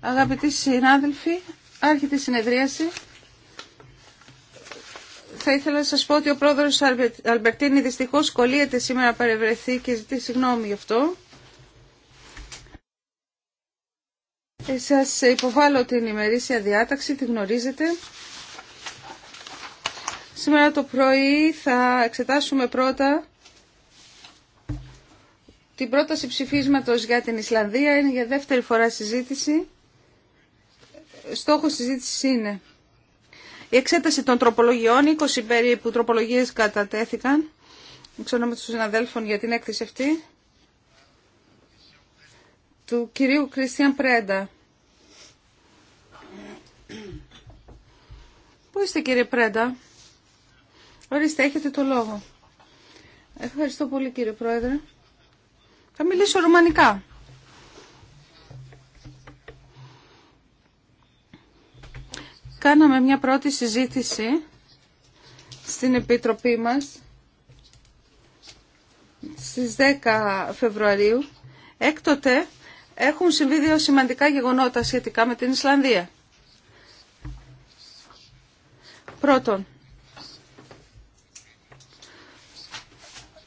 Αγαπητοί συνάδελφοι, άρχεται η συνεδρίαση. Θα ήθελα να σας πω ότι ο πρόεδρος Αλμπερτίνη δυστυχώς κολλείεται σήμερα παρευρεθεί και ζητεί συγγνώμη γι' αυτό. Ε, σας υποβάλλω την ημερήσια διάταξη, τη γνωρίζετε. Σήμερα το πρωί θα εξετάσουμε πρώτα την πρόταση ψηφίσματος για την Ισλανδία είναι για δεύτερη φορά συζήτηση. Στόχος συζήτησης είναι η εξέταση των τροπολογιών, 20 περίπου τροπολογίες κατατέθηκαν, ξέρω με τους συναδέλφων για την έκθεση αυτή, του κυρίου Κριστιαν Πρέντα. Πού είστε κύριε Πρέντα? Ορίστε, έχετε το λόγο. Ευχαριστώ πολύ κύριε Πρόεδρε. Θα μιλήσω ρουμανικά. Κάναμε μια πρώτη συζήτηση στην Επίτροπή μας στις 10 Φεβρουαρίου. Έκτοτε έχουν συμβεί δύο σημαντικά γεγονότα σχετικά με την Ισλανδία. Πρώτον,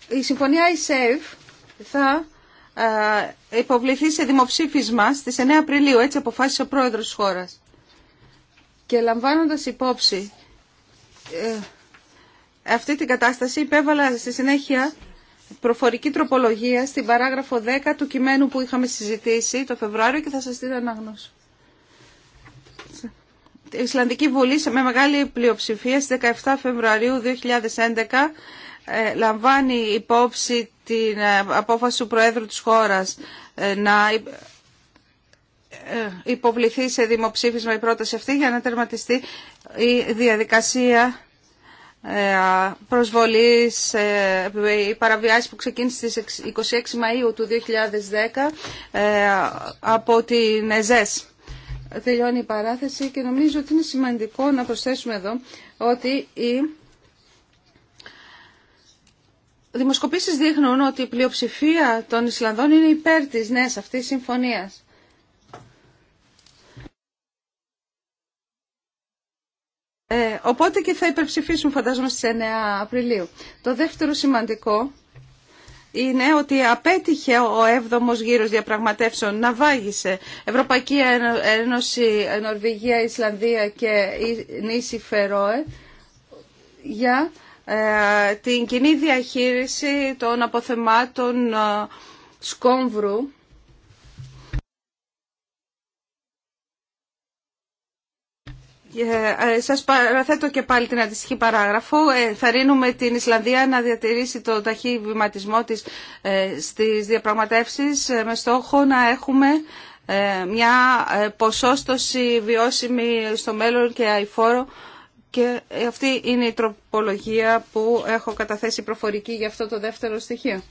η συμφωνία ISAVE θα υποβληθεί σε δημοψήφισμα στις 9 Απριλίου, έτσι αποφάσισε ο πρόεδρος της χώρας. Και λαμβάνοντας υπόψη ε, αυτή την κατάσταση υπέβαλα στη συνέχεια προφορική τροπολογία στην παράγραφο 10 του κειμένου που είχαμε συζητήσει το Φεβρουάριο και θα σας την αναγνώσω. Η Ισλανδική Βουλή με μεγάλη πλειοψηφία στις 17 Φεβρουαρίου 2011 ε, λαμβάνει υπόψη την ε, απόφαση του Προέδρου της χώρας ε, να ε, υποβληθεί σε δημοψήφισμα η πρόταση αυτή για να τερματιστεί η διαδικασία προσβολής η παραβιάση που ξεκίνησε στις 26 Μαΐου του 2010 από την ΕΖΕΣ. Τελειώνει η παράθεση και νομίζω ότι είναι σημαντικό να προσθέσουμε εδώ ότι η Δημοσκοπήσεις δείχνουν ότι η πλειοψηφία των Ισλανδών είναι υπέρ της νέας αυτής συμφωνίας. Ε, οπότε και θα υπερψηφίσουν φαντάζομαι στις 9 Απριλίου. Το δεύτερο σημαντικό είναι ότι απέτυχε ο έβδομος γύρος διαπραγματεύσεων να βάγισε Ευρωπαϊκή Ένωση, Νορβηγία, Ισλανδία και Νήσι Φερόε για ε, την κοινή διαχείριση των αποθεμάτων ε, σκόμβρου. Ε, ε, σας παραθέτω και πάλι την αντιστοιχή παράγραφο. θα ρίνουμε την Ισλανδία να διατηρήσει το ταχύ βηματισμό της ε, στις διαπραγματεύσεις με στόχο να έχουμε μια ποσόστοση βιώσιμη στο μέλλον και αηφόρο και ε, αυτή είναι η τροπολογία που έχω καταθέσει προφορική για αυτό το δεύτερο στοιχείο.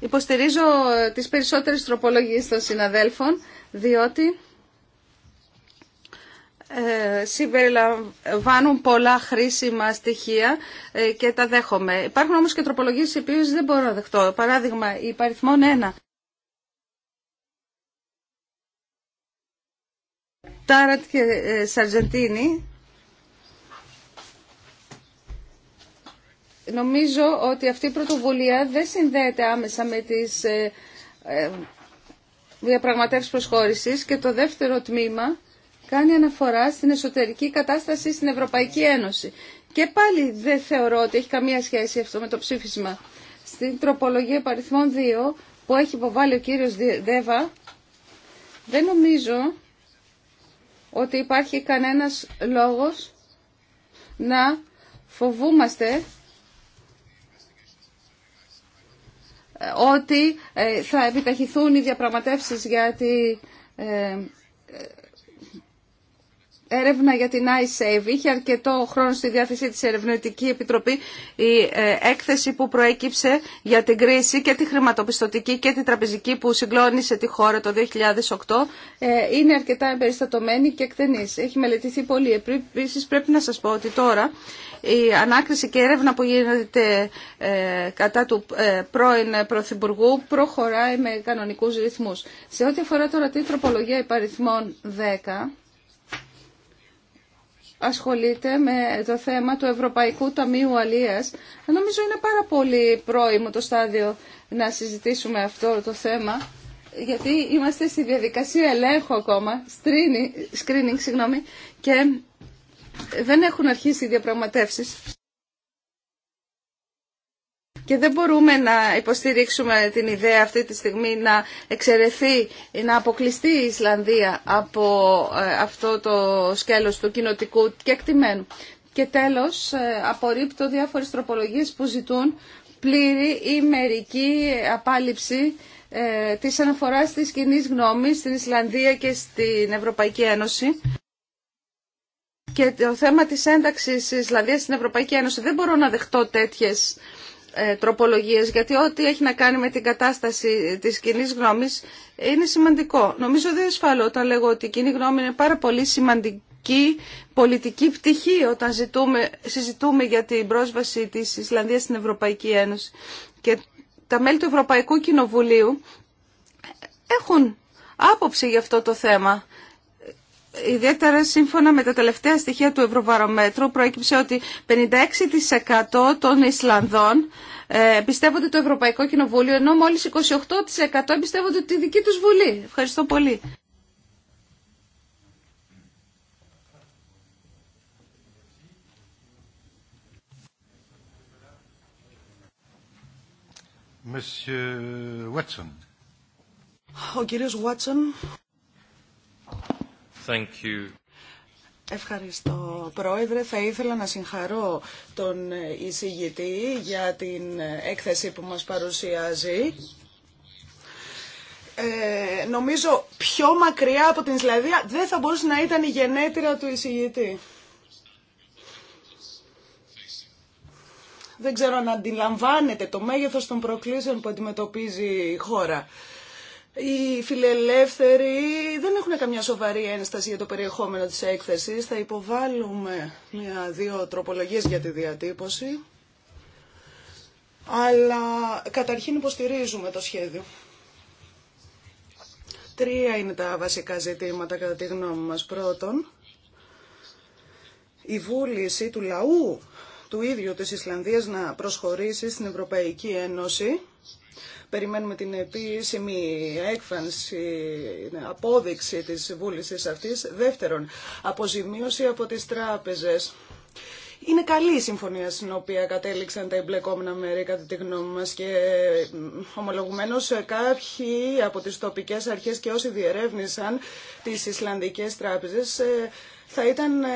Υποστηρίζω ε, τις περισσότερες τροπολογίες των συναδέλφων, διότι ε, συμπεριλαμβάνουν πολλά χρήσιμα στοιχεία και τα δέχομαι. Υπάρχουν όμως και τροπολογίες οι οποίες δεν μπορώ να δεχτώ. Παράδειγμα, η παριθμόν 1 Τάρατ και ε, Σαρζεντίνη. Νομίζω ότι αυτή η πρωτοβουλία δεν συνδέεται άμεσα με τις ε, ε, διαπραγματεύσεις προσχώρησης και το δεύτερο τμήμα κάνει αναφορά στην εσωτερική κατάσταση στην Ευρωπαϊκή Ένωση. Και πάλι δεν θεωρώ ότι έχει καμία σχέση αυτό με το ψήφισμα. Στην τροπολογία παριθμών 2 που έχει υποβάλει ο κύριος Δέβα, δεν νομίζω ότι υπάρχει κανένας λόγος να φοβούμαστε ε, ότι ε, θα επιταχυθούν οι διαπραγματεύσεις γιατί έρευνα για την iSave. Είχε αρκετό χρόνο στη διάθεσή της Ερευνητική Επιτροπή η ε, έκθεση που προέκυψε για την κρίση και τη χρηματοπιστωτική και τη τραπεζική που συγκλώνησε τη χώρα το 2008. Ε, είναι αρκετά εμπεριστατωμένη και εκτενής. Έχει μελετηθεί πολύ. Επίση πρέπει να σας πω ότι τώρα η ανάκριση και η έρευνα που γίνεται ε, κατά του πρώην Πρωθυπουργού προχωράει με κανονικούς ρυθμούς. Σε ό,τι αφορά τώρα την τροπολογία υπαριθμών 10 ασχολείται με το θέμα του Ευρωπαϊκού Ταμείου Αλίας. Νομίζω είναι πάρα πολύ πρόημο το στάδιο να συζητήσουμε αυτό το θέμα, γιατί είμαστε στη διαδικασία ελέγχου ακόμα, screening, screening συγγνώμη, και δεν έχουν αρχίσει οι διαπραγματεύσεις και δεν μπορούμε να υποστηρίξουμε την ιδέα αυτή τη στιγμή να εξαιρεθεί, να αποκλειστεί η Ισλανδία από ε, αυτό το σκέλος του κοινοτικού και εκτιμένου. Και τέλος, ε, απορρίπτω διάφορες τροπολογίες που ζητούν πλήρη ή μερική απάλληψη ε, της αναφοράς της κοινή γνώμης στην Ισλανδία και στην Ευρωπαϊκή Ένωση. Και το θέμα της ένταξης της Ισλανδίας στην Ευρωπαϊκή Ένωση δεν μπορώ να δεχτώ τέτοιες ε, τροπολογίες, γιατί ό,τι έχει να κάνει με την κατάσταση της κοινή γνώμης είναι σημαντικό. Νομίζω δεν ασφαλώ όταν λέγω ότι η κοινή γνώμη είναι πάρα πολύ σημαντική πολιτική πτυχή όταν ζητούμε, συζητούμε για την πρόσβαση της Ισλανδίας στην Ευρωπαϊκή Ένωση. Και τα μέλη του Ευρωπαϊκού Κοινοβουλίου έχουν άποψη για αυτό το θέμα. Ιδιαίτερα σύμφωνα με τα τελευταία στοιχεία του Ευρωβαρομέτρου προέκυψε ότι 56% των Ισλανδών ε, εμπιστεύονται το Ευρωπαϊκό Κοινοβούλιο ενώ μόλις 28% εμπιστεύονται τη δική τους Βουλή. Ευχαριστώ πολύ. Ο κύριος Watson. Ευχαριστώ Πρόεδρε. Θα ήθελα να συγχαρώ τον εισηγητή για την έκθεση που μας παρουσιάζει. Ε, νομίζω πιο μακριά από την Ισλανδία δεν θα μπορούσε να ήταν η γενέτειρα του εισηγητή. Δεν ξέρω αν αντιλαμβάνεται το μέγεθος των προκλήσεων που αντιμετωπίζει η χώρα οι φιλελεύθεροι δεν έχουν καμιά σοβαρή ένσταση για το περιεχόμενο της έκθεσης. Θα υποβάλουμε μια-δύο τροπολογίες για τη διατύπωση. Αλλά καταρχήν υποστηρίζουμε το σχέδιο. Τρία είναι τα βασικά ζητήματα κατά τη γνώμη μας. Πρώτον, η βούληση του λαού του ίδιου της Ισλανδίας να προσχωρήσει στην Ευρωπαϊκή Ένωση Περιμένουμε την επίσημη έκφανση, απόδειξη της βούλησης αυτής. Δεύτερον, αποζημίωση από τις τράπεζες. Είναι καλή η συμφωνία στην οποία κατέληξαν τα εμπλεκόμενα μέρη κατά τη γνώμη μας και ομολογουμένως κάποιοι από τις τοπικές αρχές και όσοι διερεύνησαν τις Ισλανδικές τράπεζες ε, θα ήταν ε,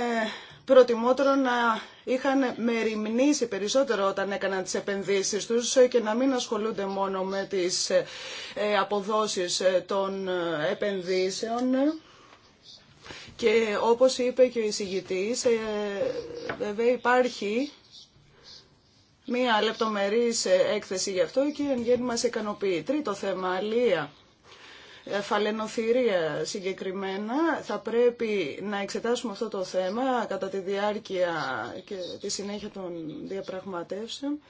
προτιμότερο να είχαν μεριμνήσει περισσότερο όταν έκαναν τις επενδύσεις τους και να μην ασχολούνται μόνο με τις ε, αποδόσεις ε, των ε, επενδύσεων. Και όπως είπε και ο εισηγητής, βέβαια υπάρχει μία λεπτομερής έκθεση γι' αυτό και εν γέννη μας ικανοποιεί. Τρίτο θέμα, αλία φαλαινοθυρία συγκεκριμένα. Θα πρέπει να εξετάσουμε αυτό το θέμα κατά τη διάρκεια και τη συνέχεια των διαπραγματεύσεων.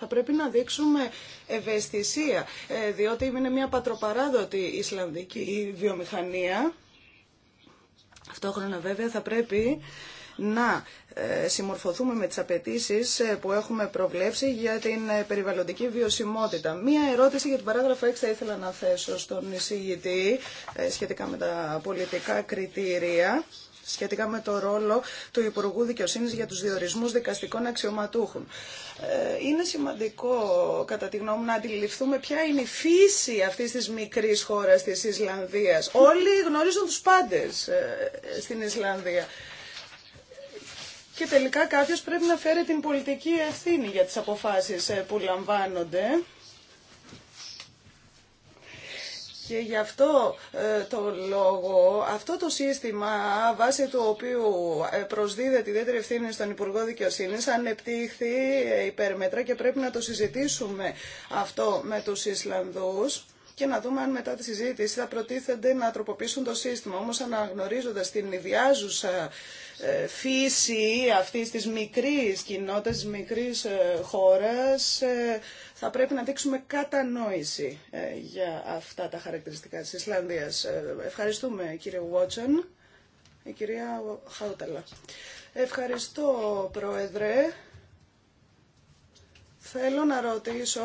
Θα πρέπει να δείξουμε ευαισθησία, ε, διότι είναι μια πατροπαράδοτη Ισλανδική βιομηχανία. Αυτόχρονα βέβαια θα πρέπει να ε, συμμορφωθούμε με τις απαιτήσει ε, που έχουμε προβλέψει για την ε, περιβαλλοντική βιωσιμότητα. Μία ερώτηση για την παράγραφο 6 θα ήθελα να θέσω στον εισηγητή σχετικά με τα πολιτικά κριτήρια σχετικά με το ρόλο του Υπουργού Δικαιοσύνης για τους διορισμούς δικαστικών αξιωματούχων. Είναι σημαντικό, κατά τη γνώμη μου, να αντιληφθούμε ποια είναι η φύση αυτής της μικρής χώρας της Ισλανδίας. Όλοι γνωρίζουν τους πάντες στην Ισλανδία και τελικά κάποιος πρέπει να φέρει την πολιτική ευθύνη για τις αποφάσεις ε, που λαμβάνονται. Και γι' αυτό ε, το λόγο, αυτό το σύστημα βάσει του οποίου ε, προσδίδεται ιδιαίτερη ευθύνη στον Υπουργό Δικαιοσύνη, ανεπτύχθη υπέρμετρα και πρέπει να το συζητήσουμε αυτό με τους Ισλανδούς και να δούμε αν μετά τη συζήτηση θα προτίθενται να τροποποιήσουν το σύστημα. Όμως αναγνωρίζοντας την ιδιάζουσα ε, φύση αυτή της μικρής κοινότητας, της μικρής ε, χώρας, ε, θα πρέπει να δείξουμε κατανόηση για αυτά τα χαρακτηριστικά της Ισλανδίας. Ευχαριστούμε κύριε Βότσον, η κυρία Χάουταλα. Ευχαριστώ πρόεδρε. Θέλω να ρωτήσω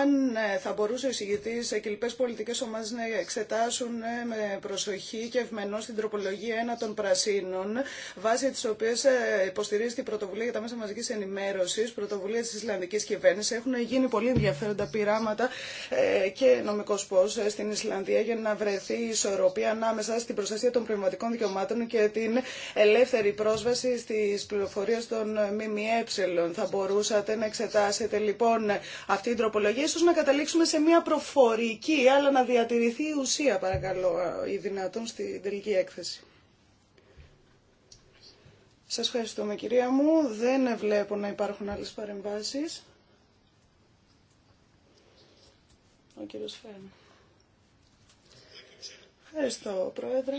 αν ε, θα μπορούσε ο εισηγητή και λοιπέ πολιτικέ ομάδε να εξετάσουν ε, με προσοχή και ευμενώ στην τροπολογία ένα των Πρασίνων, βάσει τη οποία ε, υποστηρίζεται η πρωτοβουλία για τα μέσα μαζική ενημέρωση, πρωτοβουλία τη Ισλανδική κυβέρνηση. Έχουν γίνει πολύ ενδιαφέροντα πειράματα και νομικό πώ στην Ισλανδία για να βρεθεί ισορροπία ανάμεσα στην προστασία των πνευματικών δικαιωμάτων και την ελεύθερη πρόσβαση στι πληροφορίε των ΜΜΕ. Θα μπορούσατε να εξετάσετε λοιπόν αυτή η τροπολογία, ίσως να καταλήξουμε σε μια προφορική, αλλά να διατηρηθεί η ουσία παρακαλώ, ε, η δυνατόν στην τελική έκθεση. Σας ευχαριστούμε κυρία μου. Δεν βλέπω να υπάρχουν άλλες παρεμβάσεις. Ο κύριος Φέρν. Ευχαριστώ πρόεδρε.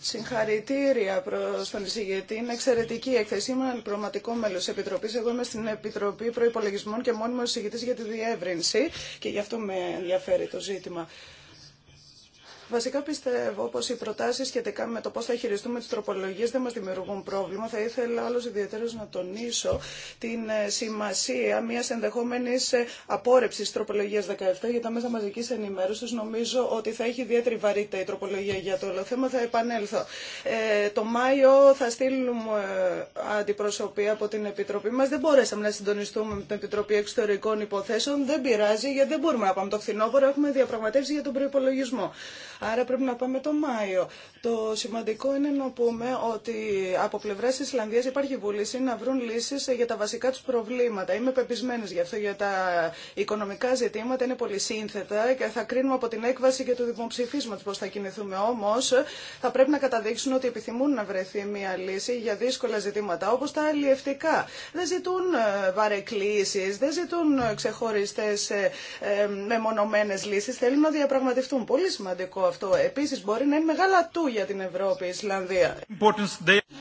Συγχαρητήρια προ τον εισηγητή. Είναι εξαιρετική η έκθεση. Είμαι πραγματικό μέλο τη Επιτροπή. Εγώ είμαι στην Επιτροπή Προπολογισμών και μόνιμο εισηγητή για τη διεύρυνση και γι' αυτό με ενδιαφέρει το ζήτημα. Βασικά πιστεύω πω οι προτάσει σχετικά με το πώ θα χειριστούμε τι τροπολογίε δεν μα δημιουργούν πρόβλημα. Θα ήθελα άλλο ιδιαίτερο να τονίσω την ε, σημασία μια ενδεχόμενη ε, απόρρεψη τροπολογία 17 για τα μέσα μαζική ενημέρωση. Νομίζω ότι θα έχει ιδιαίτερη βαρύτητα η τροπολογία για το όλο θέμα. Θα επανέλθω. Ε, το Μάιο θα στείλουμε αντιπροσωπή από την Επιτροπή μα. Δεν μπορέσαμε να συντονιστούμε με την Επιτροπή Εξωτερικών Υποθέσεων. Δεν πειράζει γιατί δεν μπορούμε να πάμε το φθινόπωρο. Έχουμε διαπραγματεύσει για τον προπολογισμό. Άρα πρέπει να πάμε το Μάιο. Το σημαντικό είναι να πούμε ότι από πλευρά τη Ισλανδία υπάρχει βούληση να βρουν λύσει για τα βασικά του προβλήματα. Είμαι πεπισμένη γι' αυτό για τα οικονομικά ζητήματα. Είναι πολύ σύνθετα και θα κρίνουμε από την έκβαση και του δημοψηφίσματο πώ θα κινηθούμε. Όμω θα πρέπει να καταδείξουν ότι επιθυμούν να βρεθεί μια λύση για δύσκολα ζητήματα όπω τα αλλιευτικά. Δεν ζητούν ε, βαρεκλήσει, δεν ζητούν ξεχωριστέ ε, ε, μεμονωμένε λύσει. Θέλουν να διαπραγματευτούν. Πολύ σημαντικό αυτό. Επίσης μπορεί να είναι μεγάλα του για την Ευρώπη η Ισλανδία.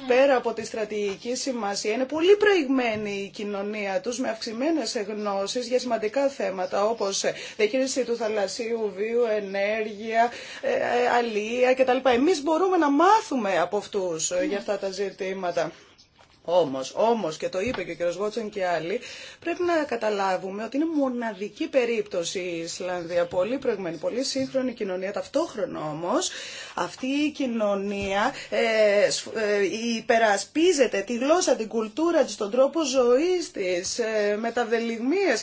Πέρα από τη στρατηγική σημασία είναι πολύ προηγμένη η κοινωνία τους με αυξημένε γνώσεις για σημαντικά θέματα όπως διαχείριση του θαλασσίου, βίου, ενέργεια, ε, ε, αλία κτλ. Εμείς μπορούμε να μάθουμε από αυτούς για αυτά τα ζητήματα. Όμως, όμως και το είπε και ο κ. Γότσον και άλλοι, πρέπει να καταλάβουμε ότι είναι μοναδική περίπτωση η Ισλανδία, πολύ προηγμένη, πολύ σύγχρονη κοινωνία. Ταυτόχρονα όμως αυτή η κοινωνία ε, ε υπερασπίζεται τη γλώσσα, την κουλτούρα της, τον τρόπο ζωής της, ε, με τα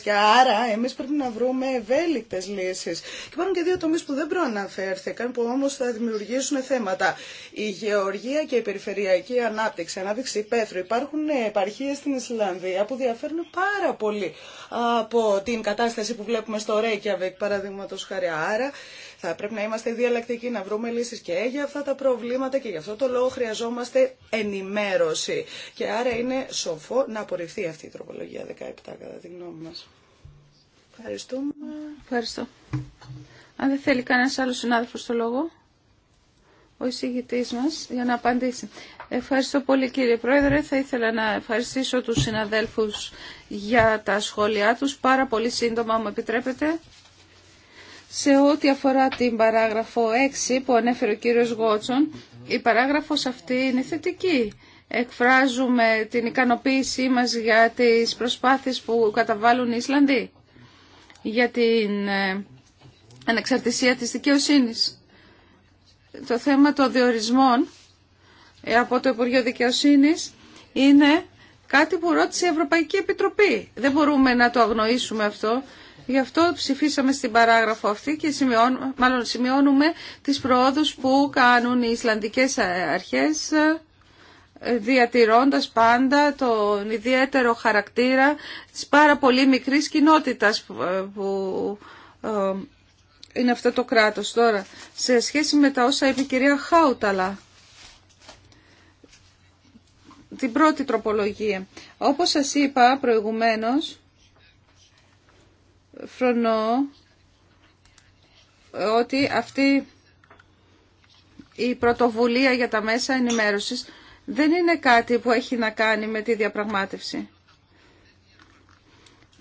και άρα εμείς πρέπει να βρούμε ευέλικτες λύσεις. Και υπάρχουν και δύο τομείς που δεν προαναφέρθηκαν, που όμως θα δημιουργήσουν θέματα. Η γεωργία και η περιφερειακή ανάπτυξη, ανάπτυξη υπάρχουν ναι, επαρχίε στην Ισλανδία που διαφέρουν πάρα πολύ από την κατάσταση που βλέπουμε στο Ρέικιαβεκ, παραδείγματο χάρη. Άρα θα πρέπει να είμαστε διαλλακτικοί, να βρούμε λύσει και για αυτά τα προβλήματα και γι' αυτό το λόγο χρειαζόμαστε ενημέρωση. Και άρα είναι σοφό να απορριφθεί αυτή η τροπολογία 17 κατά τη γνώμη μα. Ευχαριστούμε. Ευχαριστώ. Αν δεν θέλει κανένα άλλο συνάδελφο το λόγο, ο εισηγητή μα για να απαντήσει. Ευχαριστώ πολύ κύριε Πρόεδρε. Θα ήθελα να ευχαριστήσω τους συναδέλφους για τα σχόλιά τους. Πάρα πολύ σύντομα μου επιτρέπετε. Σε ό,τι αφορά την παράγραφο 6 που ανέφερε ο κύριος Γότσον, η παράγραφος αυτή είναι θετική. Εκφράζουμε την ικανοποίησή μας για τις προσπάθειες που καταβάλουν οι Ισλανδοί για την ε, ανεξαρτησία της δικαιοσύνης. Το θέμα των διορισμών ε, από το Υπουργείο Δικαιοσύνης είναι κάτι που ρώτησε η Ευρωπαϊκή Επιτροπή. Δεν μπορούμε να το αγνοήσουμε αυτό. Γι' αυτό ψηφίσαμε στην παράγραφο αυτή και σημειώνουμε, μάλλον σημειώνουμε τις προόδους που κάνουν οι Ισλανδικές αρχές ε, διατηρώντας πάντα τον ιδιαίτερο χαρακτήρα της πάρα πολύ μικρής κοινότητας που ε, είναι αυτό το κράτος τώρα. Σε σχέση με τα όσα είπε η κυρία Χάουταλα, την πρώτη τροπολογία. Όπως σας είπα προηγουμένως, φρονώ ότι αυτή η πρωτοβουλία για τα μέσα ενημέρωσης δεν είναι κάτι που έχει να κάνει με τη διαπραγμάτευση.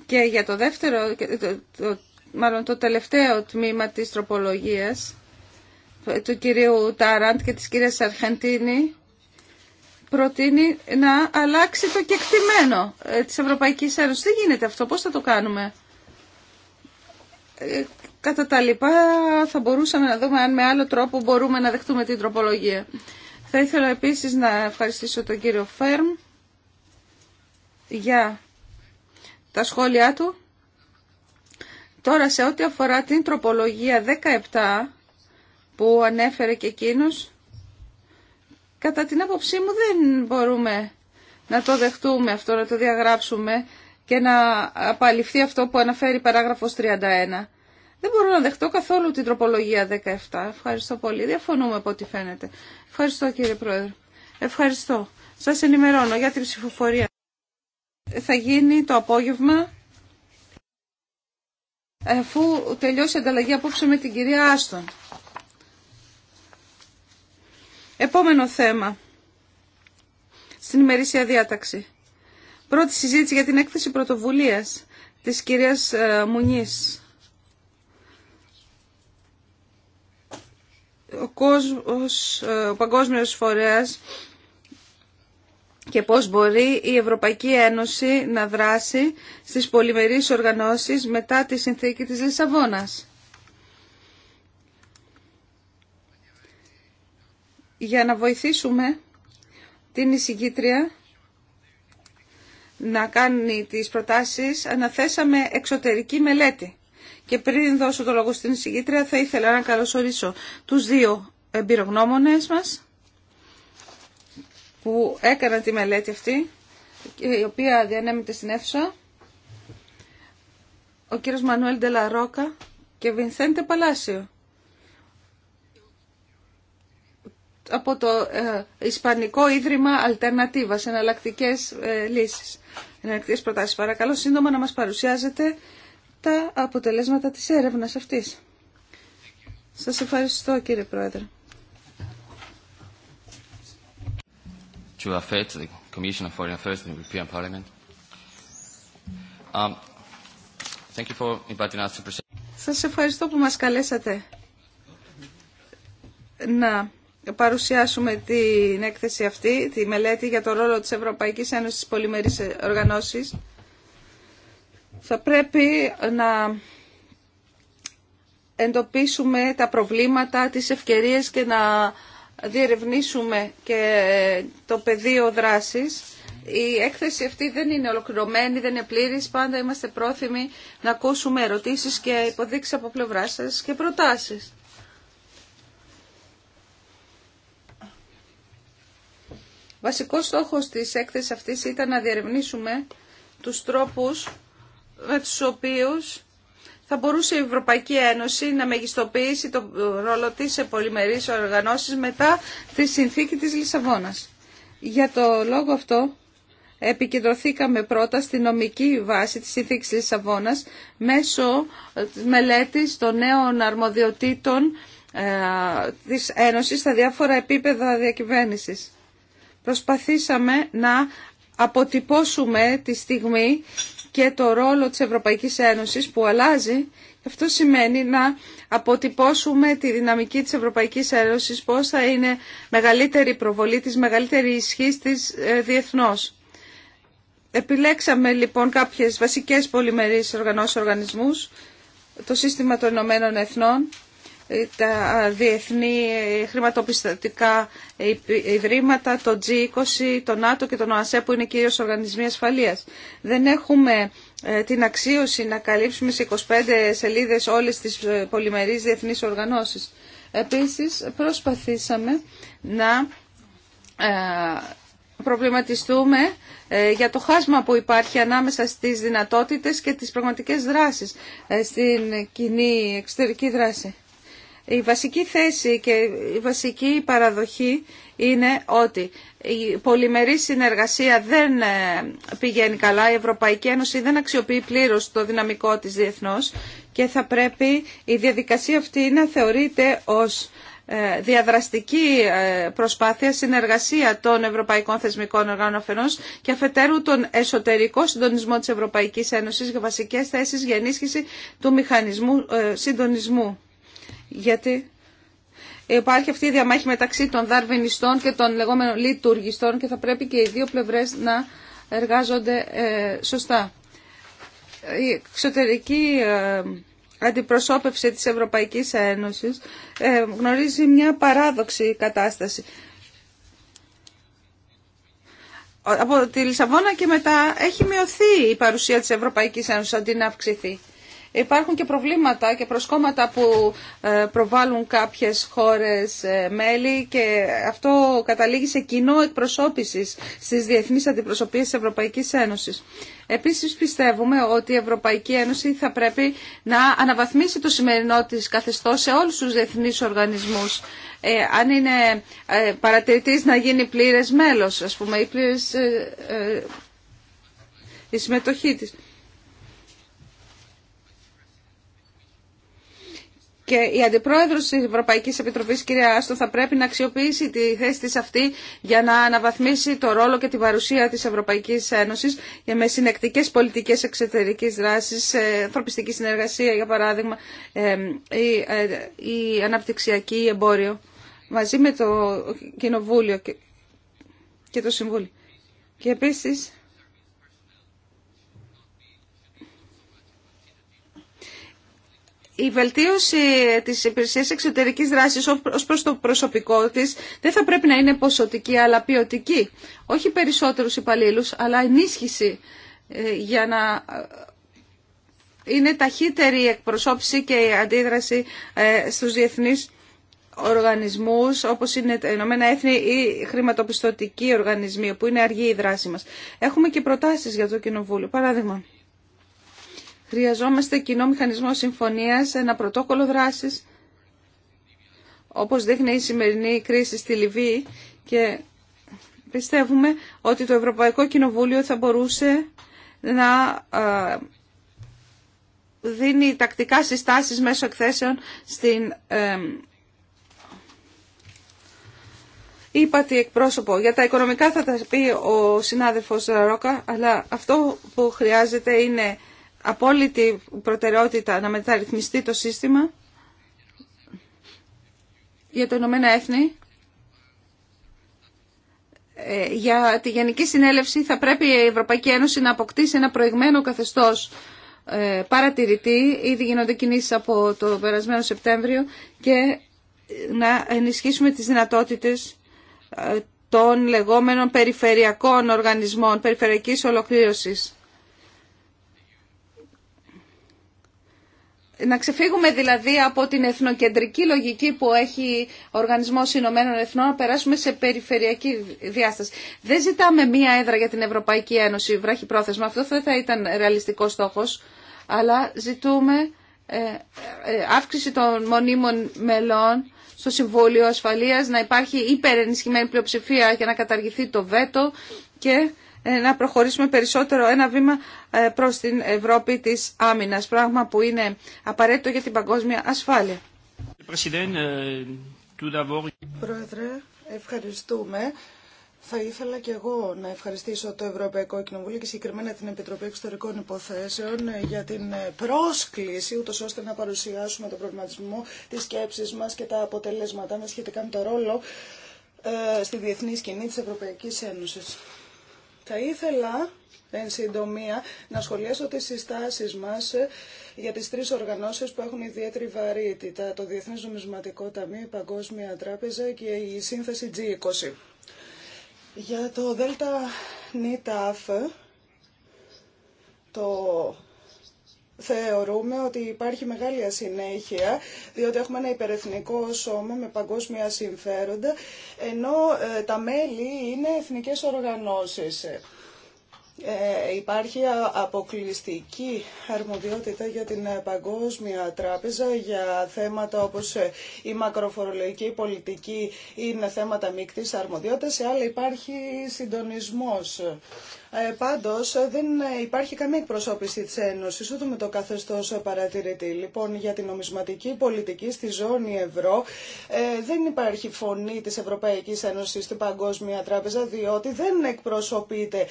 Και για το δεύτερο, μάλλον το τελευταίο τμήμα της τροπολογίας του κυρίου Τάραντ και της κυρίας Αρχεντίνη προτείνει να αλλάξει το κεκτημένο ε, της Ευρωπαϊκής Ένωσης. Τι γίνεται αυτό, πώς θα το κάνουμε. Ε, κατά τα λοιπά θα μπορούσαμε να δούμε αν με άλλο τρόπο μπορούμε να δεχτούμε την τροπολογία. Θα ήθελα επίσης να ευχαριστήσω τον κύριο Φέρμ για τα σχόλιά του. Τώρα σε ό,τι αφορά την τροπολογία 17 που ανέφερε και εκείνος, Κατά την άποψή μου δεν μπορούμε να το δεχτούμε αυτό, να το διαγράψουμε και να απαλληφθεί αυτό που αναφέρει παράγραφος 31. Δεν μπορώ να δεχτώ καθόλου την τροπολογία 17. Ευχαριστώ πολύ. Διαφωνούμε από ό,τι φαίνεται. Ευχαριστώ κύριε Πρόεδρε. Ευχαριστώ. Σας ενημερώνω για την ψηφοφορία. Θα γίνει το απόγευμα αφού τελειώσει η ανταλλαγή απόψε με την κυρία Άστον. Επόμενο θέμα στην ημερήσια διάταξη. Πρώτη συζήτηση για την έκθεση πρωτοβουλίας της κυρίας ε, Μουνής. Ο, κόσμος, ε, ο Παγκόσμιος Φορέας και πώς μπορεί η Ευρωπαϊκή Ένωση να δράσει στις πολυμερείς οργανώσεις μετά τη συνθήκη της Λισαβόνας. για να βοηθήσουμε την εισηγήτρια να κάνει τις προτάσεις, αναθέσαμε εξωτερική μελέτη. Και πριν δώσω το λόγο στην εισηγήτρια, θα ήθελα να καλωσορίσω τους δύο εμπειρογνώμονες μας που έκαναν τη μελέτη αυτή, η οποία διανέμεται στην αίθουσα. Ο κύριος Μανουέλ Ντελαρόκα και Βινθέντε Παλάσιο από το ε, Ισπανικό Ίδρυμα Αλτερνατίβα, εναλλακτικέ ε, λύσει. Εναλλακτικέ προτάσει. Παρακαλώ σύντομα να μα παρουσιάζετε τα αποτελέσματα τη έρευνα αυτή. Σα ευχαριστώ κύριε Πρόεδρε. Σας ευχαριστώ που μας καλέσατε να παρουσιάσουμε την έκθεση αυτή, τη μελέτη για το ρόλο της Ευρωπαϊκής Ένωσης στις πολυμερείς οργανώσεις, θα πρέπει να εντοπίσουμε τα προβλήματα, τις ευκαιρίες και να διερευνήσουμε και το πεδίο δράσης. Η έκθεση αυτή δεν είναι ολοκληρωμένη, δεν είναι πλήρης. Πάντα είμαστε πρόθυμοι να ακούσουμε ερωτήσεις και υποδείξεις από πλευρά σας και προτάσεις. Βασικό στόχος της έκθεσης αυτής ήταν να διερευνήσουμε τους τρόπους με τους οποίους θα μπορούσε η Ευρωπαϊκή Ένωση να μεγιστοποιήσει τον ρόλο της σε πολυμερείς οργανώσεις μετά τη συνθήκη της Λισαβόνας. Για το λόγο αυτό επικεντρωθήκαμε πρώτα στη νομική βάση της συνθήκης της Λισαβόνας μέσω μελέτης των νέων αρμοδιοτήτων ε, της Ένωσης στα διάφορα επίπεδα διακυβέρνησης. Προσπαθήσαμε να αποτυπώσουμε τη στιγμή και το ρόλο της Ευρωπαϊκής Ένωσης που αλλάζει. Αυτό σημαίνει να αποτυπώσουμε τη δυναμική της Ευρωπαϊκής Ένωσης, πώς θα είναι μεγαλύτερη προβολή της, μεγαλύτερη ισχύ της ε, διεθνώς. Επιλέξαμε λοιπόν κάποιες βασικές πολυμερείς οργανώσεις οργανισμούς, το σύστημα των Ηνωμένων Εθνών, τα διεθνή χρηματοπιστωτικά ιδρύματα, το G20, το ΝΑΤΟ και τον ΟΑΣΕ που είναι κυρίως οργανισμοί ασφαλείας. Δεν έχουμε ε, την αξίωση να καλύψουμε σε 25 σελίδες όλες τις ε, πολυμερείς διεθνείς οργανώσεις. Επίσης προσπαθήσαμε να ε, προβληματιστούμε για το χάσμα που υπάρχει ανάμεσα στις δυνατότητες και τις πραγματικές δράσεις στην κοινή εξωτερική δράση. Η βασική θέση και η βασική παραδοχή είναι ότι η πολυμερή συνεργασία δεν ε, πηγαίνει καλά, η Ευρωπαϊκή Ένωση δεν αξιοποιεί πλήρως το δυναμικό της διεθνώς και θα πρέπει η διαδικασία αυτή να θεωρείται ως ε, διαδραστική ε, προσπάθεια, συνεργασία των Ευρωπαϊκών Θεσμικών Οργάνων αφενός και αφετέρου τον εσωτερικό συντονισμό της Ευρωπαϊκής Ένωσης για βασικές θέσεις για ενίσχυση του μηχανισμού συντονισμού γιατί υπάρχει αυτή η διαμάχη μεταξύ των δαρβενιστών και των λεγόμενων λειτουργιστών και θα πρέπει και οι δύο πλευρές να εργάζονται ε, σωστά. Η εξωτερική ε, αντιπροσώπευση της Ευρωπαϊκής Ένωσης ε, γνωρίζει μια παράδοξη κατάσταση. Από τη Λισαβόνα και μετά έχει μειωθεί η παρουσία της Ευρωπαϊκής Ένωσης αντί να αυξηθεί. Υπάρχουν και προβλήματα και προσκόμματα που ε, προβάλλουν κάποιες χώρες ε, μέλη και αυτό καταλήγει σε κοινό εκπροσώπηση στις διεθνείς αντιπροσωπείες της Ευρωπαϊκής Ένωσης. Επίσης πιστεύουμε ότι η Ευρωπαϊκή Ένωση θα πρέπει να αναβαθμίσει το σημερινό της καθεστώς σε όλους τους διεθνείς οργανισμούς. Ε, αν είναι ε, να γίνει πλήρες μέλος, ας πούμε, ή η συμμετοχή της. Και η Αντιπρόεδρο τη Ευρωπαϊκή Επιτροπή, κυρία Άστο, θα πρέπει να αξιοποιήσει τη θέση τη αυτή για να αναβαθμίσει το ρόλο και την παρουσία τη Ευρωπαϊκή Ένωση με συνεκτικέ πολιτικέ εξωτερική δράση, ανθρωπιστική συνεργασία, για παράδειγμα, ε, η αναπτυξιακή εμπόριο, μαζί με το Κοινοβούλιο και το Συμβούλιο. Και επίση. η βελτίωση τη υπηρεσία εξωτερικής δράσης ως προς το προσωπικό τη δεν θα πρέπει να είναι ποσοτική αλλά ποιοτική. Όχι περισσότερους υπαλλήλου, αλλά ενίσχυση ε, για να ε, είναι ταχύτερη η εκπροσώπηση και η αντίδραση ε, στους διεθνείς οργανισμούς όπως είναι τα Ηνωμένα Έθνη ή χρηματοπιστωτικοί οργανισμοί που είναι αργή η δράση μας. Έχουμε και προτάσεις για το Κοινοβούλιο. Παράδειγμα. Χρειαζόμαστε κοινό μηχανισμό συμφωνίας, ένα πρωτόκολλο δράσης, όπως δείχνει η σημερινή κρίση στη Λιβύη και πιστεύουμε ότι το Ευρωπαϊκό Κοινοβούλιο θα μπορούσε να ε, δίνει τακτικά συστάσεις μέσω εκθέσεων στην ε, ύπατη εκπρόσωπο. Για τα οικονομικά θα τα πει ο συνάδελφος Ρόκα, αλλά αυτό που χρειάζεται είναι απόλυτη προτεραιότητα να μεταρρυθμιστεί το σύστημα για το Ηνωμένα Έθνη. Ε, για τη Γενική Συνέλευση θα πρέπει η Ευρωπαϊκή Ένωση να αποκτήσει ένα προηγμένο καθεστώς ε, παρατηρητή. Ήδη γίνονται κινήσεις από το περασμένο Σεπτέμβριο και ε, να ενισχύσουμε τις δυνατότητες των λεγόμενων περιφερειακών οργανισμών, περιφερειακής ολοκλήρωσης. να ξεφύγουμε δηλαδή από την εθνοκεντρική λογική που έχει ο Οργανισμός Εθνών, να περάσουμε σε περιφερειακή διάσταση. Δεν ζητάμε μία έδρα για την Ευρωπαϊκή Ένωση, βράχει πρόθεσμα, αυτό δεν θα ήταν ρεαλιστικός στόχος, αλλά ζητούμε ε, ε, αύξηση των μονίμων μελών στο Συμβούλιο Ασφαλείας, να υπάρχει υπερενισχυμένη πλειοψηφία για να καταργηθεί το βέτο και να προχωρήσουμε περισσότερο ένα βήμα ε, προς την Ευρώπη της άμυνας, πράγμα που είναι απαραίτητο για την παγκόσμια ασφάλεια. Ε, Πρόεδρε, ευχαριστούμε. Θα ήθελα και εγώ να ευχαριστήσω το Ευρωπαϊκό Κοινοβούλιο και συγκεκριμένα την Επιτροπή Εξωτερικών Υποθέσεων ε, για την πρόσκληση, ούτως ώστε να παρουσιάσουμε τον προβληματισμό, τι σκέψει μας και τα αποτελέσματά μας σχετικά με το ρόλο στη διεθνή σκηνή της Ευρωπαϊκής Ένωση. Θα ήθελα, εν συντομία, να σχολιάσω τις συστάσεις μας ε, για τις τρεις οργανώσεις που έχουν ιδιαίτερη βαρύτητα, το Διεθνές Νομισματικό Ταμείο, η Παγκόσμια Τράπεζα και η Σύνθεση G20. Για το ΔΝΤΑΦ, το Θεωρούμε ότι υπάρχει μεγάλη ασυνέχεια, διότι έχουμε ένα υπερεθνικό σώμα με παγκόσμια συμφέροντα, ενώ ε, τα μέλη είναι εθνικές οργανώσεις ε, υπάρχει αποκλειστική αρμοδιότητα για την ε, Παγκόσμια Τράπεζα για θέματα όπως ε, η μακροφορολογική πολιτική είναι θέματα μεικτής αρμοδιότητας, αλλά υπάρχει συντονισμός. Ε, πάντως ε, δεν υπάρχει καμία εκπροσώπηση της Ένωσης ούτε με το καθεστώς παρατηρητή. Λοιπόν, για την νομισματική πολιτική στη ζώνη ευρώ δεν υπάρχει φωνή της Ευρωπαϊκής Ένωσης στην Παγκόσμια Τράπεζα διότι δεν εκπροσωπείται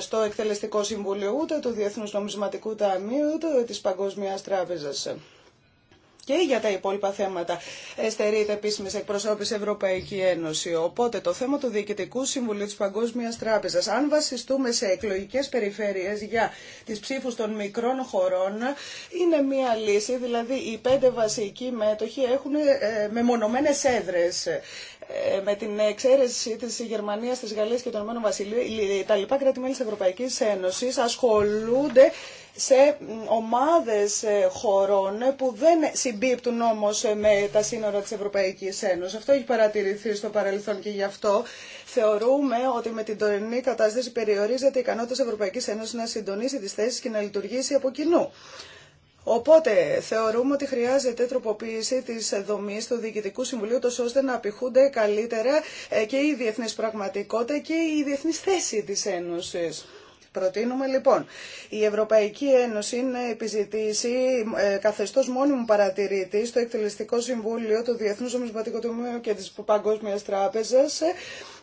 στο εκτελεστικό συμβούλιο ούτε του Διεθνούς Νομισματικού Ταμείου ούτε της Παγκοσμίας Τράπεζας και για τα υπόλοιπα θέματα εστερείται επίσημη εκπροσώπηση Ευρωπαϊκή Ένωση. Οπότε το θέμα του Διοικητικού Συμβουλίου τη Παγκόσμια Τράπεζα, αν βασιστούμε σε εκλογικέ περιφέρειες για τι ψήφου των μικρών χωρών, είναι μία λύση. Δηλαδή, οι πέντε βασικοί μέτοχοι έχουν ε, μεμονωμένε έδρε. Ε, με την εξαίρεση τη Γερμανία, τη Γαλλία και του ΗΠΑ, Βασιλείου, τα λοιπά κράτη-μέλη τη Ευρωπαϊκή Ένωση ασχολούνται σε ομάδες ε, χωρών που δεν συμπίπτουν όμως ε, με τα σύνορα της Ευρωπαϊκής Ένωσης. Αυτό έχει παρατηρηθεί στο παρελθόν και γι' αυτό θεωρούμε ότι με την τωρινή κατάσταση περιορίζεται η ικανότητα της Ευρωπαϊκής Ένωσης να συντονίσει τις θέσεις και να λειτουργήσει από κοινού. Οπότε θεωρούμε ότι χρειάζεται τροποποίηση τη δομή του Διοικητικού Συμβουλίου, ώστε να απηχούνται καλύτερα ε, και η διεθνή πραγματικότητα και η διεθνή θέση τη Ένωση. Προτείνουμε λοιπόν η Ευρωπαϊκή Ένωση να επιζητήσει ε, καθεστώς μόνιμου παρατηρητή στο εκτελεστικό συμβούλιο του Διεθνούς Ομισματικού Τμήματο και της Παγκόσμιας Τράπεζας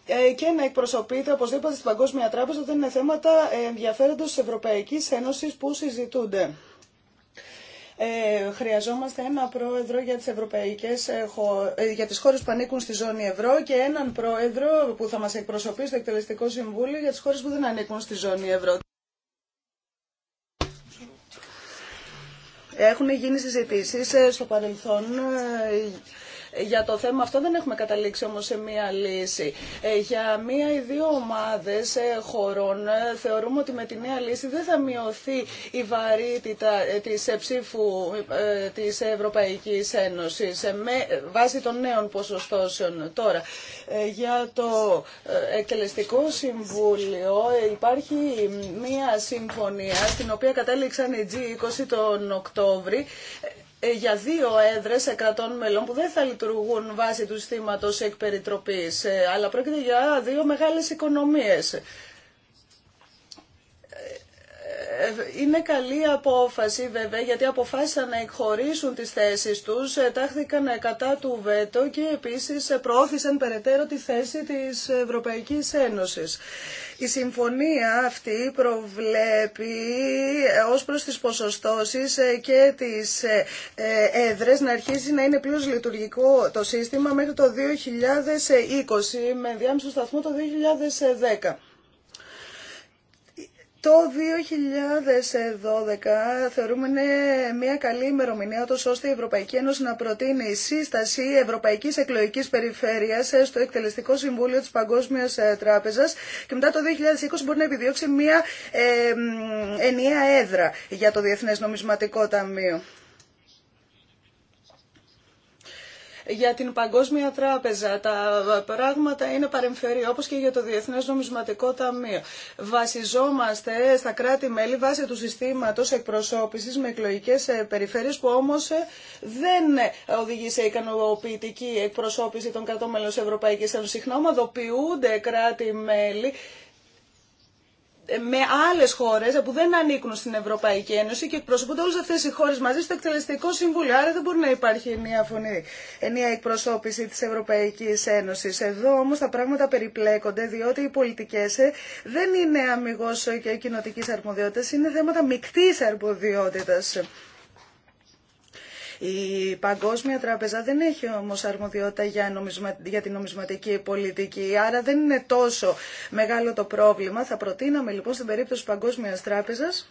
ε, και να εκπροσωπείται οπωσδήποτε στην Παγκόσμια Τράπεζα όταν είναι θέματα ενδιαφέροντος της Ευρωπαϊκής Ένωσης που συζητούνται. Ε, χρειαζόμαστε ένα πρόεδρο για τις, ευρωπαϊκές, ε, ε, για τις χώρες που ανήκουν στη ζώνη ευρώ και έναν πρόεδρο που θα μας εκπροσωπεί στο εκτελεστικό συμβούλιο για τις χώρες που δεν ανήκουν στη ζώνη ευρώ. Έχουν γίνει συζητήσεις στο παρελθόν για το θέμα αυτό δεν έχουμε καταλήξει όμως σε μία λύση. Ε, για μία ή δύο ομάδες ε, χωρών ε, θεωρούμε ότι με τη νέα λύση δεν θα μειωθεί η βαρύτητα της ψήφου της Ευρωπαϊκής Ένωσης με βάση των νέων ποσοστώσεων. Τώρα, για το εκτελεστικό συμβούλιο υπάρχει μία συμφωνία στην οποία κατέληξαν οι G20 τον Οκτώβρη ε, για δύο έδρες κρατών μελών που δεν θα λειτουργούν βάσει του συστήματος εκπεριτροπής, ε, αλλά πρόκειται για δύο μεγάλες οικονομίες. Ε, είναι καλή απόφαση βέβαια γιατί αποφάσισαν να εκχωρήσουν τις θέσεις τους, τάχθηκαν κατά του βέτο και επίσης προώθησαν περαιτέρω τη θέση της Ευρωπαϊκής Ένωσης. Η συμφωνία αυτή προβλέπει ε, ως προς τις ποσοστώσεις ε, και τις ε, έδρες να αρχίσει να είναι πλήρω λειτουργικό το σύστημα μέχρι το 2020 με διάμεσο σταθμό το 2010. Το 2012 θεωρούμε μια καλή ημερομηνία ώστε η Ευρωπαϊκή Ένωση να προτείνει η σύσταση Ευρωπαϊκής Εκλογικής Περιφέρειας στο Εκτελεστικό Συμβούλιο της Παγκόσμιας ε, Τράπεζας και μετά το 2020 μπορεί να επιδιώξει μια ε, ενιαία έδρα για το Διεθνές Νομισματικό Ταμείο. για την Παγκόσμια Τράπεζα. Τα πράγματα είναι παρεμφερή, όπως και για το Διεθνές Νομισματικό Ταμείο. Βασιζόμαστε στα κράτη-μέλη βάσει του συστήματος εκπροσώπησης με εκλογικές ε, περιφέρειες που όμως ε, δεν οδηγεί σε ικανοποιητική εκπροσώπηση των κρατών μέλων της Ευρωπαϊκής Ένωσης. Συχνά ομαδοποιούνται κράτη-μέλη με άλλε χώρε που δεν ανήκουν στην Ευρωπαϊκή Ένωση και εκπροσωπούνται όλε αυτέ οι χώρε μαζί στο εκτελεστικό συμβούλιο. Άρα δεν μπορεί να υπάρχει ενιαία φωνή, ενιαία εκπροσώπηση τη Ευρωπαϊκή Ένωση. Εδώ όμω τα πράγματα περιπλέκονται, διότι οι πολιτικέ ε, δεν είναι αμυγό και κοινοτική αρμοδιότητα, είναι θέματα μεικτή αρμοδιότητα. Η Παγκόσμια Τράπεζα δεν έχει όμως αρμοδιότητα για την νομισματική πολιτική, άρα δεν είναι τόσο μεγάλο το πρόβλημα. Θα προτείναμε λοιπόν στην περίπτωση της Παγκόσμιας Τράπεζας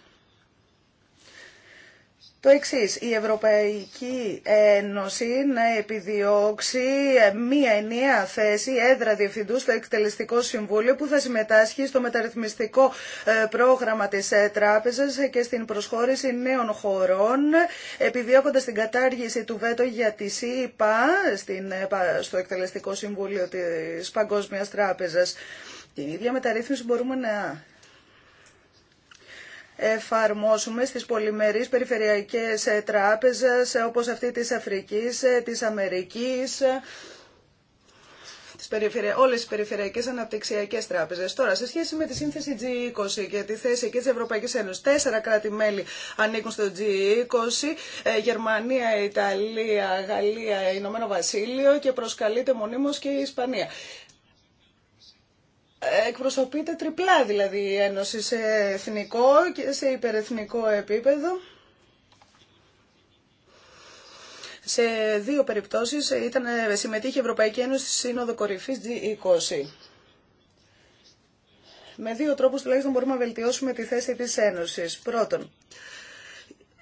το εξή, η Ευρωπαϊκή Ένωση να επιδιώξει μία ενιαία θέση, έδρα διευθυντού στο εκτελεστικό συμβούλιο που θα συμμετάσχει στο μεταρρυθμιστικό ε, πρόγραμμα τη ε, τράπεζα και στην προσχώρηση νέων χωρών, επιδιώκοντα την κατάργηση του βέτο για τη ΣΥΠΑ ε, στο εκτελεστικό συμβούλιο τη Παγκόσμια Τράπεζα. Την ίδια μεταρρύθμιση μπορούμε να εφαρμόσουμε στις πολυμερείς περιφερειακές τράπεζες όπως αυτή της Αφρικής, της Αμερικής, όλες τις περιφερειακές αναπτυξιακές τράπεζες. Τώρα, σε σχέση με τη σύνθεση G20 και τη θέση εκεί της Ευρωπαϊκής Ένωσης, τέσσερα κράτη-μέλη ανήκουν στο G20, ε, Γερμανία, Ιταλία, Γαλλία, Ηνωμένο Βασίλειο και προσκαλείται μονίμως και η Ισπανία εκπροσωπείται τριπλά δηλαδή η Ένωση σε εθνικό και σε υπερεθνικό επίπεδο. Σε δύο περιπτώσεις ήταν, συμμετείχε η Ευρωπαϊκή Ένωση στη Σύνοδο Κορυφής G20. Με δύο τρόπους τουλάχιστον μπορούμε να βελτιώσουμε τη θέση της Ένωσης. Πρώτον,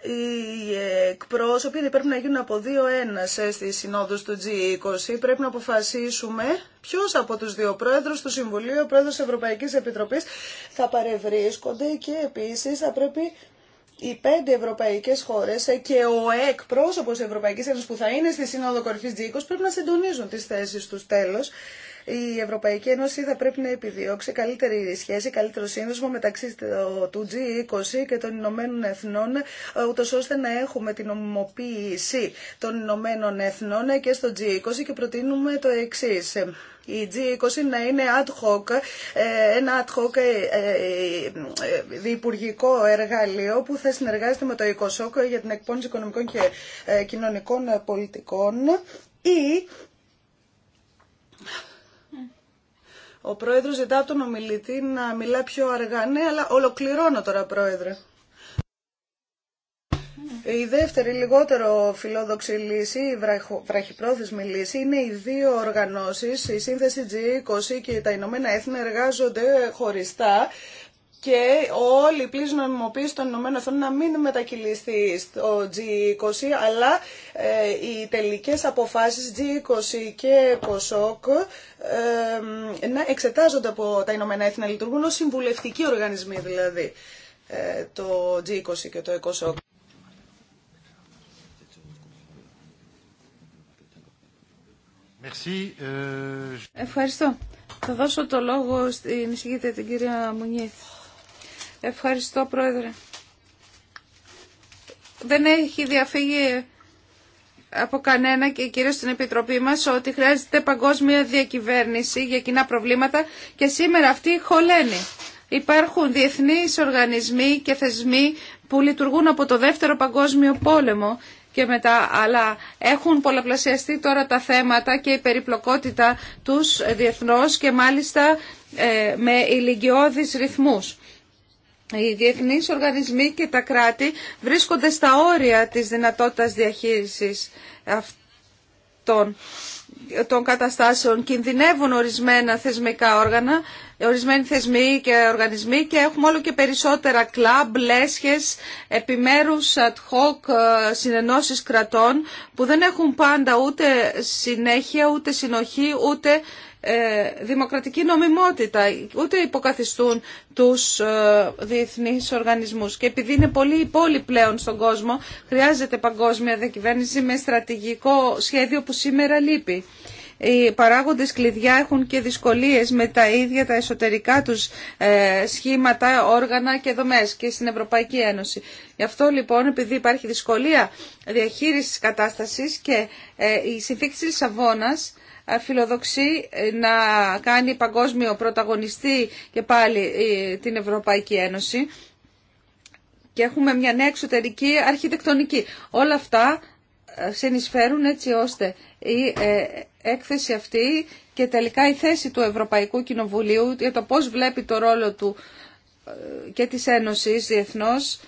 οι εκπρόσωποι δεν δηλαδή πρέπει να γίνουν από δύο ένας ε, στις συνόδους του G20. Πρέπει να αποφασίσουμε ποιος από τους δύο πρόεδρους του Συμβουλίου, ο πρόεδρος της Ευρωπαϊκής Επιτροπής θα παρευρίσκονται και επίσης θα πρέπει οι πέντε ευρωπαϊκές χώρες ε, και ο εκπρόσωπος της Ευρωπαϊκής Ένωσης που θα είναι στη Σύνοδο Κορυφής G20 πρέπει να συντονίζουν τις θέσεις τους τέλος η Ευρωπαϊκή Ένωση θα πρέπει να επιδιώξει καλύτερη σχέση, καλύτερο σύνδεσμο μεταξύ του G20 και των Ηνωμένων Εθνών, ε, ούτω ώστε να έχουμε την ομοποίηση των Ηνωμένων Εθνών και στο G20 και προτείνουμε το εξή. Η G20 να είναι ad hoc, ε, ένα ad hoc ε, διυπουργικό εργαλείο που θα συνεργάζεται με το ECOSOC για την εκπόνηση οικονομικών και κοινωνικών πολιτικών ή Ο πρόεδρο ζητά από τον ομιλητή να μιλά πιο αργά. Ναι, αλλά ολοκληρώνω τώρα, πρόεδρε. Η δεύτερη λιγότερο φιλόδοξη λύση, η βραχυπρόθεσμη λύση, είναι οι δύο οργανώσεις, η σύνθεση G20 και τα Ηνωμένα Έθνη εργάζονται χωριστά και όλη η πλήρη νομιμοποίηση των Ηνωμένων Εθνών να μην μετακυλιστεί στο G20, αλλά ε, οι τελικές αποφάσεις G20 και ΠΟΣΟΚ ε, να εξετάζονται από τα Ηνωμένα Έθνη, να λειτουργούν ως συμβουλευτικοί οργανισμοί δηλαδή, ε, το G20 και το ΕΚΟΣΟΚ. Ε, Ευχαριστώ. Θα δώσω το λόγο στην εισηγήτρια την κυρία Μουνιέθ. Ευχαριστώ, Πρόεδρε. Δεν έχει διαφύγει από κανένα και κυρίω στην Επιτροπή μας ότι χρειάζεται παγκόσμια διακυβέρνηση για κοινά προβλήματα και σήμερα αυτή χωλαίνει. Υπάρχουν διεθνείς οργανισμοί και θεσμοί που λειτουργούν από το Δεύτερο Παγκόσμιο Πόλεμο και μετά, αλλά έχουν πολλαπλασιαστεί τώρα τα θέματα και η περιπλοκότητα τους διεθνώς και μάλιστα ε, με ηλικιώδεις ρυθμούς οι διεθνείς οργανισμοί και τα κράτη βρίσκονται στα όρια της δυνατότητας διαχείρισης αυτών των καταστάσεων. Κινδυνεύουν ορισμένα θεσμικά όργανα, ορισμένοι θεσμοί και οργανισμοί και έχουμε όλο και περισσότερα κλαμπ, λέσχες, επιμέρους ad hoc ε, συνενώσεις κρατών που δεν έχουν πάντα ούτε συνέχεια, ούτε συνοχή, ούτε ε, δημοκρατική νομιμότητα, ούτε υποκαθιστούν τους ε, διεθνείς οργανισμούς. Και επειδή είναι πολύ πολύ πλέον στον κόσμο, χρειάζεται παγκόσμια διακυβέρνηση με στρατηγικό σχέδιο που σήμερα λείπει. Οι παράγοντες κλειδιά έχουν και δυσκολίες με τα ίδια τα εσωτερικά τους ε, σχήματα, όργανα και δομές και στην Ευρωπαϊκή Ένωση. Γι' αυτό λοιπόν επειδή υπάρχει δυσκολία διαχείρισης κατάστασης και η συνθήκη της φιλοδοξεί ε, να κάνει παγκόσμιο πρωταγωνιστή και πάλι ε, την Ευρωπαϊκή Ένωση και έχουμε μια νέα εξωτερική αρχιτεκτονική. Όλα αυτά ε, συνεισφέρουν έτσι ώστε η έκθεση αυτή και τελικά η θέση του Ευρωπαϊκού Κοινοβουλίου για το πώς βλέπει το ρόλο του και της Ένωσης διεθνώς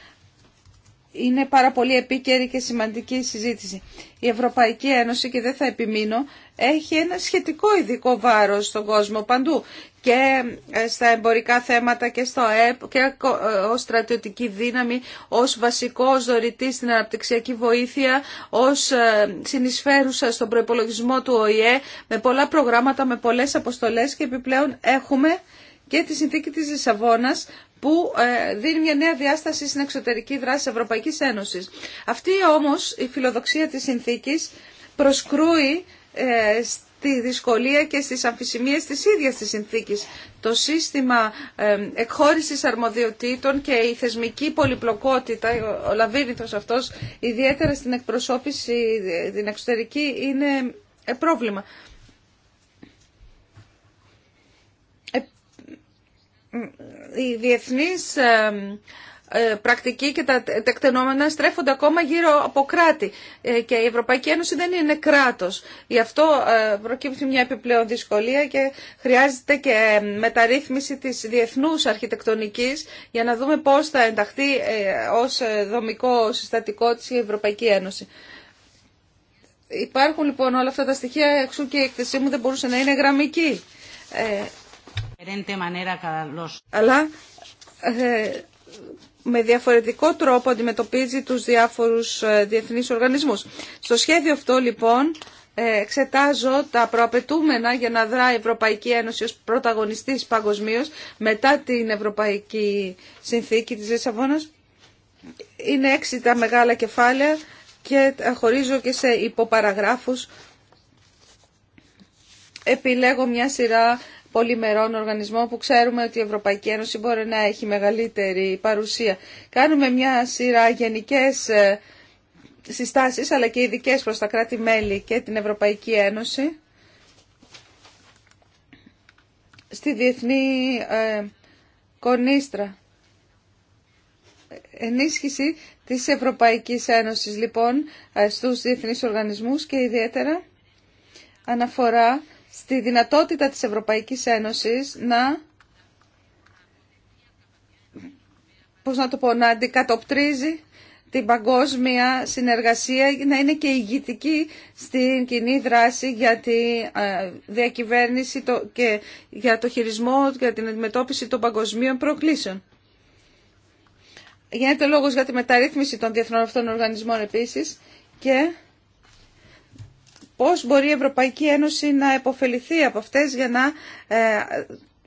είναι πάρα πολύ επίκαιρη και σημαντική συζήτηση. Η Ευρωπαϊκή Ένωση, και δεν θα επιμείνω, έχει ένα σχετικό ειδικό βάρος στον κόσμο παντού και ε, στα εμπορικά θέματα και στο ΕΠ και ε, ως στρατιωτική δύναμη, ως βασικός δωρητής στην αναπτυξιακή βοήθεια, ως ε, συνεισφέρουσα στον προϋπολογισμό του ΟΗΕ, με πολλά προγράμματα, με πολλές αποστολές και επιπλέον έχουμε και τη συνθήκη της Λισαβόνας που ε, δίνει μια νέα διάσταση στην εξωτερική δράση της Ευρωπαϊκής Ένωσης. Αυτή όμως η φιλοδοξία της συνθήκης προσκρούει ε, στη δυσκολία και στις αμφισημίες της ίδιας της συνθήκης. Το σύστημα ε, εκχώρησης αρμοδιοτήτων και η θεσμική πολυπλοκότητα, ο λαβύρινθος αυτός, ιδιαίτερα στην εκπροσώπηση την εξωτερική, είναι πρόβλημα. η διεθνής ε, πρακτική και τα τεκτενόμενα στρέφονται ακόμα γύρω από κράτη ε, και η Ευρωπαϊκή Ένωση δεν είναι κράτος. Γι' αυτό ε, προκύπτει μια επιπλέον δυσκολία και χρειάζεται και μεταρρύθμιση της διεθνούς αρχιτεκτονικής για να δούμε πώς θα ενταχθεί ως δομικό συστατικό της η Ευρωπαϊκή Ένωση. Υπάρχουν λοιπόν όλα αυτά τα στοιχεία, έξω και η εκθεσή μου δεν μπορούσε να είναι γραμμική. Αλλά ε, με διαφορετικό τρόπο αντιμετωπίζει τους διάφορους ε, διεθνείς οργανισμούς. Στο σχέδιο αυτό λοιπόν ε, εξετάζω τα προαπαιτούμενα για να δράει η Ευρωπαϊκή Ένωση ως πρωταγωνιστής παγκοσμίω μετά την Ευρωπαϊκή Συνθήκη της Λισαβόνας. Είναι έξι τα μεγάλα κεφάλαια και χωρίζω και σε υποπαραγράφους. Επιλέγω μια σειρά πολυμερών οργανισμών που ξέρουμε ότι η Ευρωπαϊκή Ένωση μπορεί να έχει μεγαλύτερη παρουσία. Κάνουμε μια σειρά γενικές ε, συστάσεις αλλά και ειδικέ προς τα κράτη-μέλη και την Ευρωπαϊκή Ένωση στη διεθνή ε, κονίστρα. Ενίσχυση της Ευρωπαϊκής Ένωσης λοιπόν ε, στους διεθνείς οργανισμούς και ιδιαίτερα αναφορά στη δυνατότητα της Ευρωπαϊκής Ένωσης να, πώς να, το πω, να αντικατοπτρίζει την παγκόσμια συνεργασία, να είναι και ηγητική στην κοινή δράση για τη ε, διακυβέρνηση και για το χειρισμό για την αντιμετώπιση των παγκοσμίων προκλήσεων. Γίνεται λόγος για τη μεταρρύθμιση των διεθνών αυτών οργανισμών επίσης και πώς μπορεί η Ευρωπαϊκή Ένωση να επωφεληθεί από αυτές για να ε,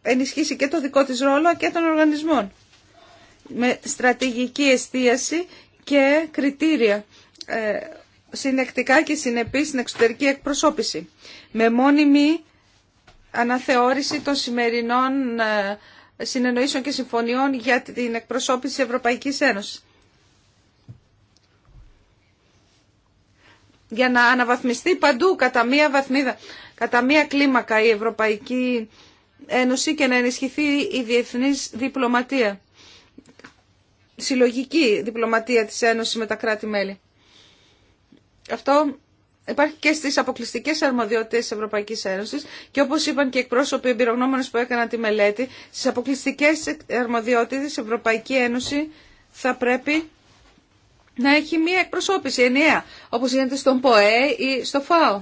ενισχύσει και το δικό της ρόλο και των οργανισμών με στρατηγική εστίαση και κριτήρια ε, συνεκτικά και συνεπής στην εξωτερική εκπροσώπηση με μόνιμη αναθεώρηση των σημερινών ε, συνεννοήσεων και συμφωνιών για την εκπροσώπηση Ευρωπαϊκής Ένωσης. για να αναβαθμιστεί παντού κατά μία βαθμίδα, κατά μία κλίμακα η Ευρωπαϊκή Ένωση και να ενισχυθεί η διεθνής διπλωματία, συλλογική διπλωματία της Ένωσης με τα κράτη-μέλη. Αυτό υπάρχει και στις αποκλειστικές αρμοδιότητες της Ευρωπαϊκής Ένωσης και όπως είπαν και εκπρόσωποι εμπειρογνώμονες που έκαναν τη μελέτη, στις αποκλειστικές αρμοδιότητες της Ευρωπαϊκή Ένωση θα πρέπει να έχει μία εκπροσώπηση ενιαία, όπως γίνεται στον ΠΟΕ ή στο ΦΑΟ.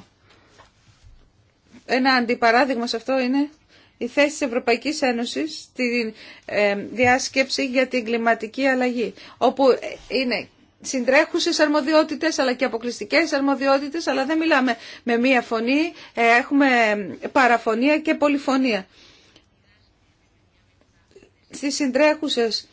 Ένα αντιπαράδειγμα σε αυτό είναι η θέση της Ευρωπαϊκής Ένωσης στη ε, διάσκεψη για την κλιματική αλλαγή, όπου είναι συντρέχουσες αρμοδιότητες αλλά και αποκλειστικές αρμοδιότητες, αλλά δεν μιλάμε με μία φωνή, ε, έχουμε παραφωνία και πολυφωνία. Στις συντρέχουσες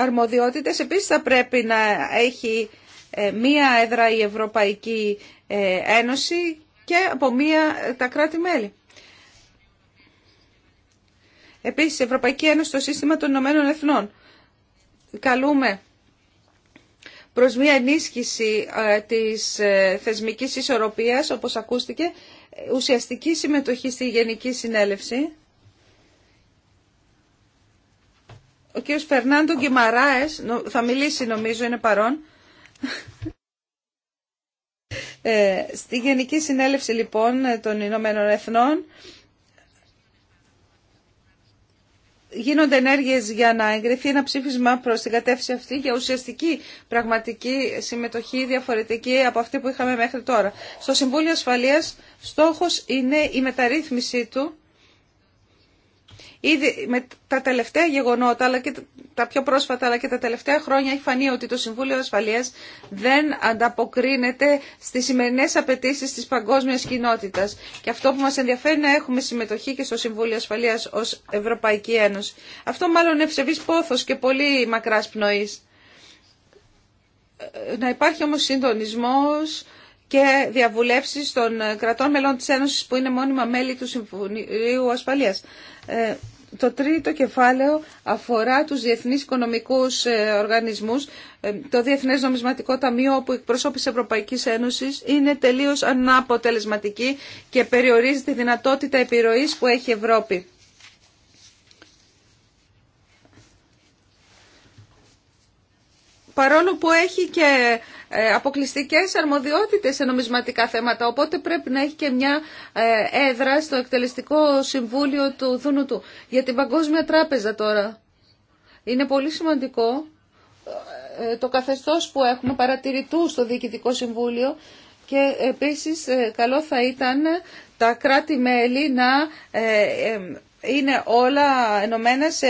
αρμοδιότητες επίσης θα πρέπει να έχει ε, μία έδρα η Ευρωπαϊκή ε, Ένωση και από μία ε, τα κράτη-μέλη. Επίσης, η Ευρωπαϊκή Ένωση στο σύστημα των Ηνωμένων Εθνών. Καλούμε προς μία ενίσχυση της θεσμικής ισορροπίας, όπως ακούστηκε, ουσιαστική συμμετοχή στη Γενική Συνέλευση Ο κύριος Φερνάντο Γκυμαράες θα μιλήσει νομίζω, είναι παρόν. Ε, στη Γενική Συνέλευση λοιπόν των Ηνωμένων Εθνών γίνονται ενέργειες για να εγκριθεί ένα ψήφισμα προς την κατεύθυνση αυτή για ουσιαστική πραγματική συμμετοχή διαφορετική από αυτή που είχαμε μέχρι τώρα. Στο Συμβούλιο Ασφαλείας στόχος είναι η μεταρρύθμιση του Ήδη με τα τελευταία γεγονότα, αλλά και τα πιο πρόσφατα, αλλά και τα τελευταία χρόνια έχει φανεί ότι το Συμβούλιο Ασφαλείας δεν ανταποκρίνεται στις σημερινές απαιτήσει της παγκόσμιας κοινότητας. Και αυτό που μας ενδιαφέρει να έχουμε συμμετοχή και στο Συμβούλιο Ασφαλείας ως Ευρωπαϊκή Ένωση. Αυτό μάλλον είναι ευσεβής πόθος και πολύ μακράς πνοής. Ε, να υπάρχει όμως συντονισμός και διαβουλεύσεις των κρατών μελών της Ένωσης που είναι μόνιμα μέλη του Συμβουλίου Ασφαλείας. Ε, το τρίτο κεφάλαιο αφορά τους διεθνείς οικονομικούς ε, οργανισμούς. Ε, το Διεθνές Νομισματικό Ταμείο, όπου εκπροσώπησε Ευρωπαϊκής Ένωσης είναι τελείως αναποτελεσματική και περιορίζει τη δυνατότητα επιρροής που έχει η Ευρώπη. Παρόλο που έχει και ε, αποκλειστικές αρμοδιότητες σε νομισματικά θέματα, οπότε πρέπει να έχει και μια ε, έδρα στο εκτελεστικό συμβούλιο του Δούνου του. Για την Παγκόσμια Τράπεζα τώρα. Είναι πολύ σημαντικό ε, το καθεστώς που έχουμε παρατηρητού στο Διοικητικό Συμβούλιο και επίσης καλό θα ήταν τα κράτη-μέλη να είναι όλα ενωμένα σε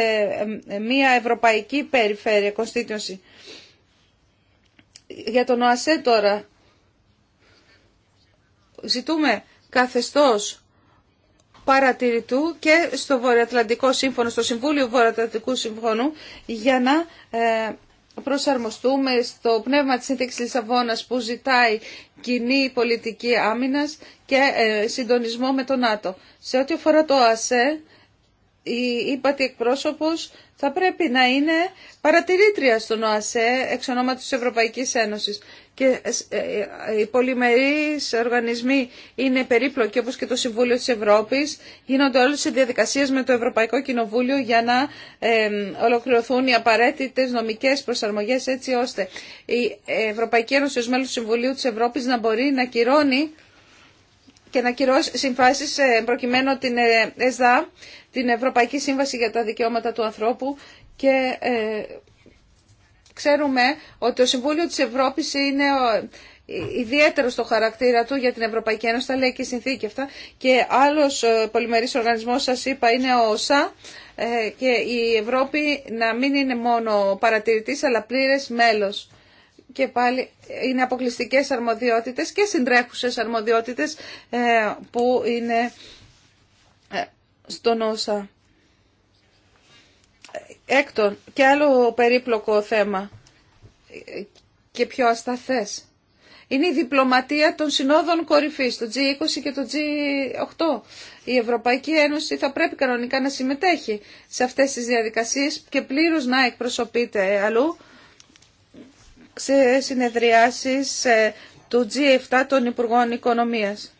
μια ευρωπαϊκή περιφέρεια, constituency. Για τον ΟΑΣΕ τώρα ζητούμε καθεστώς παρατηρητού και στο Βορειοατλαντικό Σύμφωνο, στο Συμβούλιο Βορειοατλαντικού Συμφωνού για να ε, προσαρμοστούμε στο πνεύμα της Σύνθεξης Λισαβόνα που ζητάει κοινή πολιτική άμυνας και ε, συντονισμό με τον ΝΑΤΟ. Σε ό,τι αφορά το ΟΑΣΕ η ύπατη εκπρόσωπο θα πρέπει να είναι παρατηρήτρια στον ΟΑΣΕ εξ ονόματος της Ευρωπαϊκής Ένωσης. Και ε, ε, οι πολυμερείς οργανισμοί είναι περίπλοκοι όπως και το Συμβούλιο της Ευρώπης. Γίνονται όλες οι διαδικασίες με το Ευρωπαϊκό Κοινοβούλιο για να ολοκληρωθούν οι απαραίτητες νομικές προσαρμογές έτσι ώστε η Ευρωπαϊκή Ένωση ως μέλος του Συμβουλίου της Ευρώπης να μπορεί να κυρώνει και να κυρώσει συμφάσεις ε, προκειμένου την ΕΣΔΑ την Ευρωπαϊκή Σύμβαση για τα Δικαιώματα του Ανθρώπου και ε, ξέρουμε ότι το Συμβούλιο της Ευρώπης είναι ε, ιδιαίτερο στο χαρακτήρα του για την Ευρωπαϊκή Ένωση, τα λέει και η συνθήκη αυτά. Και άλλος ε, πολυμερής οργανισμός, σας είπα, είναι ο ΩΣΑ και η Ευρώπη να μην είναι μόνο παρατηρητής, αλλά πλήρες μέλος. Και πάλι είναι αποκλειστικές αρμοδιότητες και συντρέχουσες αρμοδιότητες που είναι στον όσα. Έκτον, και άλλο περίπλοκο θέμα και πιο ασταθές. Είναι η διπλωματία των συνόδων κορυφής, το G20 και το G8. Η Ευρωπαϊκή Ένωση θα πρέπει κανονικά να συμμετέχει σε αυτές τις διαδικασίες και πλήρως να εκπροσωπείται αλλού σε συνεδριάσεις ε, του G7 των Υπουργών Οικονομίας.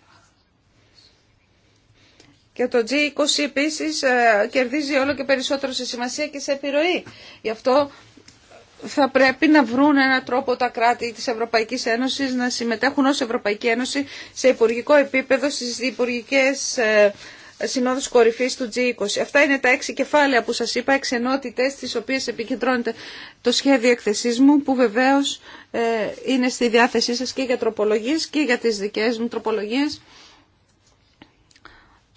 Και το G20 επίσης ε, κερδίζει όλο και περισσότερο σε σημασία και σε επιρροή. Γι' αυτό θα πρέπει να βρουν έναν τρόπο τα κράτη της Ευρωπαϊκής Ένωσης να συμμετέχουν ως Ευρωπαϊκή Ένωση σε υπουργικό επίπεδο στις υπουργικές ε, συνόδους κορυφής του G20. Αυτά είναι τα έξι κεφάλαια που σας είπα, έξι ενότητες τις οποίες επικεντρώνεται το σχέδιο εκθεσής μου που βεβαίως ε, είναι στη διάθεσή σας και για τροπολογίες και για τις δικές μου τροπολογίες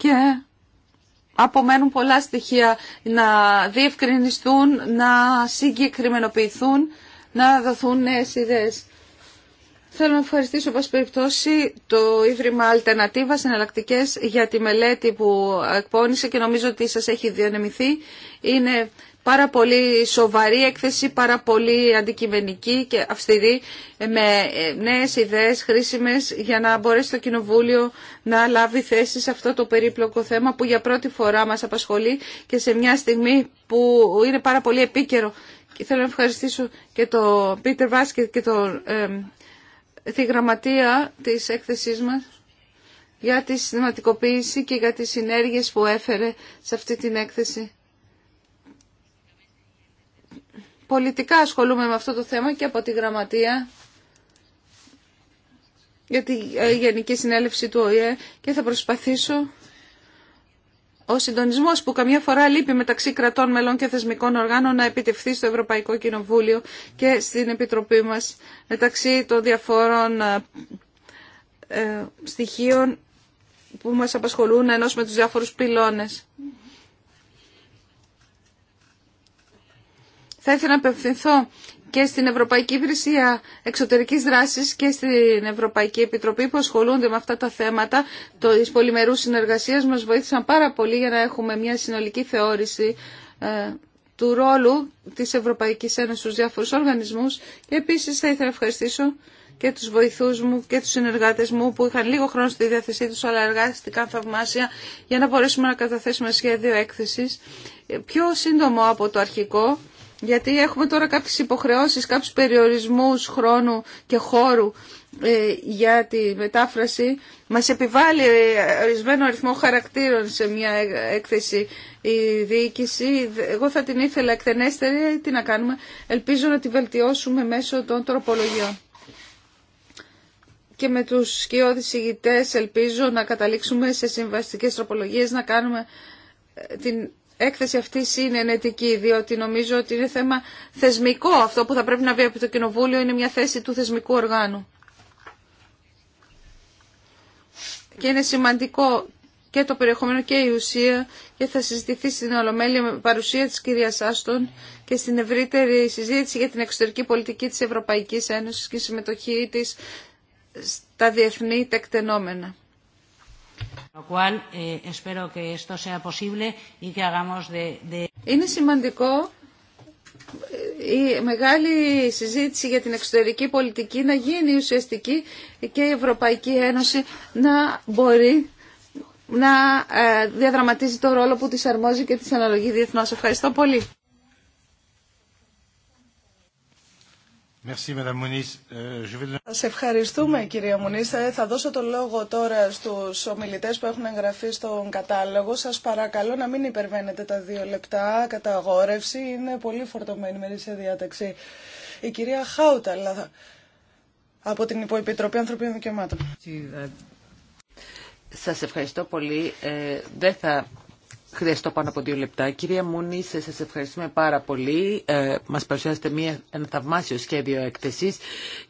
και απομένουν πολλά στοιχεία να διευκρινιστούν, να συγκεκριμενοποιηθούν, να δοθούν νέες ιδέες. Θέλω να ευχαριστήσω, όπως περιπτώσει, το Ίδρυμα Αλτερνατίβα εναλλακτικέ για τη μελέτη που εκπώνησε και νομίζω ότι σας έχει διανεμηθεί. Είναι πάρα πολύ σοβαρή έκθεση, πάρα πολύ αντικειμενική και αυστηρή με ε, νέες ιδέες χρήσιμες για να μπορέσει το Κοινοβούλιο να λάβει θέση σε αυτό το περίπλοκο θέμα που για πρώτη φορά μας απασχολεί και σε μια στιγμή που είναι πάρα πολύ επίκαιρο. Και θέλω να ευχαριστήσω και τον Πίτερ Βάσκετ και τον, ε, τη γραμματεία της έκθεσής μας για τη συστηματικοποίηση και για τις συνέργειες που έφερε σε αυτή την έκθεση πολιτικά ασχολούμαι με αυτό το θέμα και από τη γραμματεία για τη ε, Γενική Συνέλευση του ΟΗΕ και θα προσπαθήσω ο συντονισμό που καμιά φορά λείπει μεταξύ κρατών μελών και θεσμικών οργάνων να επιτευχθεί στο Ευρωπαϊκό Κοινοβούλιο και στην Επιτροπή μα μεταξύ των διαφόρων ε, ε, στοιχείων που μας απασχολούν ενός με τους διάφορους πυλώνες. Θα ήθελα να απευθυνθώ και στην Ευρωπαϊκή Υπηρεσία Εξωτερικής Δράσης και στην Ευρωπαϊκή Επιτροπή που ασχολούνται με αυτά τα θέματα τη πολυμερούς συνεργασία. μας βοήθησαν πάρα πολύ για να έχουμε μια συνολική θεώρηση ε, του ρόλου της Ευρωπαϊκής Ένωσης στους διάφορους οργανισμούς και επίσης θα ήθελα να ευχαριστήσω και τους βοηθούς μου και τους συνεργάτες μου που είχαν λίγο χρόνο στη διάθεσή τους αλλά εργάστηκαν θαυμάσια για να μπορέσουμε να καταθέσουμε σχέδιο έκθεσης ε, πιο σύντομο από το αρχικό γιατί έχουμε τώρα κάποιες υποχρεώσεις, κάποιους περιορισμούς χρόνου και χώρου ε, για τη μετάφραση. Μας επιβάλλει ε, ορισμένο αριθμό χαρακτήρων σε μια ε, έκθεση η διοίκηση. Εγώ θα την ήθελα εκτενέστερη, τι να κάνουμε. Ελπίζω να τη βελτιώσουμε μέσω των τροπολογιών. Και με τους σκιώδεις ηγητές ελπίζω να καταλήξουμε σε συμβαστικές τροπολογίες, να κάνουμε την έκθεση αυτή είναι ενετική, διότι νομίζω ότι είναι θέμα θεσμικό. Αυτό που θα πρέπει να βγει από το Κοινοβούλιο είναι μια θέση του θεσμικού οργάνου. Και είναι σημαντικό και το περιεχόμενο και η ουσία και θα συζητηθεί στην Ολομέλεια με παρουσία της κυρίας Άστον και στην ευρύτερη συζήτηση για την εξωτερική πολιτική της Ευρωπαϊκής Ένωσης και συμμετοχή της στα διεθνή τεκτενόμενα. Είναι σημαντικό ε, η μεγάλη συζήτηση για την εξωτερική πολιτική να γίνει ουσιαστική και η Ευρωπαϊκή Ένωση να μπορεί να ε, διαδραματίζει το ρόλο που της αρμόζει και της αναλογεί διεθνώς. Ευχαριστώ πολύ. Euh, Σα ευχαριστούμε κυρία Μουνής. Ε, θα δώσω το λόγο τώρα στους ομιλητές που έχουν εγγραφεί στον κατάλογο. Σας παρακαλώ να μην υπερβαίνετε τα δύο λεπτά κατά αγόρευση. Είναι πολύ φορτωμένη μέρη σε διάταξη. Η κυρία Χάουτα, από την Υποεπιτροπή Ανθρωπίνων Δικαιωμάτων. Σας ευχαριστώ πολύ. Ε, δεν θα χρειαστώ πάνω από δύο λεπτά. Κυρία Μούνη, ε, σας ευχαριστούμε πάρα πολύ. Ε, μας παρουσιάσετε μια, ένα θαυμάσιο σχέδιο έκθεση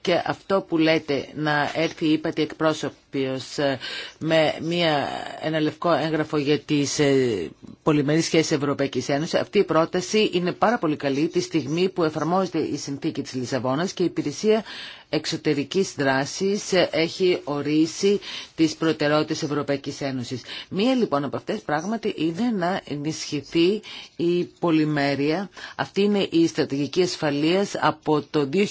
και αυτό που λέτε να έρθει, είπατε, εκπρόσωπο οποίος ε, με μια, ένα λευκό έγγραφο για τις ε, πολυμερείς σχέσεις Ευρωπαϊκής Ένωσης. Αυτή η πρόταση είναι πάρα πολύ καλή τη στιγμή που εφαρμόζεται η συνθήκη της Λισαβόνας και η υπηρεσία εξωτερικής δράσης ε, έχει ορίσει τις προτεραιότητες Ευρωπαϊκής Ένωσης. Μία λοιπόν από αυτές πράγματι είναι να ενισχυθεί η πολυμέρεια. Αυτή είναι η στρατηγική ασφαλείας από το 2003.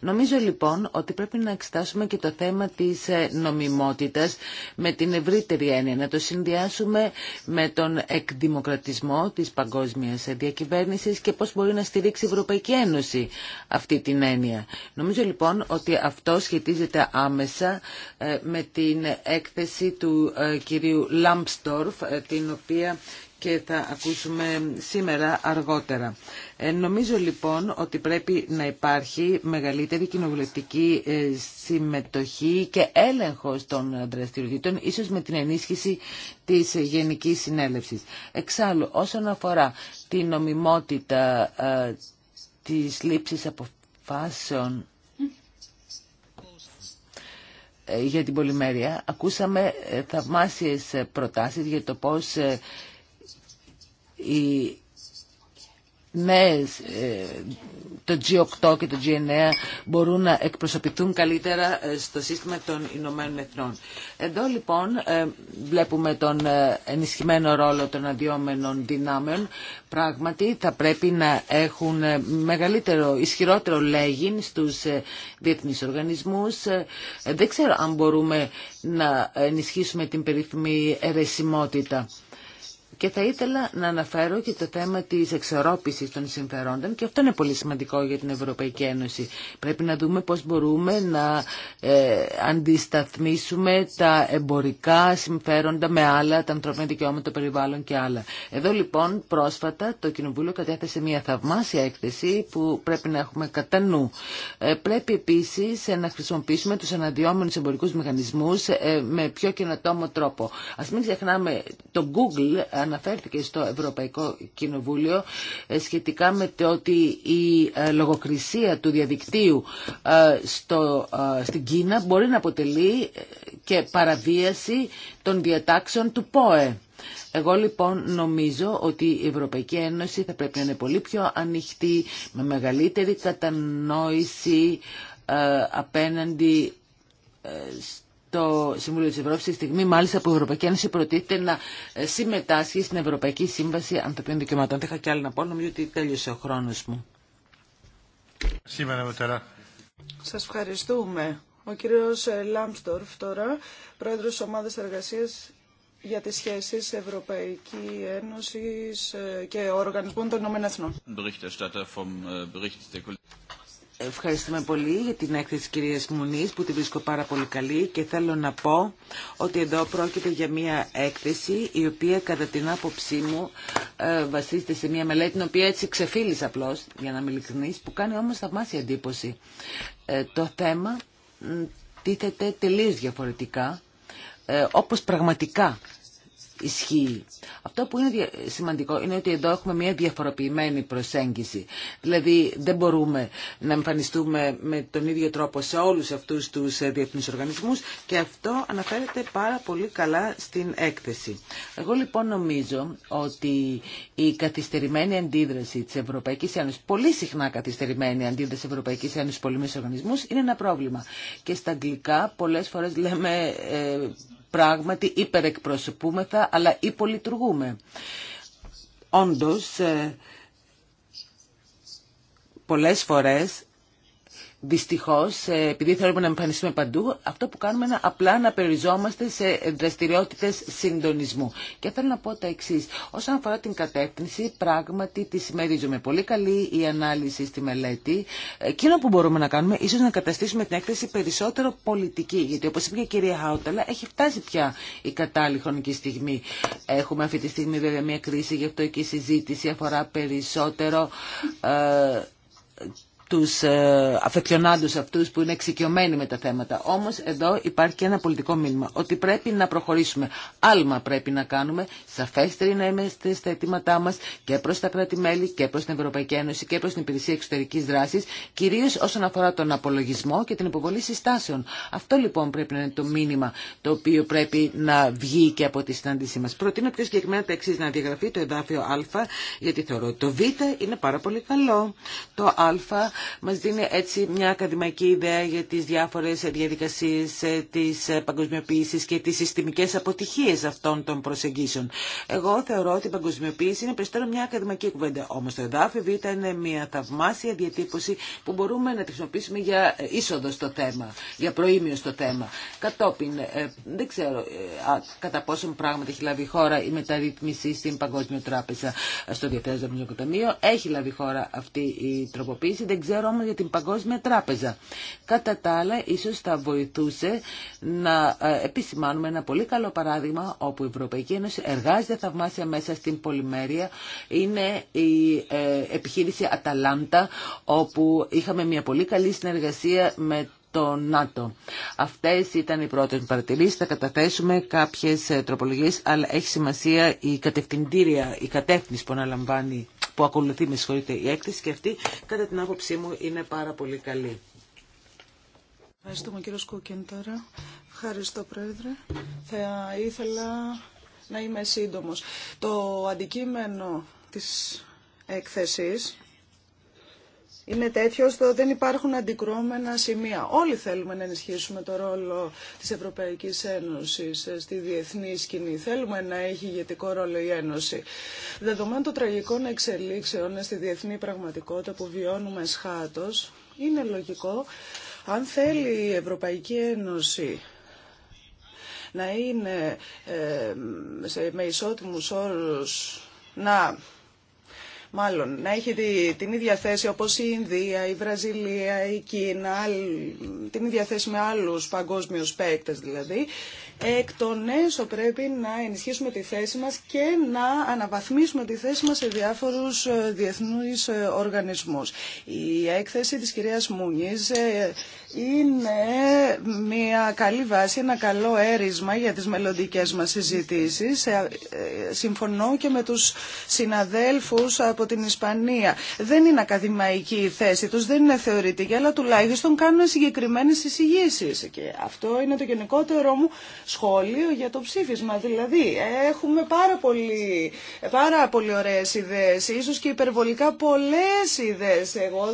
Νομίζω λοιπόν ότι πρέπει να εξετάσουμε και το θέμα της της ε, νομιμότητας με την ευρύτερη έννοια, να το συνδυάσουμε με τον εκδημοκρατισμό της παγκόσμιας διακυβέρνησης και πώς μπορεί να στηρίξει η Ευρωπαϊκή Ένωση αυτή την έννοια. Νομίζω λοιπόν ότι αυτό σχετίζεται άμεσα ε, με την έκθεση του ε, κυρίου Λάμπστορφ, την οποία και θα ακούσουμε σήμερα αργότερα. Ε, νομίζω λοιπόν ότι πρέπει να υπάρχει μεγαλύτερη κοινοβουλευτική ε, συμμετοχή και έλεγχος των δραστηριοτήτων, ίσως με την ενίσχυση της Γενικής Συνέλευσης. Εξάλλου, όσον αφορά την νομιμότητα ε, της λήψης αποφάσεων ε, για την πολυμέρεια, ακούσαμε θαυμάσιες προτάσεις για το πώς οι νέε, ε, το G8 και το G9 μπορούν να εκπροσωπηθούν καλύτερα ε, στο σύστημα των Ηνωμένων Εθνών. Εδώ λοιπόν ε, βλέπουμε τον ενισχυμένο ρόλο των αδειόμενων δυνάμεων. Πράγματι θα πρέπει να έχουν μεγαλύτερο, ισχυρότερο λέγιν στους διεθνείς οργανισμούς. Δεν ξέρω αν μπορούμε να ενισχύσουμε την περίφημη ερεσιμότητα και θα ήθελα να αναφέρω και το θέμα της εξορρόπησης των συμφερόντων και αυτό είναι πολύ σημαντικό για την Ευρωπαϊκή Ένωση. Πρέπει να δούμε πώς μπορούμε να ε, αντισταθμίσουμε τα εμπορικά συμφέροντα με άλλα, τα ανθρώπινα δικαιώματα, το περιβάλλον και άλλα. Εδώ λοιπόν πρόσφατα το Κοινοβούλιο κατέθεσε μια θαυμάσια έκθεση που πρέπει να έχουμε κατά νου. Ε, πρέπει επίσης να χρησιμοποιήσουμε τους αναδυόμενους εμπορικούς μηχανισμούς ε, με πιο καινοτόμο τρόπο. Ας μην ξεχνάμε το Google αναφέρθηκε στο Ευρωπαϊκό Κοινοβούλιο ε, σχετικά με το ότι η ε, λογοκρισία του διαδικτύου ε, στο, στην Κίνα μπορεί να αποτελεί και παραβίαση των διατάξεων του ΠΟΕ. Εγώ λοιπόν νομίζω ότι η Ευρωπαϊκή Ένωση θα πρέπει να είναι πολύ πιο ανοιχτή, με μεγαλύτερη κατανόηση απέναντι το Συμβούλιο τη Ευρώπη, τη στιγμή μάλιστα που η Ευρωπαϊκή Ένωση προτείνεται να ε, συμμετάσχει στην Ευρωπαϊκή Σύμβαση Ανθρωπίνων Δικαιωμάτων. Δεν είχα κι άλλη να πω, νομίζω ότι τέλειωσε ο χρόνος μου. Σήμερα Σας ευχαριστούμε. Ο κύριος ε, Λάμπστορφ τώρα, πρόεδρος ομάδας εργασίας για τις σχέσεις Ευρωπαϊκή Ένωση ε, και Οργανισμών των Ηνωμένων Εθνών. Ευχαριστούμε πολύ για την έκθεση της κυρίας Μουνής που τη βρίσκω πάρα πολύ καλή και θέλω να πω ότι εδώ πρόκειται για μια έκθεση η οποία κατά την άποψή μου ε, βασίζεται σε μια μελέτη την οποία έτσι ξεφύλει απλώς για να μιλικρινείς που κάνει όμως θαυμάσια εντύπωση. Ε, το θέμα τίθεται τελείως διαφορετικά ε, όπως πραγματικά ισχύει. Αυτό που είναι σημαντικό είναι ότι εδώ έχουμε μια διαφοροποιημένη προσέγγιση. Δηλαδή δεν μπορούμε να εμφανιστούμε με τον ίδιο τρόπο σε όλους αυτούς τους ε, διεθνείς οργανισμούς και αυτό αναφέρεται πάρα πολύ καλά στην έκθεση. Εγώ λοιπόν νομίζω ότι η καθυστερημένη αντίδραση της Ευρωπαϊκής Ένωσης, πολύ συχνά καθυστερημένη αντίδραση της Ευρωπαϊκής Ένωσης στους οργανισμούς είναι ένα πρόβλημα. Και στα αγγλικά πολλές φορές λέμε ε, πράγματι υπερεκπροσωπούμεθα αλλά υπολειτουργούμε. Όντως, ε, πολλές φορές Δυστυχώ, ε, επειδή θέλουμε να εμφανιστούμε παντού, αυτό που κάνουμε είναι απλά να περιζόμαστε σε δραστηριότητε συντονισμού. Και θέλω να πω τα εξή. Όσον αφορά την κατεύθυνση, πράγματι τη συμμερίζουμε. Πολύ καλή η ανάλυση στη μελέτη. Ε, εκείνο που μπορούμε να κάνουμε, ίσω να καταστήσουμε την έκθεση περισσότερο πολιτική. Γιατί όπω είπε και η κυρία Χάουταλα, έχει φτάσει πια η κατάλληλη χρονική στιγμή. Έχουμε αυτή τη στιγμή βέβαια μια κρίση, γι' αυτό και η συζήτηση αφορά περισσότερο ε, τους ε, αφεκιονάντους αυτούς που είναι εξοικειωμένοι με τα θέματα. Όμως εδώ υπάρχει και ένα πολιτικό μήνυμα ότι πρέπει να προχωρήσουμε. Άλμα πρέπει να κάνουμε, σαφέστεροι να είμαστε στα αιτήματά μας και προς τα κράτη-μέλη και προς την Ευρωπαϊκή Ένωση και προς την Υπηρεσία Εξωτερικής Δράσης, κυρίως όσον αφορά τον απολογισμό και την υποβολή συστάσεων. Αυτό λοιπόν πρέπει να είναι το μήνυμα το οποίο πρέπει να βγει και από τη συνάντησή μας. Προτείνω πιο συγκεκριμένα τα εξή να διαγραφεί το εδάφιο Α, γιατί θεωρώ ότι το Β είναι πάρα πολύ καλό. Το Α μας δίνει έτσι μια ακαδημαϊκή ιδέα για τις διάφορες διαδικασίες ε, της ε, παγκοσμιοποίησης και τις συστημικές αποτυχίες αυτών των προσεγγίσεων. Εγώ θεωρώ ότι η παγκοσμιοποίηση είναι περισσότερο μια ακαδημαϊκή κουβέντα. Όμως το εδάφη ήταν μια θαυμάσια διατύπωση που μπορούμε να τη χρησιμοποιήσουμε για ε, είσοδο στο θέμα, για προήμιο στο θέμα. Κατόπιν, δεν ξέρω κατά πόσο πράγματι έχει λάβει η χώρα η μεταρρύθμιση στην Παγκόσμια Τράπεζα στο Διεθνές Δομινικό Έχει λάβει χώρα αυτή η τροποποίηση ξέρω όμως για την Παγκόσμια Τράπεζα. Κατά τα άλλα, ίσως θα βοηθούσε να ε, επισημάνουμε ένα πολύ καλό παράδειγμα όπου η Ευρωπαϊκή Ένωση εργάζεται θαυμάσια μέσα στην πολυμέρεια. Είναι η ε, επιχείρηση Αταλάντα όπου είχαμε μια πολύ καλή συνεργασία με το ΝΑΤΟ. Αυτές ήταν οι πρώτες παρατηρήσεις. Θα καταθέσουμε κάποιες ε, τροπολογίες, αλλά έχει σημασία η κατευθυντήρια, η κατεύθυνση που αναλαμβάνει που ακολουθεί, με συγχωρείτε, η έκθεση και αυτή κατά την άποψή μου είναι πάρα πολύ καλή. Ευχαριστούμε κύριο Σκούκεν τώρα. Ευχαριστώ πρόεδρε. Θα ήθελα να είμαι σύντομος. Το αντικείμενο της έκθεσης είναι τέτοιο ώστε δεν υπάρχουν αντικρούμενα σημεία. Όλοι θέλουμε να ενισχύσουμε το ρόλο της Ευρωπαϊκής Ένωσης στη διεθνή σκηνή. Θέλουμε να έχει ηγετικό ρόλο η Ένωση. Δεδομένου των τραγικών εξελίξεων στη διεθνή πραγματικότητα που βιώνουμε σχάτως, είναι λογικό αν θέλει η Ευρωπαϊκή Ένωση να είναι ε, σε, με ισότιμους όρους να μάλλον να έχει την ίδια θέση όπως η Ινδία, η Βραζιλία, η Κίνα, την ίδια θέση με άλλους παγκόσμιους παίκτες δηλαδή εκ των έσω πρέπει να ενισχύσουμε τη θέση μας και να αναβαθμίσουμε τη θέση μας σε διάφορους ε, διεθνούς ε, οργανισμούς. Η έκθεση της κυρίας Μούνης ε, είναι μια καλή βάση, ένα καλό έρισμα για τις μελλοντικέ μας συζητήσεις. Συμφωνώ και με τους συναδέλφους από την Ισπανία. Δεν είναι ακαδημαϊκή η θέση τους, δεν είναι θεωρητική, αλλά τουλάχιστον κάνουν συγκεκριμένες εισηγήσεις. Και αυτό είναι το γενικότερο μου σχόλιο για το ψήφισμα. Δηλαδή, έχουμε πάρα, πολύ, πάρα πολύ ωραίες ιδέες, ίσως και υπερβολικά πολλές ιδέες. Εγώ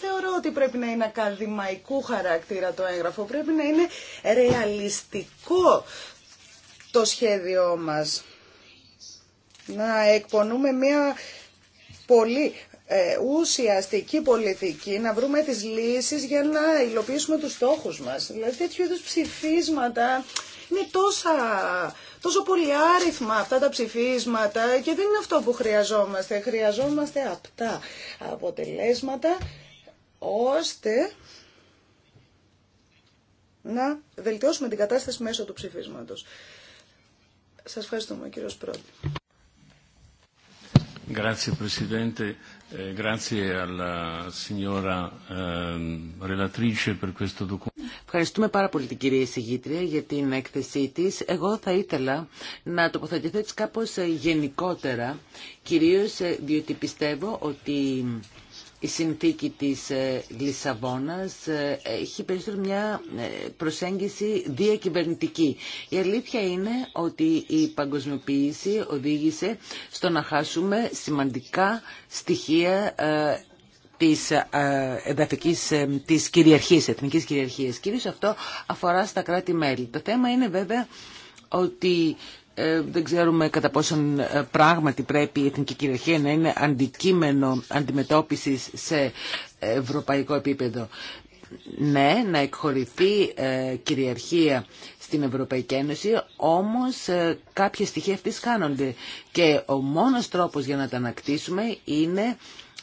θεωρώ ότι πρέπει να είναι ακαδημαϊκού χαρακτήρα το έγγραφο, πρέπει να είναι ρεαλιστικό το σχέδιό μας. Να εκπονούμε μια πολύ ε, ουσιαστική πολιτική, να βρούμε τις λύσεις για να υλοποιήσουμε τους στόχους μας. Δηλαδή τέτοιου είδους ψηφίσματα είναι τόσα, τόσο πολύ άριθμα αυτά τα ψηφίσματα και δεν είναι αυτό που χρειαζόμαστε. Χρειαζόμαστε απτά αποτελέσματα ώστε να βελτιώσουμε την κατάσταση μέσω του ψηφίσματος. Σας ευχαριστούμε, κύριος Presidente. Eh, ehm, Ευχαριστούμε πάρα πολύ την κυρία Συγήτρια για την έκθεσή της. Εγώ θα ήθελα να τοποθετηθώ έτσι κάπως ε, γενικότερα, κυρίως ε, διότι πιστεύω ότι η συνθήκη της ε, Λισαβόνας ε, έχει περισσότερο μια ε, προσέγγιση διακυβερνητική. Η αλήθεια είναι ότι η παγκοσμιοποίηση οδήγησε στο να χάσουμε σημαντικά στοιχεία της εδαφικής της κυριαρχίας, εθνικής κυριαρχίας. Κυρίως αυτό αφορά στα κράτη-μέλη. Το θέμα είναι βέβαια ότι ε, δεν ξέρουμε κατά πόσον ε, πράγματι πρέπει η εθνική κυριαρχία να είναι αντικείμενο αντιμετώπισης σε ευρωπαϊκό επίπεδο. Ναι, να εκχωρηθεί ε, κυριαρχία στην Ευρωπαϊκή Ένωση, όμως κάποια στοιχεία αυτής χάνονται και ο μόνος τρόπος για να τα ανακτήσουμε είναι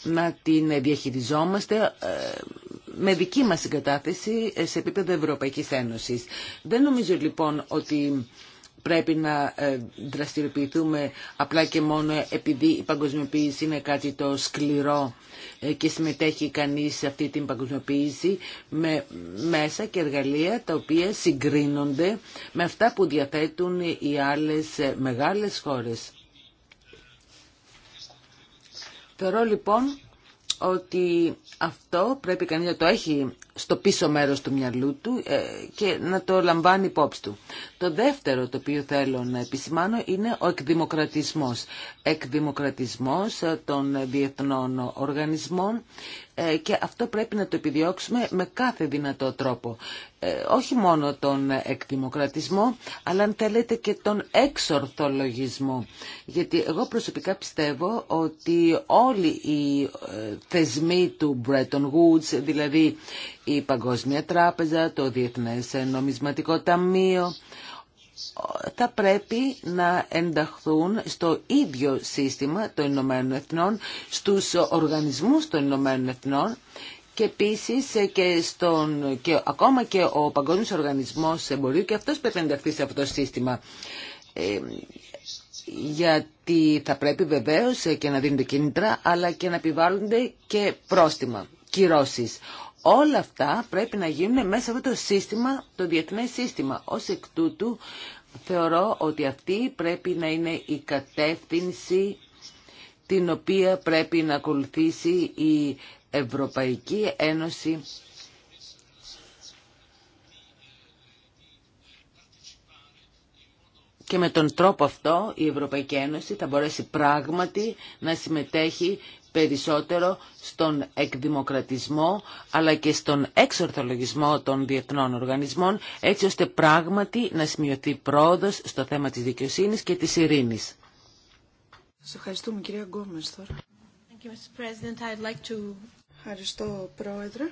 να την διαχειριζόμαστε με δική μας συγκατάθεση σε επίπεδο Ευρωπαϊκής Ένωσης. Δεν νομίζω λοιπόν ότι πρέπει να ε, δραστηριοποιηθούμε απλά και μόνο επειδή η παγκοσμιοποίηση είναι κάτι το σκληρό ε, και συμμετέχει κανείς σε αυτή την παγκοσμιοποίηση με μέσα και εργαλεία τα οποία συγκρίνονται με αυτά που διαθέτουν οι άλλες ε, μεγάλες χώρες. Θεωρώ λοιπόν ότι αυτό πρέπει κανείς να το έχει στο πίσω μέρος του μυαλού του ε, και να το λαμβάνει υπόψη του. Το δεύτερο το οποίο θέλω να επισημάνω είναι ο εκδημοκρατισμός εκδημοκρατισμός ε, των διεθνών οργανισμών ε, και αυτό πρέπει να το επιδιώξουμε με κάθε δυνατό τρόπο. Ε, όχι μόνο τον εκδημοκρατισμό, αλλά αν θέλετε και τον εξορθολογισμό. Γιατί εγώ προσωπικά πιστεύω ότι όλοι οι θεσμοί του Bretton Woods, δηλαδή η Παγκόσμια Τράπεζα, το Διεθνές Νομισματικό Ταμείο, θα πρέπει να ενταχθούν στο ίδιο σύστημα των Ηνωμένων Εθνών, στους οργανισμούς των Ηνωμένων Εθνών και επίσης και, στον, και ακόμα και ο Παγκόσμιος Οργανισμός Εμπορίου και αυτός πρέπει να ενταχθεί σε αυτό το σύστημα. Ε, γιατί θα πρέπει βεβαίως και να δίνονται κίνητρα αλλά και να επιβάλλονται και πρόστιμα, κυρώσεις. Όλα αυτά πρέπει να γίνουν μέσα από το σύστημα, το διεθνές σύστημα. Ως εκ τούτου θεωρώ ότι αυτή πρέπει να είναι η κατεύθυνση την οποία πρέπει να ακολουθήσει η Ευρωπαϊκή Ένωση Και με τον τρόπο αυτό η Ευρωπαϊκή Ένωση θα μπορέσει πράγματι να συμμετέχει περισσότερο στον εκδημοκρατισμό αλλά και στον εξορθολογισμό των διεθνών οργανισμών έτσι ώστε πράγματι να σημειωθεί πρόοδος στο θέμα της δικαιοσύνης και της ειρήνης. Σας ευχαριστούμε κυρία Γκόμες τώρα. Ευχαριστώ πρόεδρε.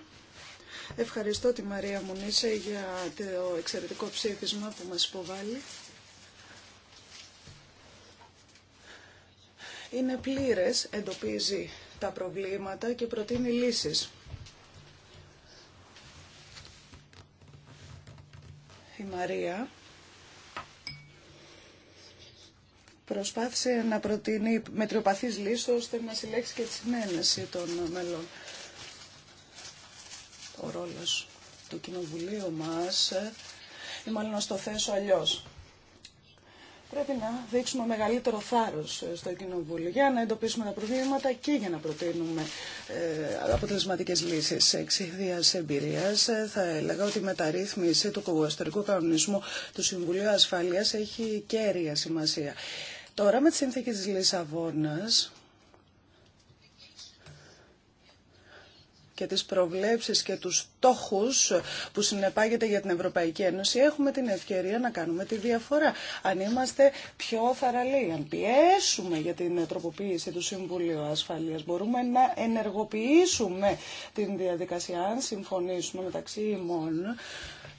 Ευχαριστώ τη Μαρία Μουνίσε για το εξαιρετικό ψήφισμα που μας υποβάλλει. είναι πλήρες, εντοπίζει τα προβλήματα και προτείνει λύσεις. Η Μαρία προσπάθησε να προτείνει μετριοπαθείς λύσεις ώστε να συλλέξει και τη συνένεση των μελών. Ο ρόλος του Κοινοβουλίου μας, ε, ή μάλλον να θέσω αλλιώς. Πρέπει να δείξουμε μεγαλύτερο θάρρος ε, στο Κοινοβούλιο για να εντοπίσουμε τα προβλήματα και για να προτείνουμε ε, αποτελεσματικές λύσεις εξηδίας εμπειρίας. Ε, θα έλεγα ότι η μεταρρύθμιση του κογουαστορικού κανονισμού του Συμβουλίου Ασφαλείας έχει κέρια σημασία. Τώρα με τη συνθήκη της Λισαβόνας και τις προβλέψεις και τους στόχους που συνεπάγεται για την Ευρωπαϊκή Ένωση, έχουμε την ευκαιρία να κάνουμε τη διαφορά. Αν είμαστε πιο θαραλοί, αν πιέσουμε για την τροποποίηση του Συμβουλίου Ασφαλείας, μπορούμε να ενεργοποιήσουμε την διαδικασία, αν συμφωνήσουμε μεταξύ ημών,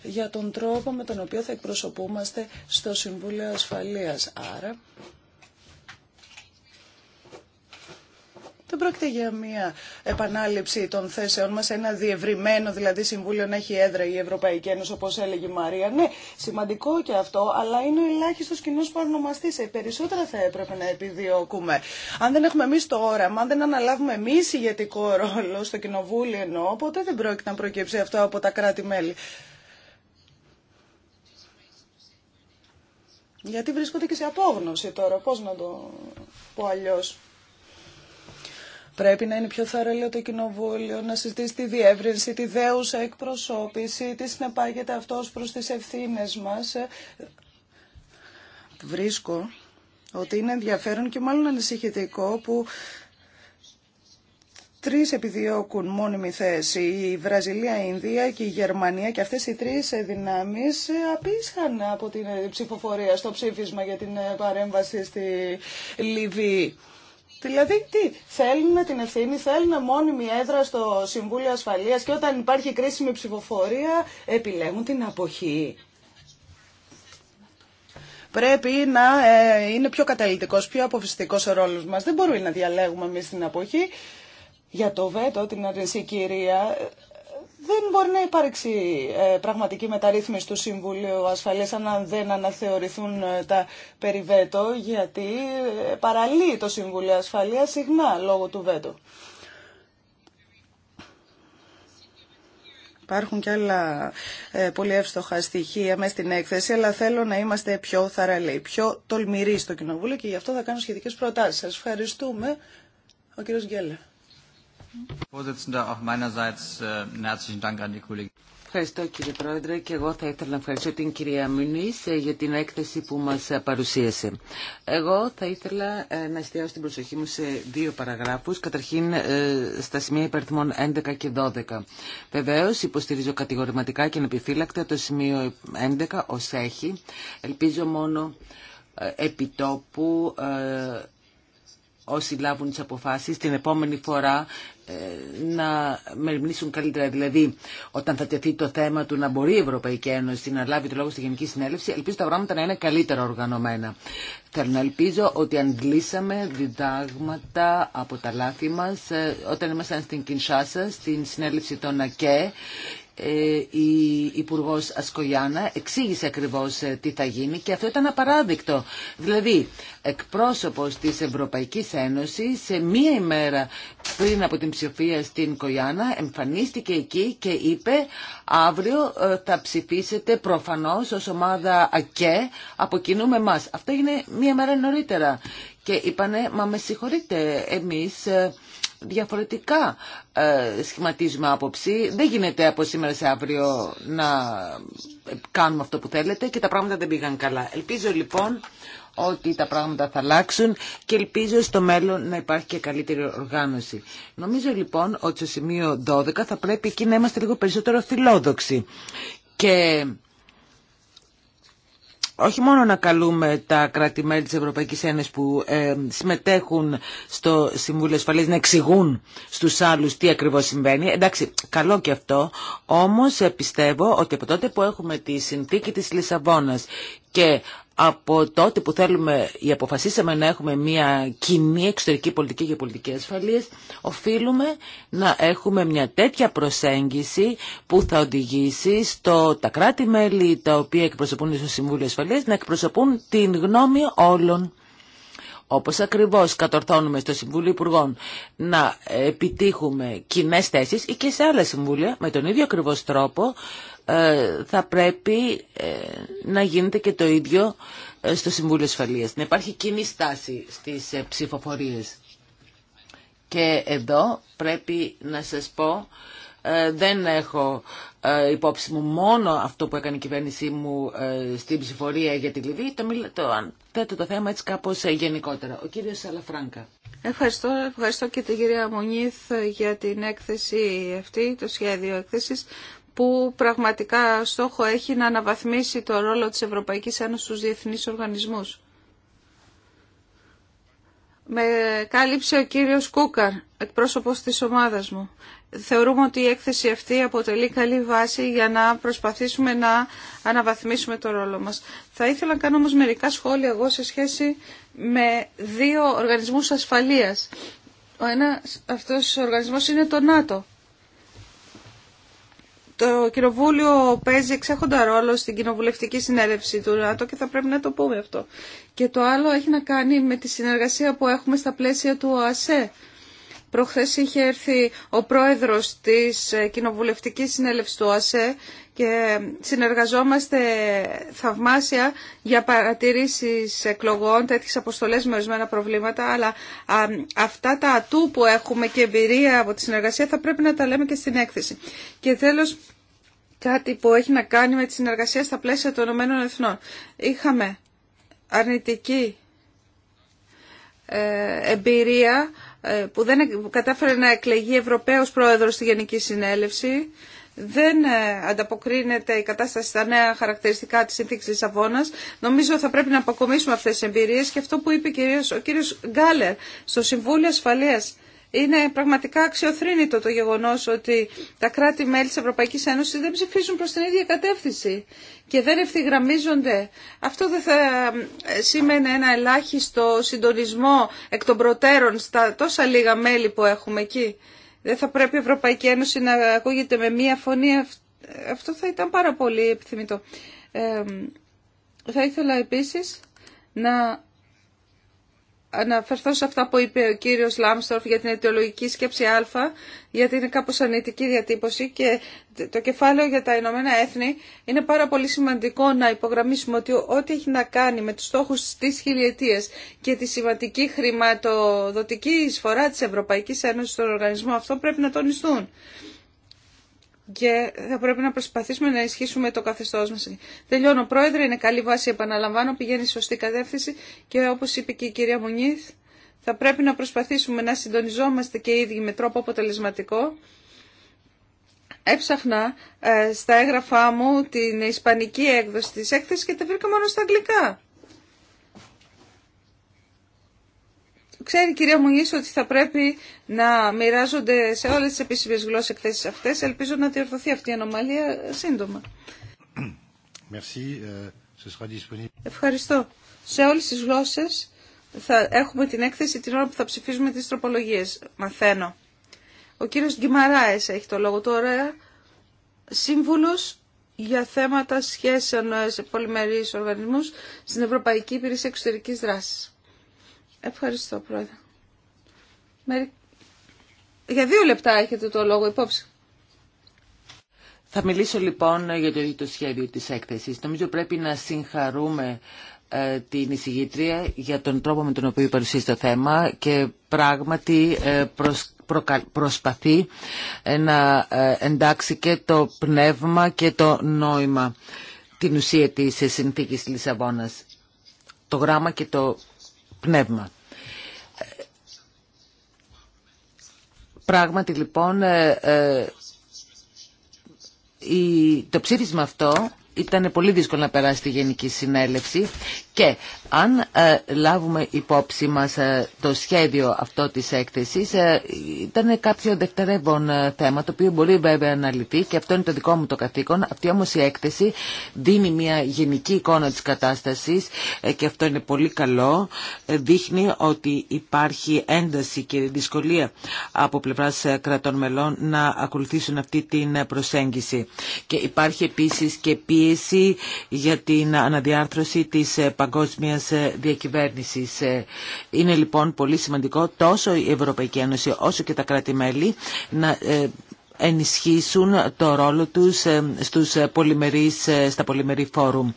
για τον τρόπο με τον οποίο θα εκπροσωπούμαστε στο Συμβούλιο Ασφαλείας. Άρα Δεν πρόκειται για μια επανάληψη των θέσεων μα ένα διευρυμένο δηλαδή συμβούλιο να έχει έδρα η Ευρωπαϊκή Ένωση, όπω έλεγε η Μαρία. Ναι, σημαντικό και αυτό, αλλά είναι ο ελάχιστος κοινό παρονομαστής. Ε, περισσότερα θα έπρεπε να επιδιώκουμε. Αν δεν έχουμε εμεί το όραμα, αν δεν αναλάβουμε εμεί ηγετικό ρόλο στο Κοινοβούλιο εννοώ, ποτέ δεν πρόκειται να προκύψει αυτό από τα κράτη-μέλη. Γιατί βρίσκονται και σε απόγνωση τώρα, πώς να το πω αλλιώς. Πρέπει να είναι πιο θαραλέο το κοινοβούλιο, να συζητήσει τη διεύρυνση, τη δέουσα εκπροσώπηση, τι συνεπάγεται αυτός προ τις ευθύνε μας. Βρίσκω ότι είναι ενδιαφέρον και μάλλον ανησυχητικό που τρεις επιδιώκουν μόνιμη θέση, η Βραζιλία, η Ινδία και η Γερμανία και αυτές οι τρεις δυνάμεις απίσχαν από την ψηφοφορία στο ψήφισμα για την παρέμβαση στη Λιβύη. Δηλαδή, τι, θέλουν την ευθύνη, θέλουν μόνιμη έδρα στο Συμβούλιο ασφαλεία και όταν υπάρχει κρίσιμη ψηφοφορία επιλέγουν την αποχή. Πρέπει να ε, είναι πιο καταλητικό, πιο αποφυστικό ο ρόλο μας. Δεν μπορούμε να διαλέγουμε εμεί την αποχή. Για το ΒΕΤΟ, την αρνησή κυρία, δεν μπορεί να υπάρξει ε, πραγματική μεταρρύθμιση του Συμβουλίου Ασφαλείας αν δεν αναθεωρηθούν ε, τα περιβέτο, γιατί ε, παραλύει το Συμβουλίο Ασφαλείας συχνά λόγω του βέτο. Υπάρχουν και άλλα πολύ εύστοχα στοιχεία μέσα στην έκθεση, αλλά θέλω να είμαστε πιο θαραλέοι, πιο τολμηροί στο Κοινοβούλιο και γι' αυτό θα κάνω σχετικές προτάσεις. Σας ευχαριστούμε. Ο κύριος Γκέλε. Äh, ευχαριστώ κύριε Πρόεδρε και εγώ θα ήθελα να ευχαριστώ την κυρία Μινής ε, για την έκθεση που μας ε, παρουσίασε. Εγώ θα ήθελα ε, να εστιάσω την προσοχή μου σε δύο παραγράφους, καταρχήν στα σημεία υπερθυμών 11 και 12. Βεβαίως υποστηρίζω κατηγορηματικά και ανεπιφύλακτα το σημείο 11 ως έχει. Ελπίζω μόνο επιτόπου όσοι λάβουν τις αποφάσεις την επόμενη φορά να μεριμνήσουν καλύτερα. Δηλαδή, όταν θα τεθεί το θέμα του να μπορεί η Ευρωπαϊκή Ένωση να λάβει το λόγο στη Γενική Συνέλευση, ελπίζω τα πράγματα να είναι καλύτερα οργανωμένα. Θέλω να ελπίζω ότι αντλήσαμε διδάγματα από τα λάθη μας ε, όταν ήμασταν στην Κινσάσα, στην συνέλευση των ΑΚΕ ε, η Υπουργό Ασκογιάννα εξήγησε ακριβώς ε, τι θα γίνει και αυτό ήταν απαράδεικτο. Δηλαδή, εκπρόσωπος της Ευρωπαϊκής Ένωσης σε μία ημέρα πριν από την ψηφία στην Κογιάννα εμφανίστηκε εκεί και είπε αύριο ε, θα ψηφίσετε προφανώς ως ομάδα ΑΚΕ από κοινού με Αυτό έγινε μία μέρα νωρίτερα και είπανε μα με συγχωρείτε εμείς διαφορετικά ε, σχηματίζουμε άποψη. Δεν γίνεται από σήμερα σε αύριο να κάνουμε αυτό που θέλετε και τα πράγματα δεν πήγαν καλά. Ελπίζω λοιπόν ότι τα πράγματα θα αλλάξουν και ελπίζω στο μέλλον να υπάρχει και καλύτερη οργάνωση. Νομίζω λοιπόν ότι στο σημείο 12 θα πρέπει εκεί να είμαστε λίγο περισσότερο φιλόδοξοι. Και όχι μόνο να καλούμε τα κράτη-μέλη της Ευρωπαϊκής Ένωσης που ε, συμμετέχουν στο Συμβούλιο Ασφαλείας να εξηγούν στους άλλους τι ακριβώς συμβαίνει. Εντάξει, καλό και αυτό, όμως ε, πιστεύω ότι από τότε που έχουμε τη συνθήκη της Λισαβόνας και από τότε που θέλουμε ή αποφασίσαμε να έχουμε μια κοινή εξωτερική πολιτική και πολιτική ασφαλείας, οφείλουμε να έχουμε μια τέτοια προσέγγιση που θα οδηγήσει στο τα κράτη-μέλη τα οποία εκπροσωπούν στο Συμβούλιο Ασφαλείας να εκπροσωπούν την γνώμη όλων. Όπως ακριβώς κατορθώνουμε στο Συμβούλιο Υπουργών να επιτύχουμε κοινέ θέσει ή και σε άλλα συμβούλια με τον ίδιο ακριβώς τρόπο ε, θα πρέπει ε, να γίνεται και το ίδιο ε, στο Συμβούλιο Ασφαλείας. Να υπάρχει κοινή στάση στις ψηφοφορίες. Και εδώ πρέπει να σας πω, δεν έχω υπόψη μου μόνο αυτό που έκανε η κυβέρνησή μου στην ψηφορία για τη Λιβύη, το, το, θέτω το θέμα έτσι κάπως γενικότερα. Ο κύριος Σαλαφράγκα. Ευχαριστώ, ευχαριστώ και την κυρία Μονίθ για την έκθεση αυτή, το σχέδιο έκθεσης που πραγματικά στόχο έχει να αναβαθμίσει το ρόλο της Ευρωπαϊκής Ένωσης στους διεθνείς οργανισμούς. Με κάλυψε ο κύριος Κούκαρ, εκπρόσωπος της ομάδας μου. Θεωρούμε ότι η έκθεση αυτή αποτελεί καλή βάση για να προσπαθήσουμε να αναβαθμίσουμε το ρόλο μας. Θα ήθελα να κάνω όμως μερικά σχόλια εγώ σε σχέση με δύο οργανισμούς ασφαλείας. Ο ένας αυτός ο οργανισμός είναι το ΝΑΤΟ το Κοινοβούλιο παίζει εξέχοντα ρόλο στην κοινοβουλευτική συνέλευση του ΝΑΤΟ και θα πρέπει να το πούμε αυτό. Και το άλλο έχει να κάνει με τη συνεργασία που έχουμε στα πλαίσια του ΟΑΣΕ. Προχθές είχε έρθει ο πρόεδρος της κοινοβουλευτικής συνέλευσης του ΟΑΣΕ και συνεργαζόμαστε θαυμάσια για παρατηρήσεις εκλογών, τέτοιες αποστολές με ορισμένα προβλήματα, αλλά α, αυτά τα ατού που έχουμε και εμπειρία από τη συνεργασία θα πρέπει να τα λέμε και στην έκθεση. Και τέλος, κάτι που έχει να κάνει με τη συνεργασία στα πλαίσια των Ηνωμένων Εθνών. Είχαμε αρνητική ε, εμπειρία ε, που δεν κατάφερε να εκλεγεί Ευρωπαίος Πρόεδρος στη Γενική Συνέλευση. Δεν ε, ανταποκρίνεται η κατάσταση στα νέα χαρακτηριστικά της Σύνθηκης Λισαβόνας. Νομίζω θα πρέπει να αποκομίσουμε αυτές τις εμπειρίες και αυτό που είπε ο κύριος Γκάλερ στο Συμβούλιο Ασφαλείας είναι πραγματικά αξιοθρύνητο το γεγονός ότι τα κράτη-μέλη της Ευρωπαϊκής Ένωσης δεν ψηφίζουν προς την ίδια κατεύθυνση και δεν ευθυγραμμίζονται. Αυτό δεν θα ε, σήμαινε ένα ελάχιστο συντονισμό εκ των προτέρων στα τόσα λίγα μέλη που έχουμε εκεί. Δεν θα πρέπει η Ευρωπαϊκή Ένωση να ακούγεται με μία φωνή. Αυτό θα ήταν πάρα πολύ επιθυμητό. Ε, θα ήθελα επίσης να αναφερθώ σε αυτά που είπε ο κύριος Λάμστορφ για την αιτιολογική σκέψη Α, γιατί είναι κάπως ανητική διατύπωση και το κεφάλαιο για τα Ηνωμένα Έθνη είναι πάρα πολύ σημαντικό να υπογραμμίσουμε ότι ό,τι έχει να κάνει με τους στόχους της χιλιετίας και τη σημαντική χρηματοδοτική εισφορά της Ευρωπαϊκής Ένωσης στον οργανισμό αυτό πρέπει να τονιστούν και θα πρέπει να προσπαθήσουμε να ισχύσουμε το καθεστώς μας. Τελειώνω, Πρόεδρε, είναι καλή βάση, επαναλαμβάνω, πηγαίνει σωστή κατεύθυνση και όπως είπε και η κυρία Μουνίθ, θα πρέπει να προσπαθήσουμε να συντονιζόμαστε και οι ίδιοι με τρόπο αποτελεσματικό. Έψαχνα ε, στα έγγραφά μου την ισπανική έκδοση της έκθεσης και τα βρήκα μόνο στα αγγλικά. Ξέρει η κυρία Μουγής ότι θα πρέπει να μοιράζονται σε όλες τις επίσημες γλώσσες εκθέσεις αυτές. Ελπίζω να διορθωθεί αυτή η ανομαλία σύντομα. Euh, Ευχαριστώ. Σε όλες τις γλώσσες θα έχουμε την έκθεση την ώρα που θα ψηφίζουμε τις τροπολογίες. Μαθαίνω. Ο κύριος Γκυμαράες έχει το λόγο τώρα. Σύμβουλος για θέματα σχέσεων σε πολυμερείς οργανισμούς στην Ευρωπαϊκή Υπηρεσία Εξωτερικής Δράσης. Ευχαριστώ, Πρόεδρε. Για δύο λεπτά έχετε το λόγο υπόψη. Θα μιλήσω λοιπόν για το, το σχέδιο της έκθεσης. Νομίζω πρέπει να συγχαρούμε ε, την εισηγήτρια για τον τρόπο με τον οποίο παρουσίασε το θέμα και πράγματι ε, προσπαθεί ε, να εντάξει και το πνεύμα και το νόημα την ουσία της συνθήκης Λισαβόνας. Το γράμμα και το πνεύμα. Πράγματι λοιπόν ε, ε, το ψήφισμα αυτό ήταν πολύ δύσκολο να περάσει τη Γενική Συνέλευση και αν ε, λάβουμε υπόψη μας ε, το σχέδιο αυτό της έκθεσης ε, ήταν κάποιο δευτερεύον ε, θέμα το οποίο μπορεί βέβαια να λυθεί και αυτό είναι το δικό μου το καθήκον. Αυτή όμως η έκθεση δίνει μια γενική εικόνα της κατάστασης ε, και αυτό είναι πολύ καλό. Δείχνει ότι υπάρχει ένταση και δυσκολία από πλευράς κρατών μελών να ακολουθήσουν αυτή την προσέγγιση. Και υπάρχει επίσης και πίεση πίεση για την αναδιάρθρωση της ε, παγκόσμιας ε, διακυβέρνησης. Ε, είναι λοιπόν πολύ σημαντικό τόσο η Ευρωπαϊκή Ένωση όσο και τα κράτη-μέλη να ενισχύσουν το ρόλο τους στους πολυμερείς, στα πολυμερή φόρουμ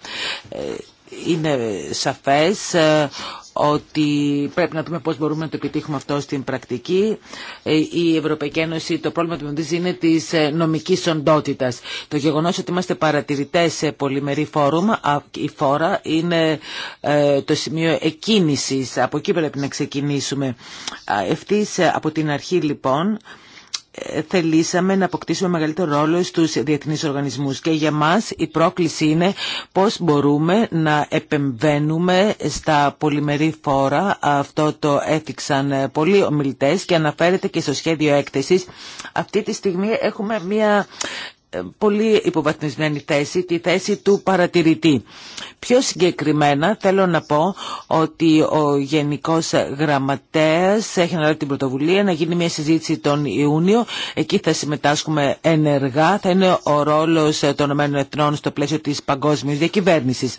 είναι σαφές ε, ότι πρέπει να δούμε πώς μπορούμε να το επιτύχουμε αυτό στην πρακτική. Ε, η Ευρωπαϊκή Ένωση το πρόβλημα του Μοντής είναι της ε, νομικής οντότητας. Το γεγονός ότι είμαστε παρατηρητές σε πολυμερή φόρουμ, η φόρα είναι το σημείο εκκίνησης. Από εκεί πρέπει να ξεκινήσουμε. Ευτής από την αρχή λοιπόν θελήσαμε να αποκτήσουμε μεγαλύτερο ρόλο στους διεθνείς οργανισμούς και για μας η πρόκληση είναι πώς μπορούμε να επεμβαίνουμε στα πολυμερή φόρα. Αυτό το έθιξαν πολλοί ομιλητές και αναφέρεται και στο σχέδιο έκθεσης. Αυτή τη στιγμή έχουμε μια ε, πολύ υποβαθμισμένη θέση, τη θέση του παρατηρητή. Πιο συγκεκριμένα θέλω να πω ότι ο Γενικός Γραμματέας έχει αναλάβει την πρωτοβουλία να γίνει μια συζήτηση τον Ιούνιο. Εκεί θα συμμετάσχουμε ενεργά. Θα είναι ο ρόλος των ΗΕ στο πλαίσιο της παγκόσμιας διακυβέρνησης.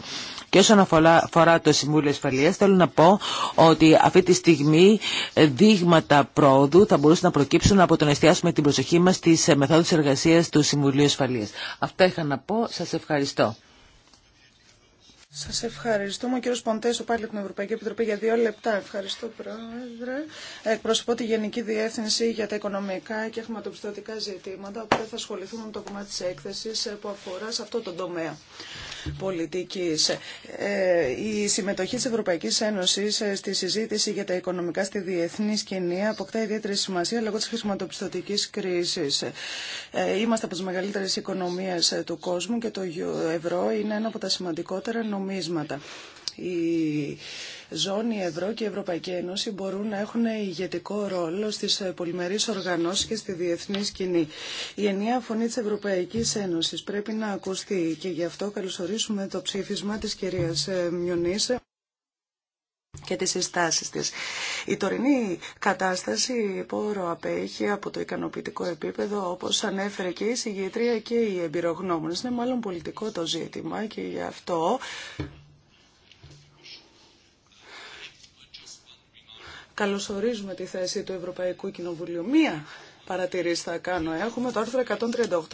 Και όσον αφορά το Συμβούλιο Ασφαλεία, θέλω να πω ότι αυτή τη στιγμή ε, δείγματα πρόοδου θα μπορούσαν να προκύψουν από το να εστιάσουμε την προσοχή μα στι ε, μεθόδου εργασία του Συμβουλίου Ασφαλεία. Αυτά είχα να πω. Σα ευχαριστώ. Σα ευχαριστούμε. Ο κύριος ο πάλι από την Ευρωπαϊκή Επιτροπή για δύο λεπτά. Ευχαριστώ Πρόεδρε. Εκπροσωπώ τη Γενική Διεύθυνση για τα οικονομικά και χρηματοπιστωτικά ζητήματα, οπότε θα ασχοληθούμε με το κομμάτι τη έκθεση που αφορά σε αυτό το τομέα πολιτική. Ε, η συμμετοχή τη Ευρωπαϊκή Ένωση ε, στη συζήτηση για τα οικονομικά στη διεθνή σκηνή αποκτά ιδιαίτερη σημασία λόγω τη χρηματοπιστωτική κρίση. Ε, είμαστε από τι μεγαλύτερε οικονομίε του κόσμου και το ευρώ είναι ένα από τα σημαντικότερα νομικά νομίσματα. Η ζώνη ευρώ και η Ευρωπαϊκή Ένωση μπορούν να έχουν ηγετικό ρόλο στις πολυμερείς οργανώσεις και στη διεθνή σκηνή. Η ενιαία φωνή της Ευρωπαϊκής Ένωσης πρέπει να ακουστεί και γι' αυτό καλωσορίσουμε το ψήφισμα της κυρίας ε, Μιονής και τις συστάσεις της. Η τωρινή κατάσταση πόρο απέχει από το ικανοποιητικό επίπεδο όπως ανέφερε και η συγγετρία και οι εμπειρογνώμονες. Είναι μάλλον πολιτικό το ζήτημα και γι' αυτό καλωσορίζουμε τη θέση του Ευρωπαϊκού Κοινοβουλίου. Μία παρατηρήσει θα κάνω. Έχουμε το άρθρο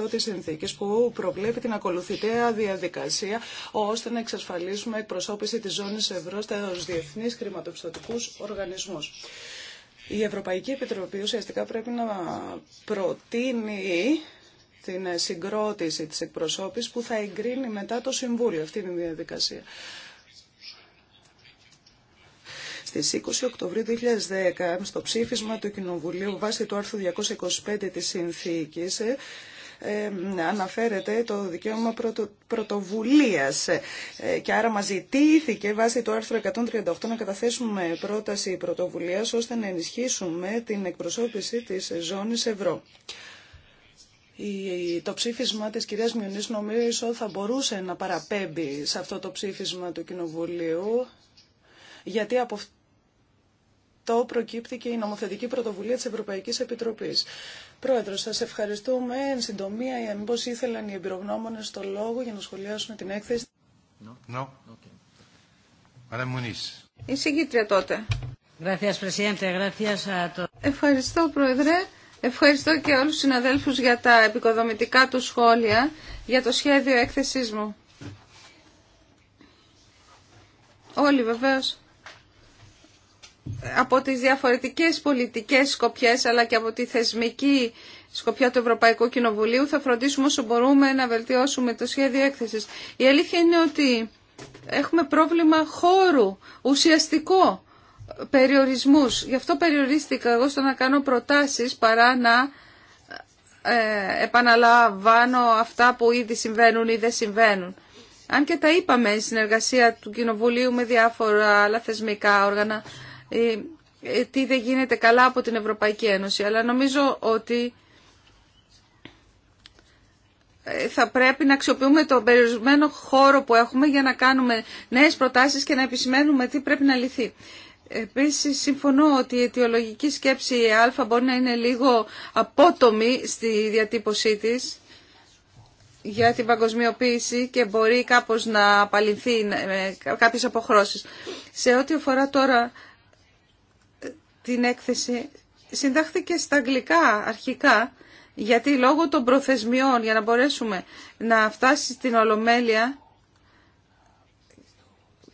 138 της συνθήκης που προβλέπει την ακολουθητέα διαδικασία ώστε να εξασφαλίσουμε εκπροσώπηση τη ζώνη ευρώ στους διεθνεί χρηματοπιστωτικού οργανισμούς. Η Ευρωπαϊκή Επιτροπή ουσιαστικά πρέπει να προτείνει την συγκρότηση της εκπροσώπης που θα εγκρίνει μετά το Συμβούλιο αυτή τη διαδικασία. Στις 20 Οκτωβρίου 2010, στο ψήφισμα του Κοινοβουλίου βάσει του άρθρου 225 της Συνθήκης, ε, αναφέρεται το δικαίωμα πρωτο, πρωτοβουλίας ε, και άρα μας ζητήθηκε βάσει του άρθρου 138 να καταθέσουμε πρόταση πρωτοβουλίας ώστε να ενισχύσουμε την εκπροσώπηση της ζώνης ευρώ. το ψήφισμα της κυρίας Μιονής νομίζω θα μπορούσε να παραπέμπει σε αυτό το ψήφισμα του Κοινοβουλίου γιατί από αυτό προκύπτει και η νομοθετική πρωτοβουλία της Ευρωπαϊκής Επιτροπής. Πρόεδρος, σας ευχαριστούμε. Εν συντομία, ε, μήπως ήθελαν οι εμπειρογνώμονες το λόγο για να σχολιάσουν την έκθεση. No. No. τότε. Ευχαριστώ, Πρόεδρε. Ευχαριστώ και όλους τους συναδέλφους για τα επικοδομητικά του σχόλια για το σχέδιο έκθεσής μου. Όλοι βεβαίως από τις διαφορετικές πολιτικές σκοπιές αλλά και από τη θεσμική σκοπιά του Ευρωπαϊκού Κοινοβουλίου θα φροντίσουμε όσο μπορούμε να βελτιώσουμε το σχέδιο έκθεσης. Η αλήθεια είναι ότι έχουμε πρόβλημα χώρου, ουσιαστικό, περιορισμούς. Γι' αυτό περιορίστηκα εγώ στο να κάνω προτάσεις παρά να ε, επαναλαμβάνω αυτά που ήδη συμβαίνουν ή δεν συμβαίνουν. Αν και τα είπαμε η συνεργασία του Κοινοβουλίου με διάφορα άλλα θεσμικά όργανα, ε, ε, τι δεν γίνεται καλά από την Ευρωπαϊκή Ένωση. Αλλά νομίζω ότι ε, θα πρέπει να αξιοποιούμε τον περιορισμένο χώρο που έχουμε για να κάνουμε νέες προτάσεις και να επισημαίνουμε τι πρέπει να λυθεί. Επίσης, συμφωνώ ότι η αιτιολογική σκέψη α μπορεί να είναι λίγο απότομη στη διατύπωσή της για την παγκοσμιοποίηση και μπορεί κάπως να απαλληλθεί με κάποιες αποχρώσεις. Σε ό,τι αφορά τώρα την έκθεση συντάχθηκε στα αγγλικά αρχικά γιατί λόγω των προθεσμιών για να μπορέσουμε να φτάσει στην Ολομέλεια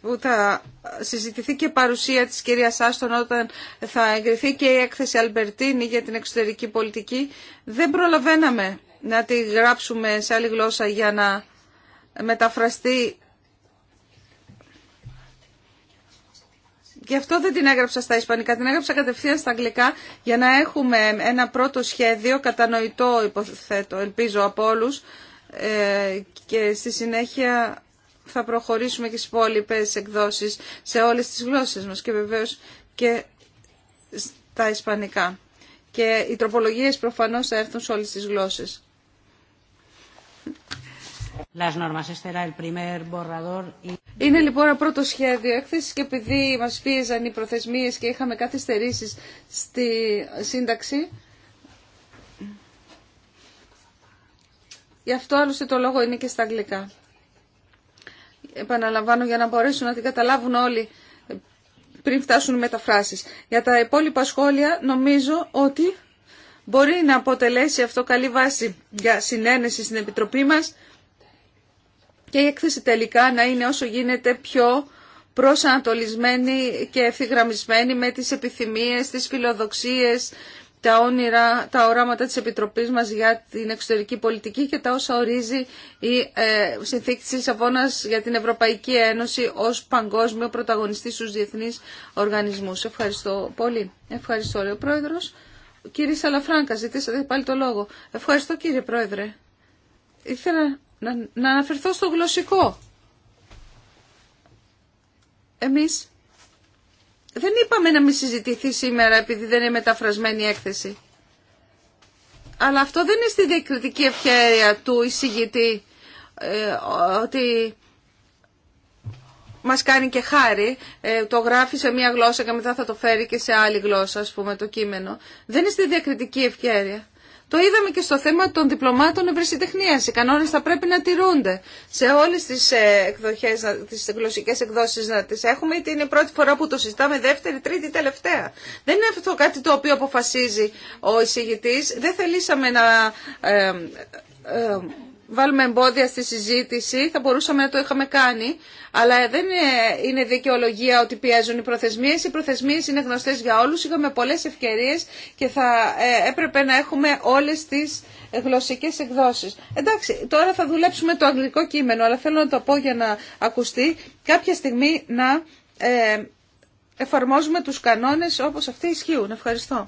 που θα συζητηθεί και παρουσία της κυρίας Άστον όταν θα εγκριθεί και η έκθεση Αλμπερτίνη για την εξωτερική πολιτική δεν προλαβαίναμε να τη γράψουμε σε άλλη γλώσσα για να μεταφραστεί Γι' αυτό δεν την έγραψα στα ισπανικά, την έγραψα κατευθείαν στα αγγλικά για να έχουμε ένα πρώτο σχέδιο, κατανοητό υποθέτω, ελπίζω από όλους ε, και στη συνέχεια θα προχωρήσουμε και στις υπόλοιπες εκδόσεις σε όλες τις γλώσσες μας και βεβαίως και στα ισπανικά. Και οι τροπολογίες προφανώς θα έρθουν σε όλες τις γλώσσες. Είναι λοιπόν ένα πρώτο σχέδιο έκθεση και επειδή μα πίεζαν οι προθεσμίε και είχαμε καθυστερήσει στη σύνταξη, γι' αυτό άλλωστε το λόγο είναι και στα αγγλικά. Επαναλαμβάνω για να μπορέσουν να την καταλάβουν όλοι πριν φτάσουν οι μεταφράσεις. Για τα υπόλοιπα σχόλια νομίζω ότι μπορεί να αποτελέσει αυτό καλή βάση για συνένεση στην Επιτροπή μας και η έκθεση τελικά να είναι όσο γίνεται πιο προσανατολισμένη και ευθυγραμμισμένη με τις επιθυμίες, τις φιλοδοξίες, τα όνειρα, τα οράματα της Επιτροπής μας για την εξωτερική πολιτική και τα όσα ορίζει η ε, συνθήκη της Λισαβόνας για την Ευρωπαϊκή Ένωση ως παγκόσμιο πρωταγωνιστή στους διεθνείς οργανισμούς. Ευχαριστώ πολύ. Ευχαριστώ, λέει ο Πρόεδρος. Κύριε Σαλαφράνκα, ζητήσατε πάλι το λόγο. Ευχαριστώ, κύριε Πρόεδρε. Ήθελα να, να αναφερθώ στο γλωσσικό. Εμείς δεν είπαμε να μην συζητηθεί σήμερα επειδή δεν είναι μεταφρασμένη έκθεση. Αλλά αυτό δεν είναι στη διακριτική ευχαίρεια του εισηγητή ε, ότι μας κάνει και χάρη, ε, το γράφει σε μία γλώσσα και μετά θα το φέρει και σε άλλη γλώσσα, ας πούμε, το κείμενο. Δεν είναι στη διακριτική ευκαιρία. Το είδαμε και στο θέμα των διπλωμάτων ευρεσιτεχνία. Οι κανόνε θα πρέπει να τηρούνται σε όλες τις ε, εκδοχές, τι γλωσσικές εκδόσεις να τις έχουμε, είτε είναι η πρώτη φορά που το συζητάμε, δεύτερη, τρίτη, τελευταία. Δεν είναι αυτό κάτι το οποίο αποφασίζει ο εισηγητή. Δεν θελήσαμε να ε, ε, βάλουμε εμπόδια στη συζήτηση, θα μπορούσαμε να το είχαμε κάνει, αλλά δεν είναι δικαιολογία ότι πιέζουν οι προθεσμίες. Οι προθεσμίες είναι γνωστές για όλους, είχαμε πολλές ευκαιρίες και θα ε, έπρεπε να έχουμε όλες τις γλωσσικές εκδόσεις. Εντάξει, τώρα θα δουλέψουμε το αγγλικό κείμενο, αλλά θέλω να το πω για να ακουστεί κάποια στιγμή να ε, εφαρμόζουμε τους κανόνες όπως αυτοί ισχύουν. Ευχαριστώ.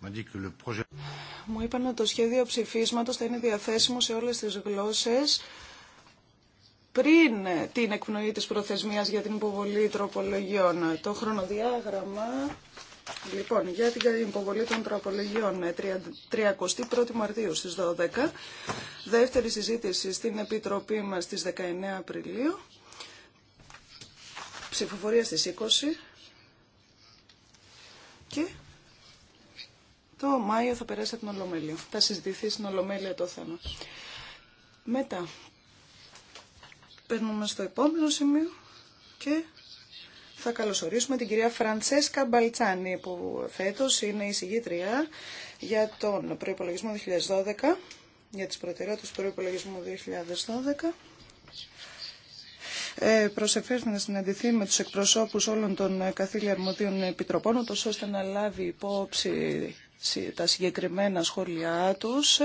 Μου είπαν ότι το σχέδιο ψηφίσματος θα είναι διαθέσιμο σε όλες τις γλώσσες πριν την εκπνοή της προθεσμίας για την υποβολή τροπολογιών. Το χρονοδιάγραμμα, λοιπόν, για την υποβολή των τροπολογιών ε, Μαρτίου στις 12, δεύτερη συζήτηση στην Επιτροπή μας στις 19 Απριλίου, ψηφοφορία στις 20 και το Μάιο θα περάσει από την Ολομέλεια. Θα συζητηθεί στην Ολομέλεια το θέμα. Μετά, περνούμε στο επόμενο σημείο και θα καλωσορίσουμε την κυρία Φραντσέσκα Μπαλτσάνη που φέτος είναι η συγγήτρια για τον προϋπολογισμό 2012, για τις προτεραιότητες του προϋπολογισμού 2012. Ε, να συναντηθεί με τους εκπροσώπους όλων των καθήλια αρμοδίων επιτροπών, ώστε να λάβει υπόψη τα συγκεκριμένα σχόλιά τους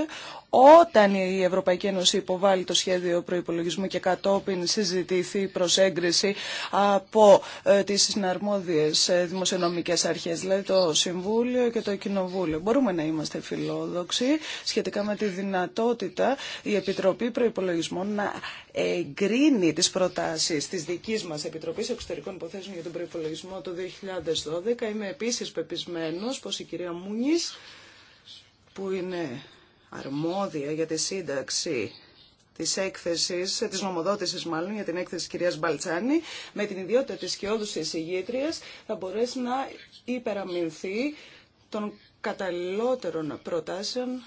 όταν η Ευρωπαϊκή Ένωση υποβάλει το σχέδιο προϋπολογισμού και κατόπιν συζητηθεί προς έγκριση από ε, τις συναρμόδιες ε, δημοσιονομικές αρχές, δηλαδή το Συμβούλιο και το Κοινοβούλιο. Μπορούμε να είμαστε φιλόδοξοι σχετικά με τη δυνατότητα η Επιτροπή Προϋπολογισμών να εγκρίνει τις προτάσεις της δικής μας Επιτροπής Εξωτερικών Υποθέσεων για τον Προϋπολογισμό το 2012. Είμαι επίσης πεπισμένος πως η κυρία Μούνης που είναι αρμόδια για τη σύνταξη της έκθεσης, της νομοδότησης μάλλον για την έκθεση της κυρίας Μπαλτσάνη, με την ιδιότητα της σκιώδουση της θα μπορέσει να υπεραμεινθεί των καταλληλότερων προτάσεων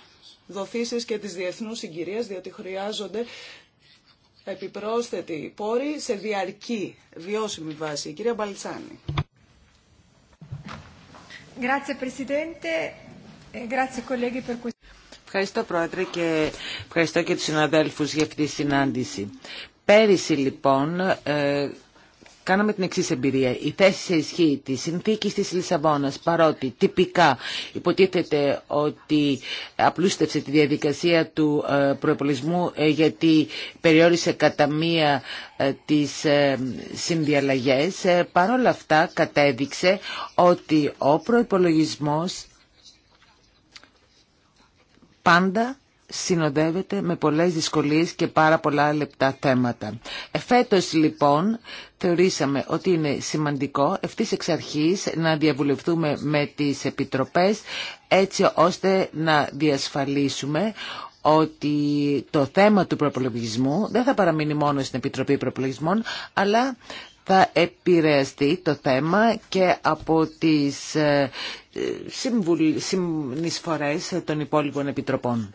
δοθήσεις και της διεθνούς συγκυρίας, διότι χρειάζονται επιπρόσθετη πόροι σε διαρκή βιώσιμη βάση. κυρία Μπαλτσάνη. Grazie Presidente. Ε, ευχαριστώ Πρόεδρε και ευχαριστώ και τους συναδέλφους για αυτή τη συνάντηση. Πέρυσι λοιπόν ε, κάναμε την εξής εμπειρία. Η θέση σε ισχύ της συνθήκης της Λισαβόνας, παρότι τυπικά υποτίθεται ότι απλούστευσε τη διαδικασία του ε, προεπολισμού, γιατί περιόρισε κατά μία τις συνδιαλλαγές, παρόλα αυτά κατέδειξε ότι ο προϋπολογισμός πάντα συνοδεύεται με πολλές δυσκολίες και πάρα πολλά λεπτά θέματα. Εφέτος λοιπόν θεωρήσαμε ότι είναι σημαντικό ευθύς εξ αρχής να διαβουλευτούμε με τις επιτροπές έτσι ώστε να διασφαλίσουμε ότι το θέμα του προπολογισμού δεν θα παραμείνει μόνο στην Επιτροπή Προπολογισμών, αλλά θα επηρεαστεί το θέμα και από τις ε, συνεισφορές των υπόλοιπων επιτροπών.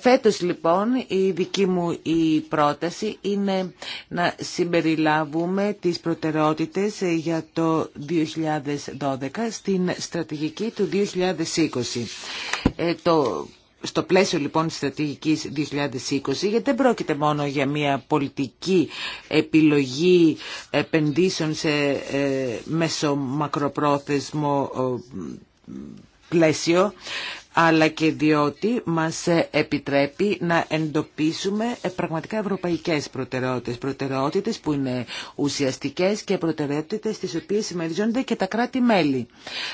Φέτος λοιπόν η δική μου η πρόταση είναι να συμπεριλάβουμε τις προτεραιότητες για το 2012 στην στρατηγική του 2020. Ε, το στο πλαίσιο λοιπόν της στρατηγικής 2020, γιατί δεν πρόκειται μόνο για μια πολιτική επιλογή επενδύσεων σε ε, μέσο μακροπρόθεσμο ε, πλαίσιο, αλλά και διότι μας επιτρέπει να εντοπίσουμε ε, πραγματικά ευρωπαϊκές προτεραιότητες, προτεραιότητες που είναι ουσιαστικές και προτεραιότητες τις οποίες συμμεριζόνται και τα κράτη-μέλη.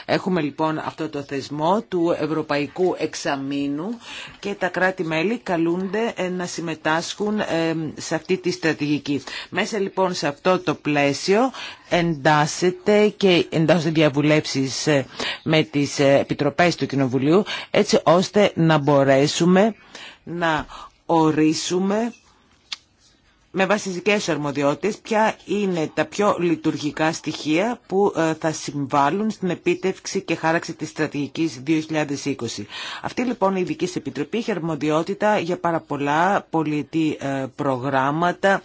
Έχουμε λοιπόν αυτό το θεσμό του Ευρωπαϊκού Εξαμήνου και τα κράτη-μέλη καλούνται ε, να συμμετάσχουν ε, σε αυτή τη στρατηγική. Μέσα λοιπόν σε αυτό το πλαίσιο εντάσσεται και εντάσσονται διαβουλεύσεις ε, με τις ε, επιτροπές του Κοινοβουλίου έτσι ώστε να μπορέσουμε να ορίσουμε με βασιστικές αρμοδιότητες ποια είναι τα πιο λειτουργικά στοιχεία που ε, θα συμβάλλουν στην επίτευξη και χάραξη της στρατηγικής 2020. Αυτή λοιπόν η Ειδική Επιτροπή έχει αρμοδιότητα για πάρα πολλά πολιτή ε, προγράμματα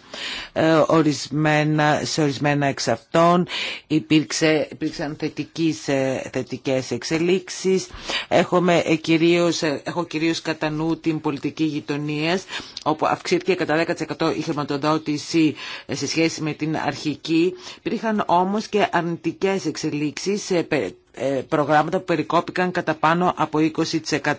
ε, ορισμένα, σε ορισμένα εξ αυτών υπήρξε, υπήρξαν θετικής, θετικές εξελίξεις έχουμε κυρίως, έχω κυρίως κατά νου την πολιτική γειτονίας όπου αυξήθηκε κατά 10% η χρηματοδότηση χρηματοδότηση ε, σε σχέση με την αρχική. Υπήρχαν όμως και αρνητικές εξελίξεις ε, ε, προγράμματα που περικόπηκαν κατά πάνω από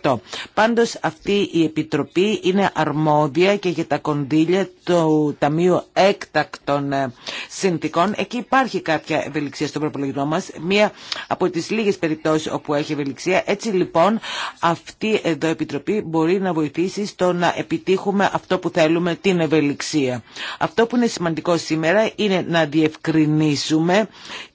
20%. Πάντως αυτή η Επιτροπή είναι αρμόδια και για τα κονδύλια του Ταμείου Έκτακτων ε, Συνθηκών. Εκεί υπάρχει κάποια ευελιξία στον προπολογισμό μας, μία από τις λίγες περιπτώσεις όπου έχει ευελιξία. Έτσι λοιπόν αυτή εδώ η Επιτροπή μπορεί να βοηθήσει στο να επιτύχουμε αυτό που θέλουμε, την ευελιξία. Αυτό που είναι σημαντικό σήμερα είναι να διευκρινίσουμε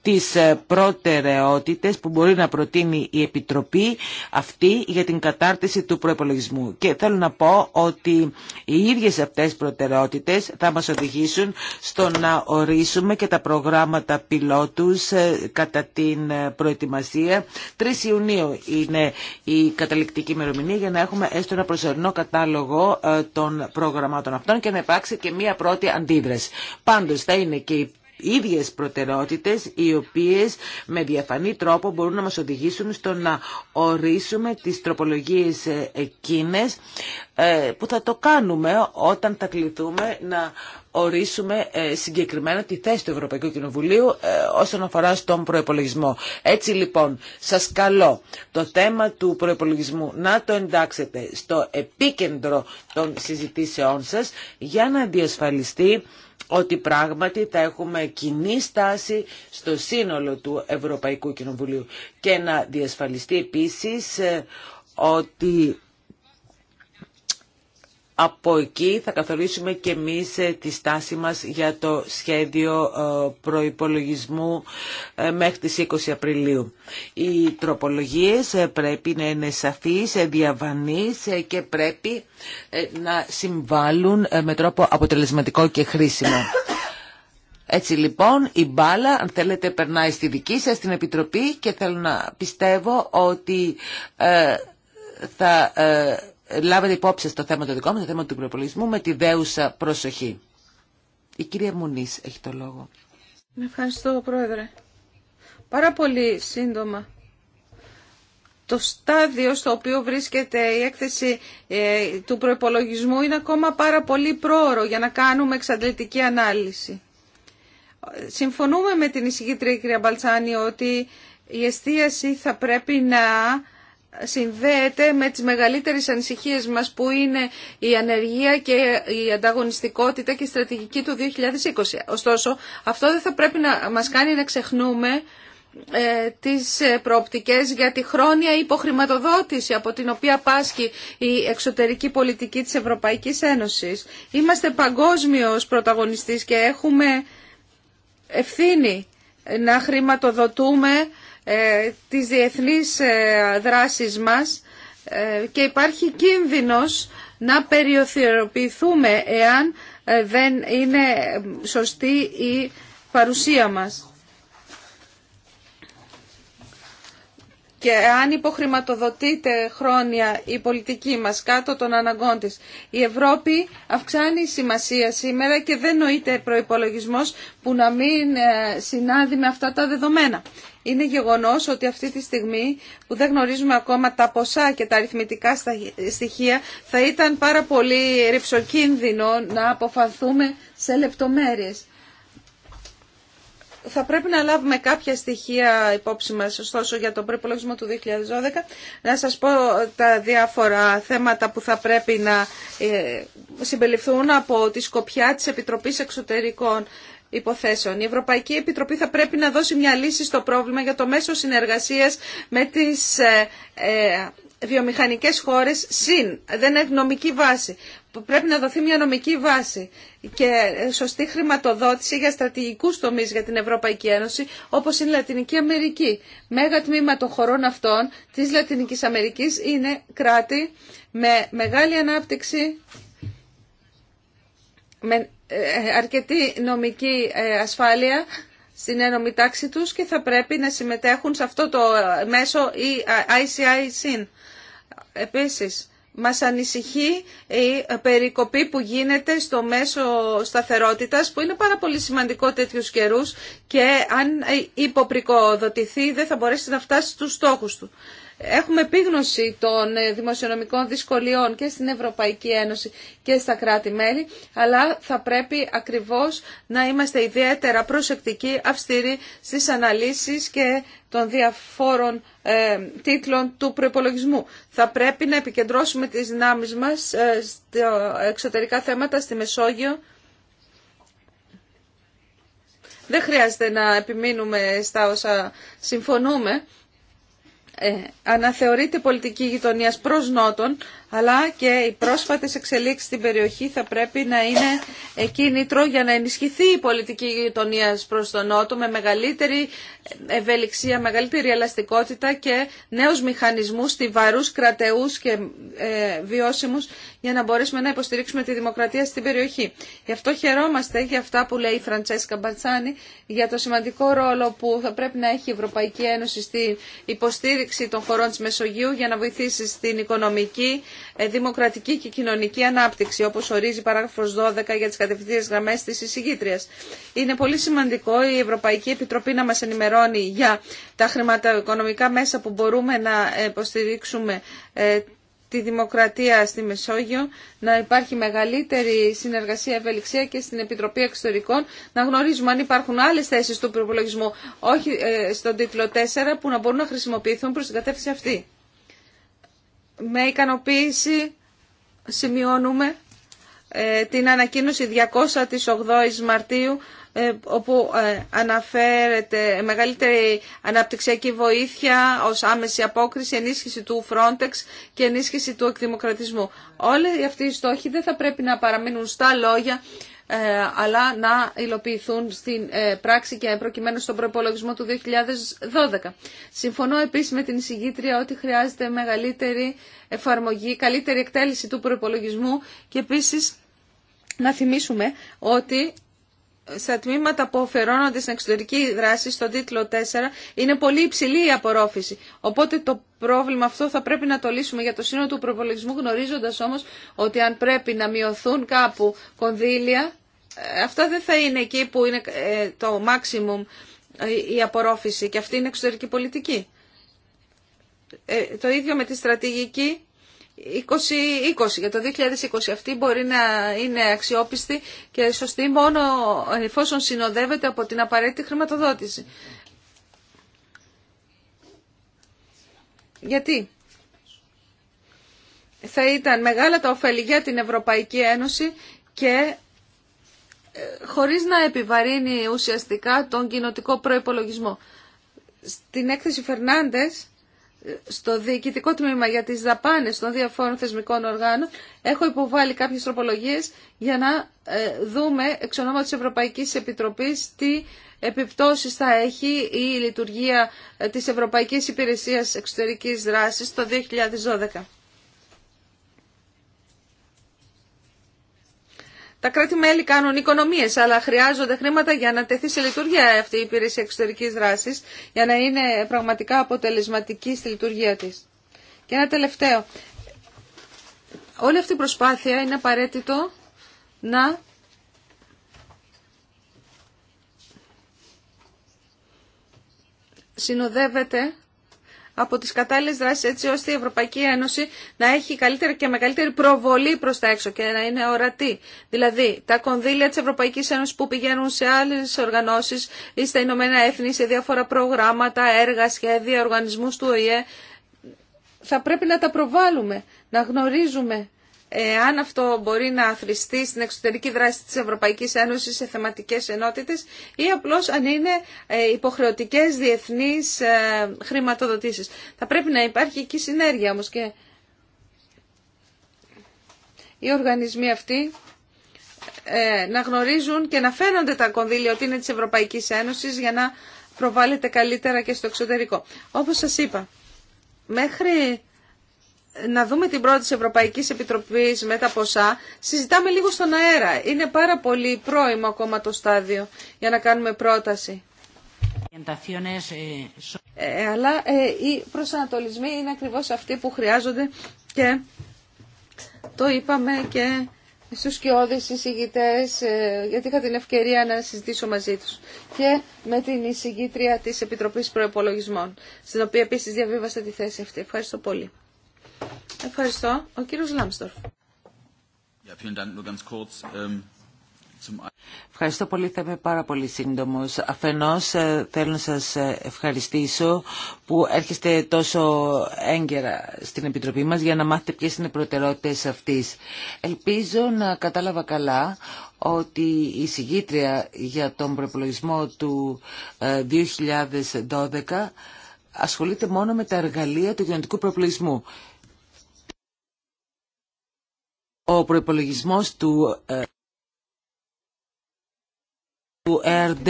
τις ε, προτεραιότητες που μπορεί να προτείνει η Επιτροπή αυτή για την κατάρτιση του προπολογισμού. Και θέλω να πω ότι οι ίδιες αυτές προτεραιότητες θα μας οδηγήσουν στο να ορίσουμε και τα προγράμματα πιλότους ε, κατά την ε, προετοιμασία. 3 Ιουνίου είναι η καταληκτική ημερομηνία για να έχουμε έστω ένα προσωρινό κατάλογο ε, των προγραμμάτων αυτών και να υπάρξει και μία πρώτη αντίδραση. Πάντως θα είναι και η ίδιες προτεραιότητες οι οποίες με διαφανή τρόπο μπορούν να μας οδηγήσουν στο να ορίσουμε τις τροπολογίες εκείνες ε, που θα το κάνουμε όταν θα κληθούμε να ορίσουμε ε, συγκεκριμένα τη θέση του Ευρωπαϊκού Κοινοβουλίου ε, όσον αφορά στον προπολογισμό. Έτσι λοιπόν, σας καλώ το θέμα του προπολογισμού να το εντάξετε στο επίκεντρο των συζητήσεών σας για να διασφαλιστεί ότι πράγματι θα έχουμε κοινή στάση στο σύνολο του Ευρωπαϊκού Κοινοβουλίου και να διασφαλιστεί επίσης ε, ότι από εκεί θα καθορίσουμε και εμείς ε, τη στάση μας για το σχέδιο ε, προϋπολογισμού ε, μέχρι τις 20 Απριλίου. Οι τροπολογίες πρέπει να είναι σαφείς, διαβανείς και πρέπει να συμβάλλουν με τρόπο αποτελεσματικό και χρήσιμο. Έτσι λοιπόν η μπάλα αν θέλετε περνάει στη δική σας την Επιτροπή και θέλω να πιστεύω ότι θα λάβετε υπόψη στο θέμα το δικό μου, το θέμα του προπολογισμού, με τη δέουσα προσοχή. Η κυρία Μουνής έχει το λόγο. Ευχαριστώ, Πρόεδρε. Πάρα πολύ σύντομα. Το στάδιο στο οποίο βρίσκεται η έκθεση ε, του προπολογισμού είναι ακόμα πάρα πολύ πρόωρο για να κάνουμε εξαντλητική ανάλυση. Συμφωνούμε με την εισηγήτρια κυρία Μπαλτσάνη ότι η εστίαση θα πρέπει να συνδέεται με τις μεγαλύτερες ανησυχίες μας που είναι η ανεργία και η ανταγωνιστικότητα και η στρατηγική του 2020. Ωστόσο, αυτό δεν θα πρέπει να μας κάνει να ξεχνούμε ε, τις ε, προοπτικές για τη χρόνια υποχρηματοδότηση από την οποία πάσχει η εξωτερική πολιτική της Ευρωπαϊκής Ένωσης. Είμαστε παγκόσμιος πρωταγωνιστής και έχουμε ευθύνη να χρηματοδοτούμε ε, τις διεθνής ε, δράσης μας ε, και υπάρχει κίνδυνος να περιοθεροποιηθούμε εάν δεν είναι σωστή η παρουσία μας. και αν υποχρηματοδοτείται χρόνια η πολιτική μας κάτω των αναγκών της, η Ευρώπη αυξάνει σημασία σήμερα και δεν νοείται προϋπολογισμός που να μην ε, συνάδει με αυτά τα δεδομένα. Είναι γεγονός ότι αυτή τη στιγμή που δεν γνωρίζουμε ακόμα τα ποσά και τα αριθμητικά στοιχεία θα ήταν πάρα πολύ ρυψοκίνδυνο να αποφανθούμε σε λεπτομέρειες θα πρέπει να λάβουμε κάποια στοιχεία υπόψη μας, ωστόσο για τον προπολογισμό του 2012. Να σας πω τα διάφορα θέματα που θα πρέπει να ε, συμπεριληφθούν από τη σκοπιά της Επιτροπής Εξωτερικών Υποθέσεων. Η Ευρωπαϊκή Επιτροπή θα πρέπει να δώσει μια λύση στο πρόβλημα για το μέσο συνεργασίας με τις ε, ε, βιομηχανικές χώρες συν, δεν έχει νομική βάση πρέπει να δοθεί μια νομική βάση και σωστή χρηματοδότηση για στρατηγικούς τομείς για την Ευρωπαϊκή Ένωση, όπως είναι η Λατινική Αμερική. Μέγα τμήμα των χωρών αυτών της Λατινικής Αμερικής είναι κράτη με μεγάλη ανάπτυξη, με ε, αρκετή νομική ε, ασφάλεια στην ένωμη τάξη τους και θα πρέπει να συμμετέχουν σε αυτό το μέσο η ε, ICI-SIN. Επίσης, μας ανησυχεί η περικοπή που γίνεται στο μέσο σταθερότητας που είναι πάρα πολύ σημαντικό τέτοιους καιρούς και αν υποπρικοδοτηθεί δεν θα μπορέσει να φτάσει στους στόχους του. Έχουμε επίγνωση των ε, δημοσιονομικών δυσκολιών και στην Ευρωπαϊκή Ένωση και στα κράτη-μέλη, αλλά θα πρέπει ακριβώς να είμαστε ιδιαίτερα προσεκτικοί, αυστηροί στις αναλύσεις και των διαφόρων ε, τίτλων του προπολογισμού. Θα πρέπει να επικεντρώσουμε τις δυνάμεις μας ε, στα εξωτερικά θέματα στη Μεσόγειο, δεν χρειάζεται να επιμείνουμε στα όσα συμφωνούμε. Ε, αναθεωρείται πολιτική γειτονίας προς Νότον αλλά και οι πρόσφατες εξελίξεις στην περιοχή θα πρέπει να είναι κίνητρο για να ενισχυθεί η πολιτική γειτονία προς τον Νότο με μεγαλύτερη ευελιξία, μεγαλύτερη ελαστικότητα και νέους μηχανισμούς στιβαρούς, κρατεούς και ε, βιώσιμους για να μπορέσουμε να υποστηρίξουμε τη δημοκρατία στην περιοχή. Γι' αυτό χαιρόμαστε για αυτά που λέει η Φραντσέσκα Μπαρτσάνη για το σημαντικό ρόλο που θα πρέπει να έχει η Ευρωπαϊκή Ένωση στην υποστήριξη των χωρών της Μεσογείου για να βοηθήσει στην οικονομική ε, δημοκρατική και κοινωνική ανάπτυξη, όπως ορίζει παράγραφος 12 για τις κατευθείαν γραμμές της εισηγήτριας. Είναι πολύ σημαντικό η Ευρωπαϊκή Επιτροπή να μας ενημερώνει για τα χρηματοοικονομικά μέσα που μπορούμε να υποστηρίξουμε ε, τη δημοκρατία στη Μεσόγειο, να υπάρχει μεγαλύτερη συνεργασία, ευελιξία και στην Επιτροπή Εξωτερικών, να γνωρίζουμε αν υπάρχουν άλλες θέσεις του προπολογισμού, όχι ε, στον τίτλο 4, που να μπορούν να χρησιμοποιηθούν προς την κατεύθυνση αυτή με ικανοποίηση σημειώνουμε ε, την ανακοίνωση 208 ης Μαρτίου ε, όπου ε, αναφέρεται μεγαλύτερη αναπτυξιακή βοήθεια ως άμεση απόκριση, ενίσχυση του Frontex και ενίσχυση του εκδημοκρατισμού. Όλοι αυτοί οι στόχοι δεν θα πρέπει να παραμείνουν στα λόγια ε, αλλά να υλοποιηθούν στην ε, πράξη και προκειμένου στον προπολογισμό του 2012. Συμφωνώ επίσης με την εισηγήτρια ότι χρειάζεται μεγαλύτερη εφαρμογή, καλύτερη εκτέλεση του προπολογισμού και επίσης να θυμίσουμε ότι στα τμήματα που αφαιρώνονται στην εξωτερική δράση, στον τίτλο 4, είναι πολύ υψηλή η απορρόφηση. Οπότε το πρόβλημα αυτό θα πρέπει να το λύσουμε για το σύνολο του προπολογισμού, γνωρίζοντα όμω ότι αν πρέπει να μειωθούν κάπου κονδύλια, ε, αυτά δεν θα είναι εκεί που είναι ε, το maximum ε, η απορρόφηση και αυτή είναι εξωτερική πολιτική. Το ίδιο με τη στρατηγική 2020, για το 2020 αυτή μπορεί να είναι αξιόπιστη και σωστή μόνο εφόσον συνοδεύεται από την απαραίτητη χρηματοδότηση. Γιατί θα ήταν μεγάλα τα ωφέλη για την Ευρωπαϊκή Ένωση και ε, χωρίς να επιβαρύνει ουσιαστικά τον κοινοτικό προϋπολογισμό. Στην έκθεση Φερνάντες στο διοικητικό τμήμα για τις δαπάνες των διαφόρων θεσμικών οργάνων έχω υποβάλει κάποιες τροπολογίες για να ε, δούμε εξ ονόματος της Ευρωπαϊκής Επιτροπής τι επιπτώσεις θα έχει η λειτουργία ε, της Ευρωπαϊκής Υπηρεσίας Εξωτερικής Δράσης το 2012. Τα κράτη-μέλη κάνουν οικονομίες, αλλά χρειάζονται χρήματα για να τεθεί σε λειτουργία αυτή η υπηρεσία εξωτερική δράσης, για να είναι πραγματικά αποτελεσματική στη λειτουργία τη. Και ένα τελευταίο. Όλη αυτή η προσπάθεια είναι απαραίτητο να συνοδεύεται από τις κατάλληλες δράσεις έτσι ώστε η Ευρωπαϊκή Ένωση να έχει καλύτερη και μεγαλύτερη προβολή προς τα έξω και να είναι ορατή. Δηλαδή τα κονδύλια της Ευρωπαϊκής Ένωσης που πηγαίνουν σε άλλες οργανώσεις ή στα Ηνωμένα Έθνη σε διάφορα προγράμματα, έργα, σχέδια, οργανισμούς του ΟΗΕ θα πρέπει να τα προβάλλουμε, να γνωρίζουμε αν αυτό μπορεί να αθρηστεί στην εξωτερική δράση της Ευρωπαϊκής Ένωσης σε θεματικές ενότητες ή απλώς αν είναι ε, υποχρεωτικές διεθνείς ε, χρηματοδοτήσεις. Θα πρέπει να υπάρχει εκεί συνέργεια όμως και οι οργανισμοί αυτοί ε, να γνωρίζουν και να φαίνονται τα κονδύλια ότι είναι της Ευρωπαϊκής Ένωσης για να προβάλλεται καλύτερα και στο εξωτερικό. Όπως σας είπα, μέχρι να δούμε την πρώτη της Ευρωπαϊκής Επιτροπής με τα ποσά. Συζητάμε λίγο στον αέρα. Είναι πάρα πολύ πρόημο ακόμα το στάδιο για να κάνουμε πρόταση. Ε, ε, ε, αλλά ε, οι προσανατολισμοί είναι ακριβώς αυτοί που χρειάζονται και το είπαμε και στους κοιόδες εισηγητές, ε, γιατί είχα την ευκαιρία να συζητήσω μαζί τους και με την εισηγήτρια της Επιτροπής Προεπολογισμών, στην οποία επίσης διαβίβασα τη θέση αυτή. Ευχαριστώ πολύ. Ευχαριστώ. Ο κύριος Λάμστορφ. Ähm, Ευχαριστώ πολύ. Θα είμαι πάρα πολύ σύντομο. Αφενό, ε, θέλω να σα ε, ευχαριστήσω που έρχεστε τόσο έγκαιρα στην Επιτροπή μα για να μάθετε ποιε είναι οι προτεραιότητε αυτή. Ελπίζω να κατάλαβα καλά ότι η συγγήτρια για τον προπολογισμό του 2012 ε, ασχολείται μόνο με τα εργαλεία του κοινωνικού προπολογισμού ο προϋπολογισμός του, ε, του ΕΡΔ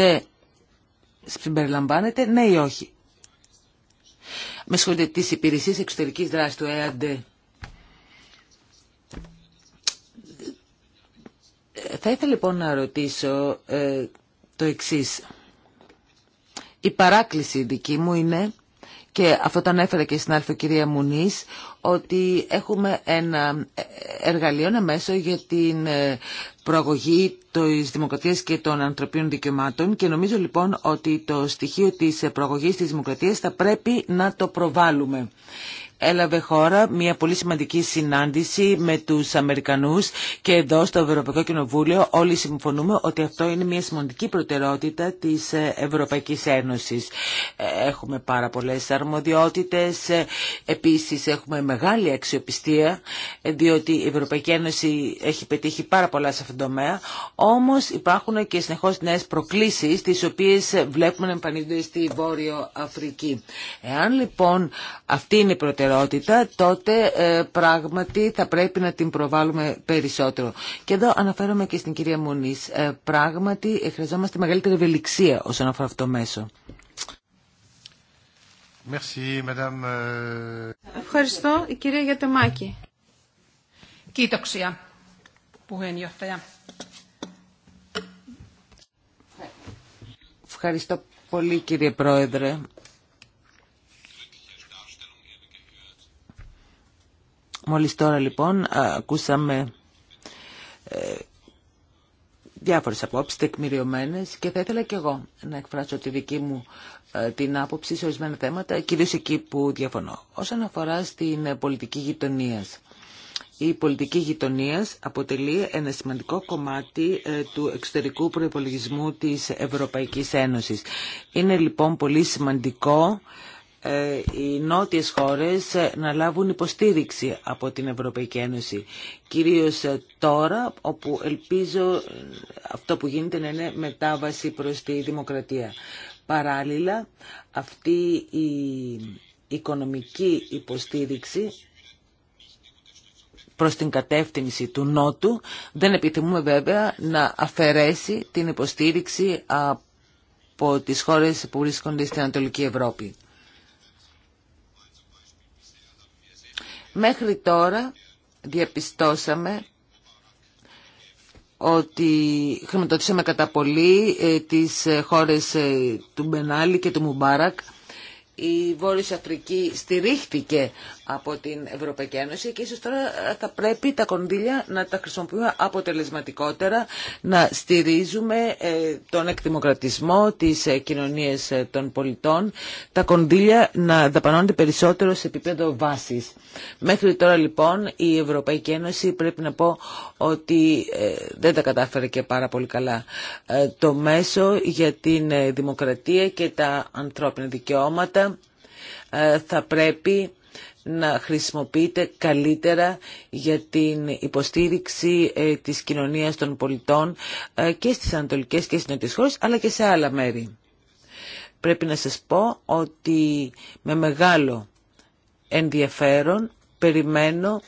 συμπεριλαμβάνεται, ναι ή όχι. Με σχόλια της υπηρεσίας εξωτερικής δράσης του ΕΡΔ. Θα ήθελα λοιπόν να ρωτήσω ε, το εξής. Η παράκληση δική μου είναι και αυτό το ανέφερε και στην άρθρο κυρία Μουνής, ότι έχουμε ένα εργαλείο, ένα μέσο για την ε, προαγωγή της δημοκρατίας και των ανθρωπίνων δικαιωμάτων και νομίζω λοιπόν ότι το στοιχείο της προαγωγής της δημοκρατίας θα πρέπει να το προβάλλουμε έλαβε χώρα μια πολύ σημαντική συνάντηση με τους Αμερικανούς και εδώ στο Ευρωπαϊκό Κοινοβούλιο όλοι συμφωνούμε ότι αυτό είναι μια σημαντική προτεραιότητα της Ευρωπαϊκής Ένωσης. Έχουμε πάρα πολλές αρμοδιότητες, επίσης έχουμε μεγάλη αξιοπιστία διότι η Ευρωπαϊκή Ένωση έχει πετύχει πάρα πολλά σε αυτόν τον τομέα, όμως υπάρχουν και συνεχώς νέες προκλήσεις τις οποίες βλέπουμε να εμφανίζονται στη Βόρειο Αφρική. Εάν λοιπόν αυτή είναι η προτεραιότητα τότε ε, πράγματι θα πρέπει να την προβάλλουμε περισσότερο. Και εδώ αναφέρομαι και στην κυρία Μουνής. Ε, πράγματι χρειαζόμαστε μεγαλύτερη ευελιξία όσον αφορά αυτό το μέσο. Merci, madame. Ε. Ευχαριστώ, η κυρία Γιατεμάκη. Kiitoksia, Ευχαριστώ πολύ κύριε Πρόεδρε. Μόλις τώρα λοιπόν ακούσαμε ε, διάφορες απόψεις τεκμηριωμένες και θα ήθελα και εγώ να εκφράσω τη δική μου ε, την άποψη σε ορισμένα θέματα, κυρίως εκεί που διαφωνώ. Όσον αφορά στην πολιτική γειτονία. Η πολιτική γειτονία αποτελεί ένα σημαντικό κομμάτι ε, του εξωτερικού προϋπολογισμού της Ευρωπαϊκής Ένωσης. Είναι λοιπόν πολύ σημαντικό ε, οι νότιες χώρες ε, να λάβουν υποστήριξη από την Ευρωπαϊκή Ένωση. Κυρίως ε, τώρα, όπου ελπίζω αυτό που γίνεται να είναι μετάβαση προς τη δημοκρατία. Παράλληλα, αυτή η οικονομική υποστήριξη προς την κατεύθυνση του Νότου δεν επιθυμούμε βέβαια να αφαιρέσει την υποστήριξη από τις χώρες που βρίσκονται στην Ανατολική Ευρώπη. Μέχρι τώρα διαπιστώσαμε ότι χρηματοδοτήσαμε κατά πολύ ε, τις ε, χώρες ε, του Μπενάλη και του Μουμπάρακ. Η Βόρειο Αφρική στηρίχθηκε από την Ευρωπαϊκή Ένωση και ίσως τώρα θα πρέπει τα κονδύλια να τα χρησιμοποιούμε αποτελεσματικότερα, να στηρίζουμε ε, τον εκδημοκρατισμό της ε, κοινωνίας ε, των πολιτών, τα κονδύλια να δαπανώνται περισσότερο σε επίπεδο βάσης. Μέχρι τώρα λοιπόν η Ευρωπαϊκή Ένωση πρέπει να πω ότι δεν τα κατάφερε και πάρα πολύ καλά. Το μέσο για την δημοκρατία και τα ανθρώπινα δικαιώματα θα πρέπει να χρησιμοποιείται καλύτερα για την υποστήριξη ε, της κοινωνίας των πολιτών ε, και στις ανατολικές και στις νότιες χώρες, αλλά και σε άλλα μέρη. Πρέπει να σας πω ότι με μεγάλο ενδιαφέρον περιμένω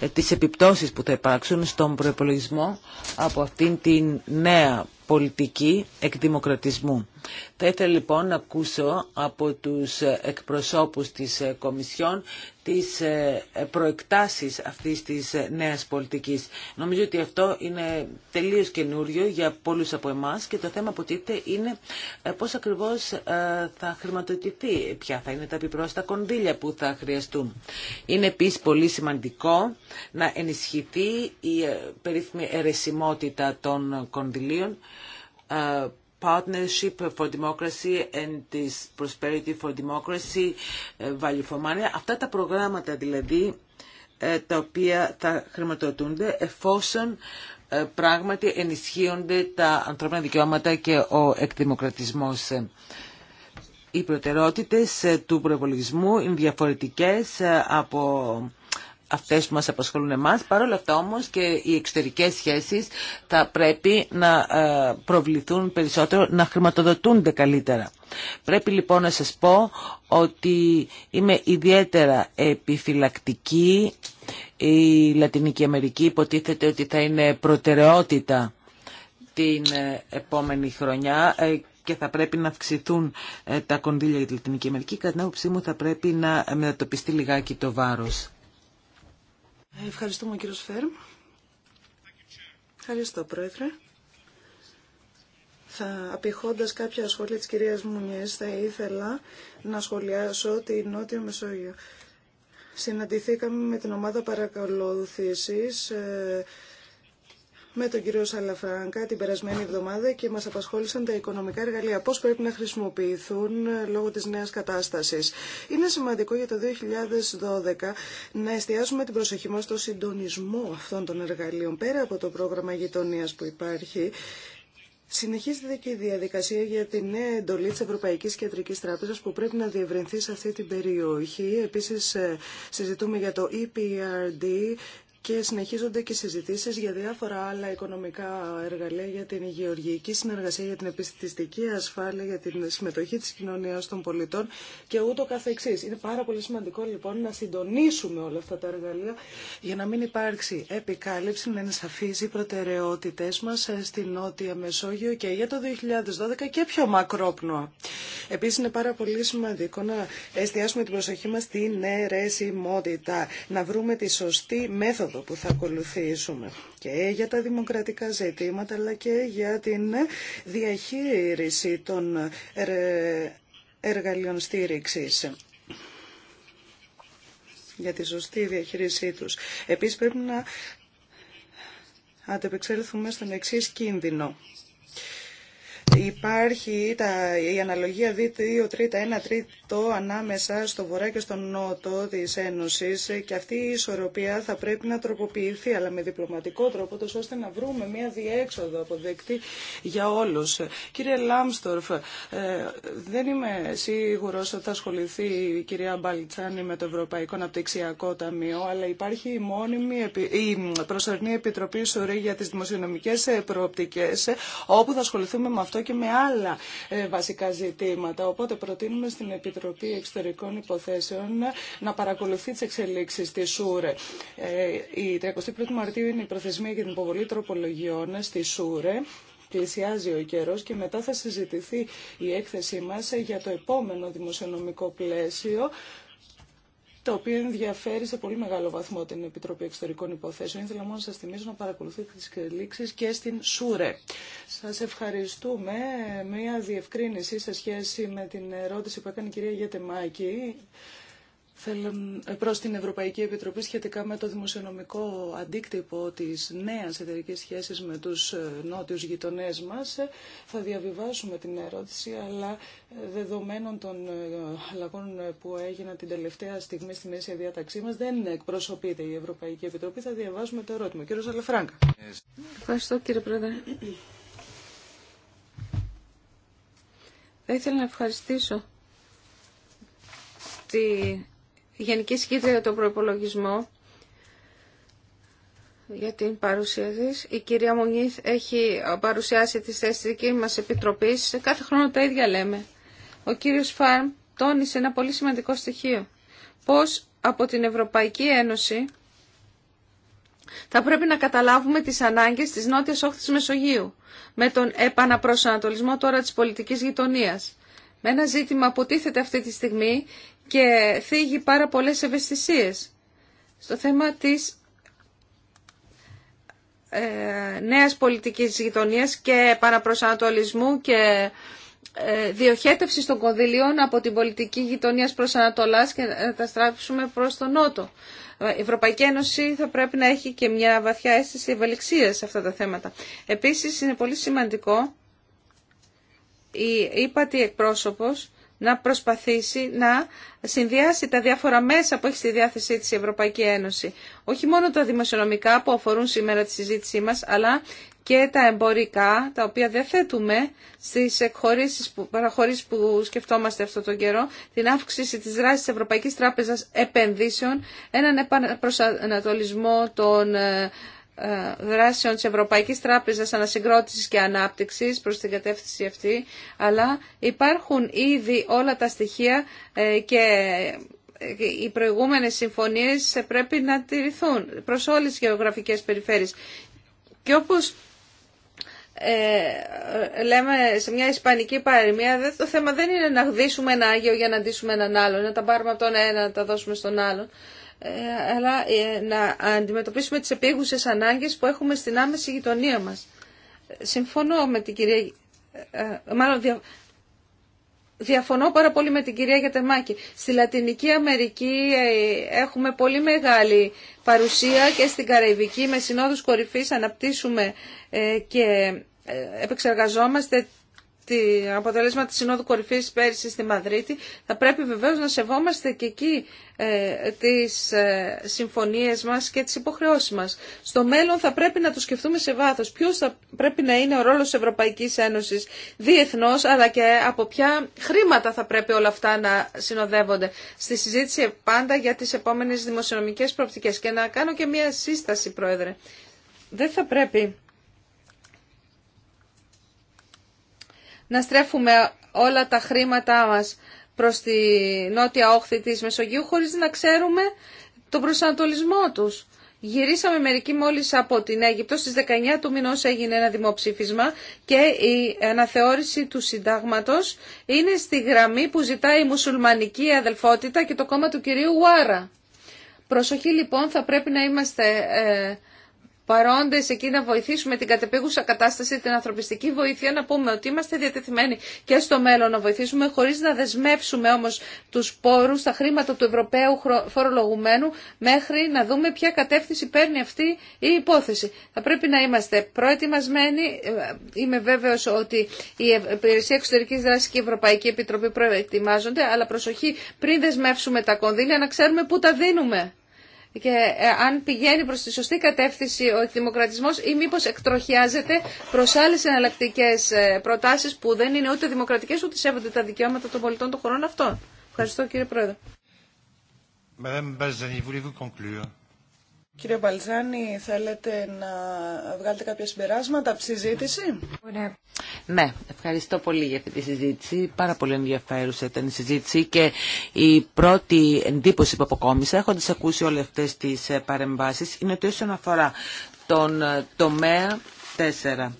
ε, τις επιπτώσεις που θα υπάρξουν στον προπολογισμό από αυτήν την νέα πολιτική εκδημοκρατισμού. Θα ήθελα λοιπόν να ακούσω από τους εκπροσώπους της ε, Κομισιόν τις ε, ε, προεκτάσεις αυτής της νέας πολιτικής. Νομίζω ότι αυτό είναι τελείως καινούριο για πολλούς από εμάς και το θέμα που τίθεται είναι πώς ακριβώς θα χρηματοδοτηθεί, ποια θα είναι τα επιπρόσθετα κονδύλια που θα χρειαστούν. Είναι επίσης πολύ σημαντικό να ενισχυθεί η περίφημη αιρεσιμότητα των κονδυλίων Partnership for Democracy and this Prosperity for Democracy, eh, Value for Money. Αυτά τα προγράμματα δηλαδή ε, τα οποία θα χρηματοδοτούνται εφόσον ε, πράγματι ενισχύονται τα ανθρώπινα δικαιώματα και ο εκδημοκρατισμός. Οι προτεραιότητες ε, του προπολογισμού είναι διαφορετικές από αυτές που μας απασχολούν εμάς. Παρ' όλα αυτά όμως και οι εξωτερικές σχέσεις θα πρέπει να ε, προβληθούν περισσότερο, να χρηματοδοτούνται καλύτερα. Πρέπει λοιπόν να σας πω ότι είμαι ιδιαίτερα επιφυλακτική. Η Λατινική Αμερική υποτίθεται ότι θα είναι προτεραιότητα την ε, επόμενη χρονιά ε, και θα πρέπει να αυξηθούν τα κονδύλια για τη Λατινική Αμερική. Κατά την άποψή μου θα πρέπει να μετατοπιστεί λιγάκι το βάρος. Ευχαριστούμε κύριο Σφέρμ. Ευχαριστώ πρόεδρε. Θα απειχώντας κάποια σχόλια της κυρίας Μουνιές θα ήθελα να σχολιάσω τη Νότιο Μεσόγειο. Συναντηθήκαμε με την ομάδα παρακολούθησης ε, με τον κύριο Σαλαφράγκα την περασμένη εβδομάδα και μας απασχόλησαν τα οικονομικά εργαλεία. Πώς πρέπει να χρησιμοποιηθούν ε, λόγω της νέας κατάστασης. Είναι σημαντικό για το 2012 να εστιάσουμε την προσοχή μας στο συντονισμό αυτών των εργαλείων. Πέρα από το πρόγραμμα γειτονία που υπάρχει, Συνεχίζεται και η διαδικασία για τη νέα εντολή τη Ευρωπαϊκή Κεντρική Τράπεζα που πρέπει να διευρυνθεί σε αυτή την περιοχή. Επίση, ε, συζητούμε για το EPRD και συνεχίζονται και συζητήσεις για διάφορα άλλα οικονομικά εργαλεία για την υγειοργική συνεργασία, για την επιστημιστική ασφάλεια, για την συμμετοχή της κοινωνίας των πολιτών και ούτω καθεξής. Είναι πάρα πολύ σημαντικό λοιπόν να συντονίσουμε όλα αυτά τα εργαλεία για να μην υπάρξει επικάλυψη, να ενσαφίζει οι προτεραιότητες μας στη Νότια Μεσόγειο και για το 2012 και πιο μακρόπνοα. Επίσης είναι πάρα πολύ σημαντικό να εστιάσουμε την προσοχή μας στην αιρεσιμότητα, να βρούμε τη σωστή μέθοδο που θα ακολουθήσουμε και για τα δημοκρατικά ζητήματα αλλά και για την διαχείριση των εργαλείων στήριξης για τη σωστή διαχείρισή τους. Επίσης πρέπει να αντεπεξέλθουμε στον εξής κίνδυνο. Υπάρχει τα, η αναλογία 2 3 1 τρίτο ανάμεσα στο βορρά και στο νότο της Ένωσης και αυτή η ισορροπία θα πρέπει να τροποποιηθεί αλλά με διπλωματικό τρόπο τόσο ώστε να βρούμε μια διέξοδο αποδεκτή για όλους. Κύριε Λάμστορφ, ε, δεν είμαι σίγουρος ότι θα ασχοληθεί η κυρία Μπαλιτσάνη με το Ευρωπαϊκό Αναπτυξιακό Ταμείο αλλά υπάρχει η, μόνιμη, η προσωρινή επιτροπή Σουρή για τις δημοσιονομικές προοπτικές όπου θα ασχοληθούμε με αυτό και με άλλα ε, βασικά ζητήματα. Οπότε προτείνουμε στην Επιτροπή Εξωτερικών Υποθέσεων να παρακολουθεί τι εξελίξει τη ΣΟΥΡΕ. Ε, η 31η Μαρτίου είναι η προθεσμία για την υποβολή τροπολογιών στη ΣΟΥΡΕ πλησιάζει ο καιρό, και μετά θα συζητηθεί η έκθεσή μας για το επόμενο δημοσιονομικό πλαίσιο το οποίο ενδιαφέρει σε πολύ μεγάλο βαθμό την Επιτροπή Εξωτερικών Υποθέσεων. Ήθελα μόνο να σας θυμίσω να παρακολουθείτε τις εξελίξεις και στην ΣΟΥΡΕ. Σας ευχαριστούμε. Μία διευκρίνηση σε σχέση με την ερώτηση που έκανε η κυρία Γετεμάκη θέλω προς την Ευρωπαϊκή Επιτροπή σχετικά με το δημοσιονομικό αντίκτυπο της νέας εταιρικής σχέσης με τους ε, νότιους γειτονές μας. Ε, θα διαβιβάσουμε την ερώτηση, αλλά ε, δεδομένων των αλλαγών που έγιναν την τελευταία στιγμή στη μέση διάταξή μας, δεν εκπροσωπείται η Ευρωπαϊκή Επιτροπή. Θα διαβάσουμε το ερώτημα. Κύριο Αλεφράγκα. Ευχαριστώ κύριε Πρόεδρε. Θα ήθελα να ευχαριστήσω η Γενική Συγκίτρια για τον Προπολογισμό για την παρουσία Η κυρία Μονίθ έχει παρουσιάσει τις θέσεις δική μας επιτροπής. Κάθε χρόνο τα ίδια λέμε. Ο κύριος Φάρμ τόνισε ένα πολύ σημαντικό στοιχείο. Πώς από την Ευρωπαϊκή Ένωση θα πρέπει να καταλάβουμε τις ανάγκες της νότιας όχθης Μεσογείου με τον επαναπροσανατολισμό τώρα της πολιτικής γειτονίας. Με ένα ζήτημα που τίθεται αυτή τη στιγμή και θίγει πάρα πολλές ευαισθησίες στο θέμα της ε, νέας πολιτικής γειτονίας και παραπροσανατολισμού και ε, διοχέτευση των κονδυλίων από την πολιτική γειτονίας προς Ανατολάς και να τα στράψουμε προς τον Νότο. Η Ευρωπαϊκή Ένωση θα πρέπει να έχει και μια βαθιά αίσθηση ευελιξίας σε αυτά τα θέματα. Επίσης είναι πολύ σημαντικό η ύπατη εκπρόσωπος να προσπαθήσει να συνδυάσει τα διάφορα μέσα που έχει στη διάθεσή της η Ευρωπαϊκή Ένωση. Όχι μόνο τα δημοσιονομικά που αφορούν σήμερα τη συζήτησή μας, αλλά και τα εμπορικά, τα οποία δεν θέτουμε στις εκχωρήσεις, παραχωρήσεις που σκεφτόμαστε αυτό τον καιρό, την αύξηση της δράσης της Ευρωπαϊκής Τράπεζας Επενδύσεων, έναν προσανατολισμό των ε, ε, δράσεων της Ευρωπαϊκής Τράπεζας Ανασυγκρότησης και Ανάπτυξης προς την κατεύθυνση αυτή, αλλά υπάρχουν ήδη όλα τα στοιχεία ε, και ε, οι προηγούμενες συμφωνίες πρέπει να τηρηθούν προς όλες τις γεωγραφικές περιφέρειες. Και όπως λέμε σε μια ισπανική παροιμία, το θέμα δεν είναι να γδίσουμε ένα Άγιο για να ντύσουμε έναν άλλον, να τα πάρουμε από τον ένα να τα δώσουμε στον άλλον. Ε, αλλά ε, να αντιμετωπίσουμε τις επίγουσες ανάγκες που έχουμε στην άμεση γειτονία μας. Συμφωνώ με την κυρία... Ε, μάλλον Διαφωνώ πάρα πολύ με την κυρία Γιατεμάκη. Στη Λατινική Αμερική έχουμε πολύ μεγάλη παρουσία και στην Καραϊβική με συνόδους κορυφής αναπτύσσουμε και επεξεργαζόμαστε το αποτελέσμα της Συνόδου Κορυφής πέρυσι στη Μαδρίτη, θα πρέπει βεβαίως να σεβόμαστε και εκεί ε, τις ε, συμφωνίες μας και τις υποχρεώσεις μας. Στο μέλλον θα πρέπει να το σκεφτούμε σε βάθος. Ποιος θα πρέπει να είναι ο ρόλος της Ευρωπαϊκής Ένωσης διεθνώς, αλλά και από ποια χρήματα θα πρέπει όλα αυτά να συνοδεύονται. Στη συζήτηση πάντα για τις επόμενες δημοσιονομικές προοπτικές. Και να κάνω και μία σύσταση, Πρόεδρε. Δεν θα πρέπει να στρέφουμε όλα τα χρήματά μας προς τη νότια όχθη της Μεσογείου χωρίς να ξέρουμε τον προσανατολισμό τους. Γυρίσαμε μερικοί μόλις από την Αίγυπτο, στις 19 του μηνός έγινε ένα δημοψήφισμα και η αναθεώρηση του συντάγματος είναι στη γραμμή που ζητάει η μουσουλμανική αδελφότητα και το κόμμα του κυρίου Βάρα. Προσοχή λοιπόν, θα πρέπει να είμαστε ε, παρόντε εκεί να βοηθήσουμε την κατεπίγουσα κατάσταση, την ανθρωπιστική βοήθεια, να πούμε ότι είμαστε διατεθειμένοι και στο μέλλον να βοηθήσουμε, χωρί να δεσμεύσουμε όμω του πόρου τα χρήματα του Ευρωπαίου φορολογουμένου, μέχρι να δούμε ποια κατεύθυνση παίρνει αυτή η υπόθεση. Θα πρέπει να είμαστε προετοιμασμένοι. Ε, είμαι βέβαιο ότι η Υπηρεσία εξωτερική Δράσης και η Ευρωπαϊκή Επιτροπή προετοιμάζονται, αλλά προσοχή πριν δεσμεύσουμε τα κονδύλια να ξέρουμε πού τα δίνουμε και ε, αν πηγαίνει προς τη σωστή κατεύθυνση ο δημοκρατισμός ή μήπως εκτροχιάζεται προς άλλες εναλλακτικέ ε, προτάσεις που δεν είναι ούτε δημοκρατικές ούτε σέβονται τα δικαιώματα των πολιτών των χωρών αυτών. Ευχαριστώ κύριε Πρόεδρε. Κύριε Μπαλζάνη, θέλετε να βγάλετε κάποια συμπεράσματα από τη συζήτηση. Ναι, ευχαριστώ πολύ για αυτή τη συζήτηση. Πάρα πολύ ενδιαφέρουσα ήταν η συζήτηση και η πρώτη εντύπωση που αποκόμισα έχοντας ακούσει όλες αυτές τις ε, παρεμβάσεις είναι ότι όσον αφορά τον ε, τομέα 4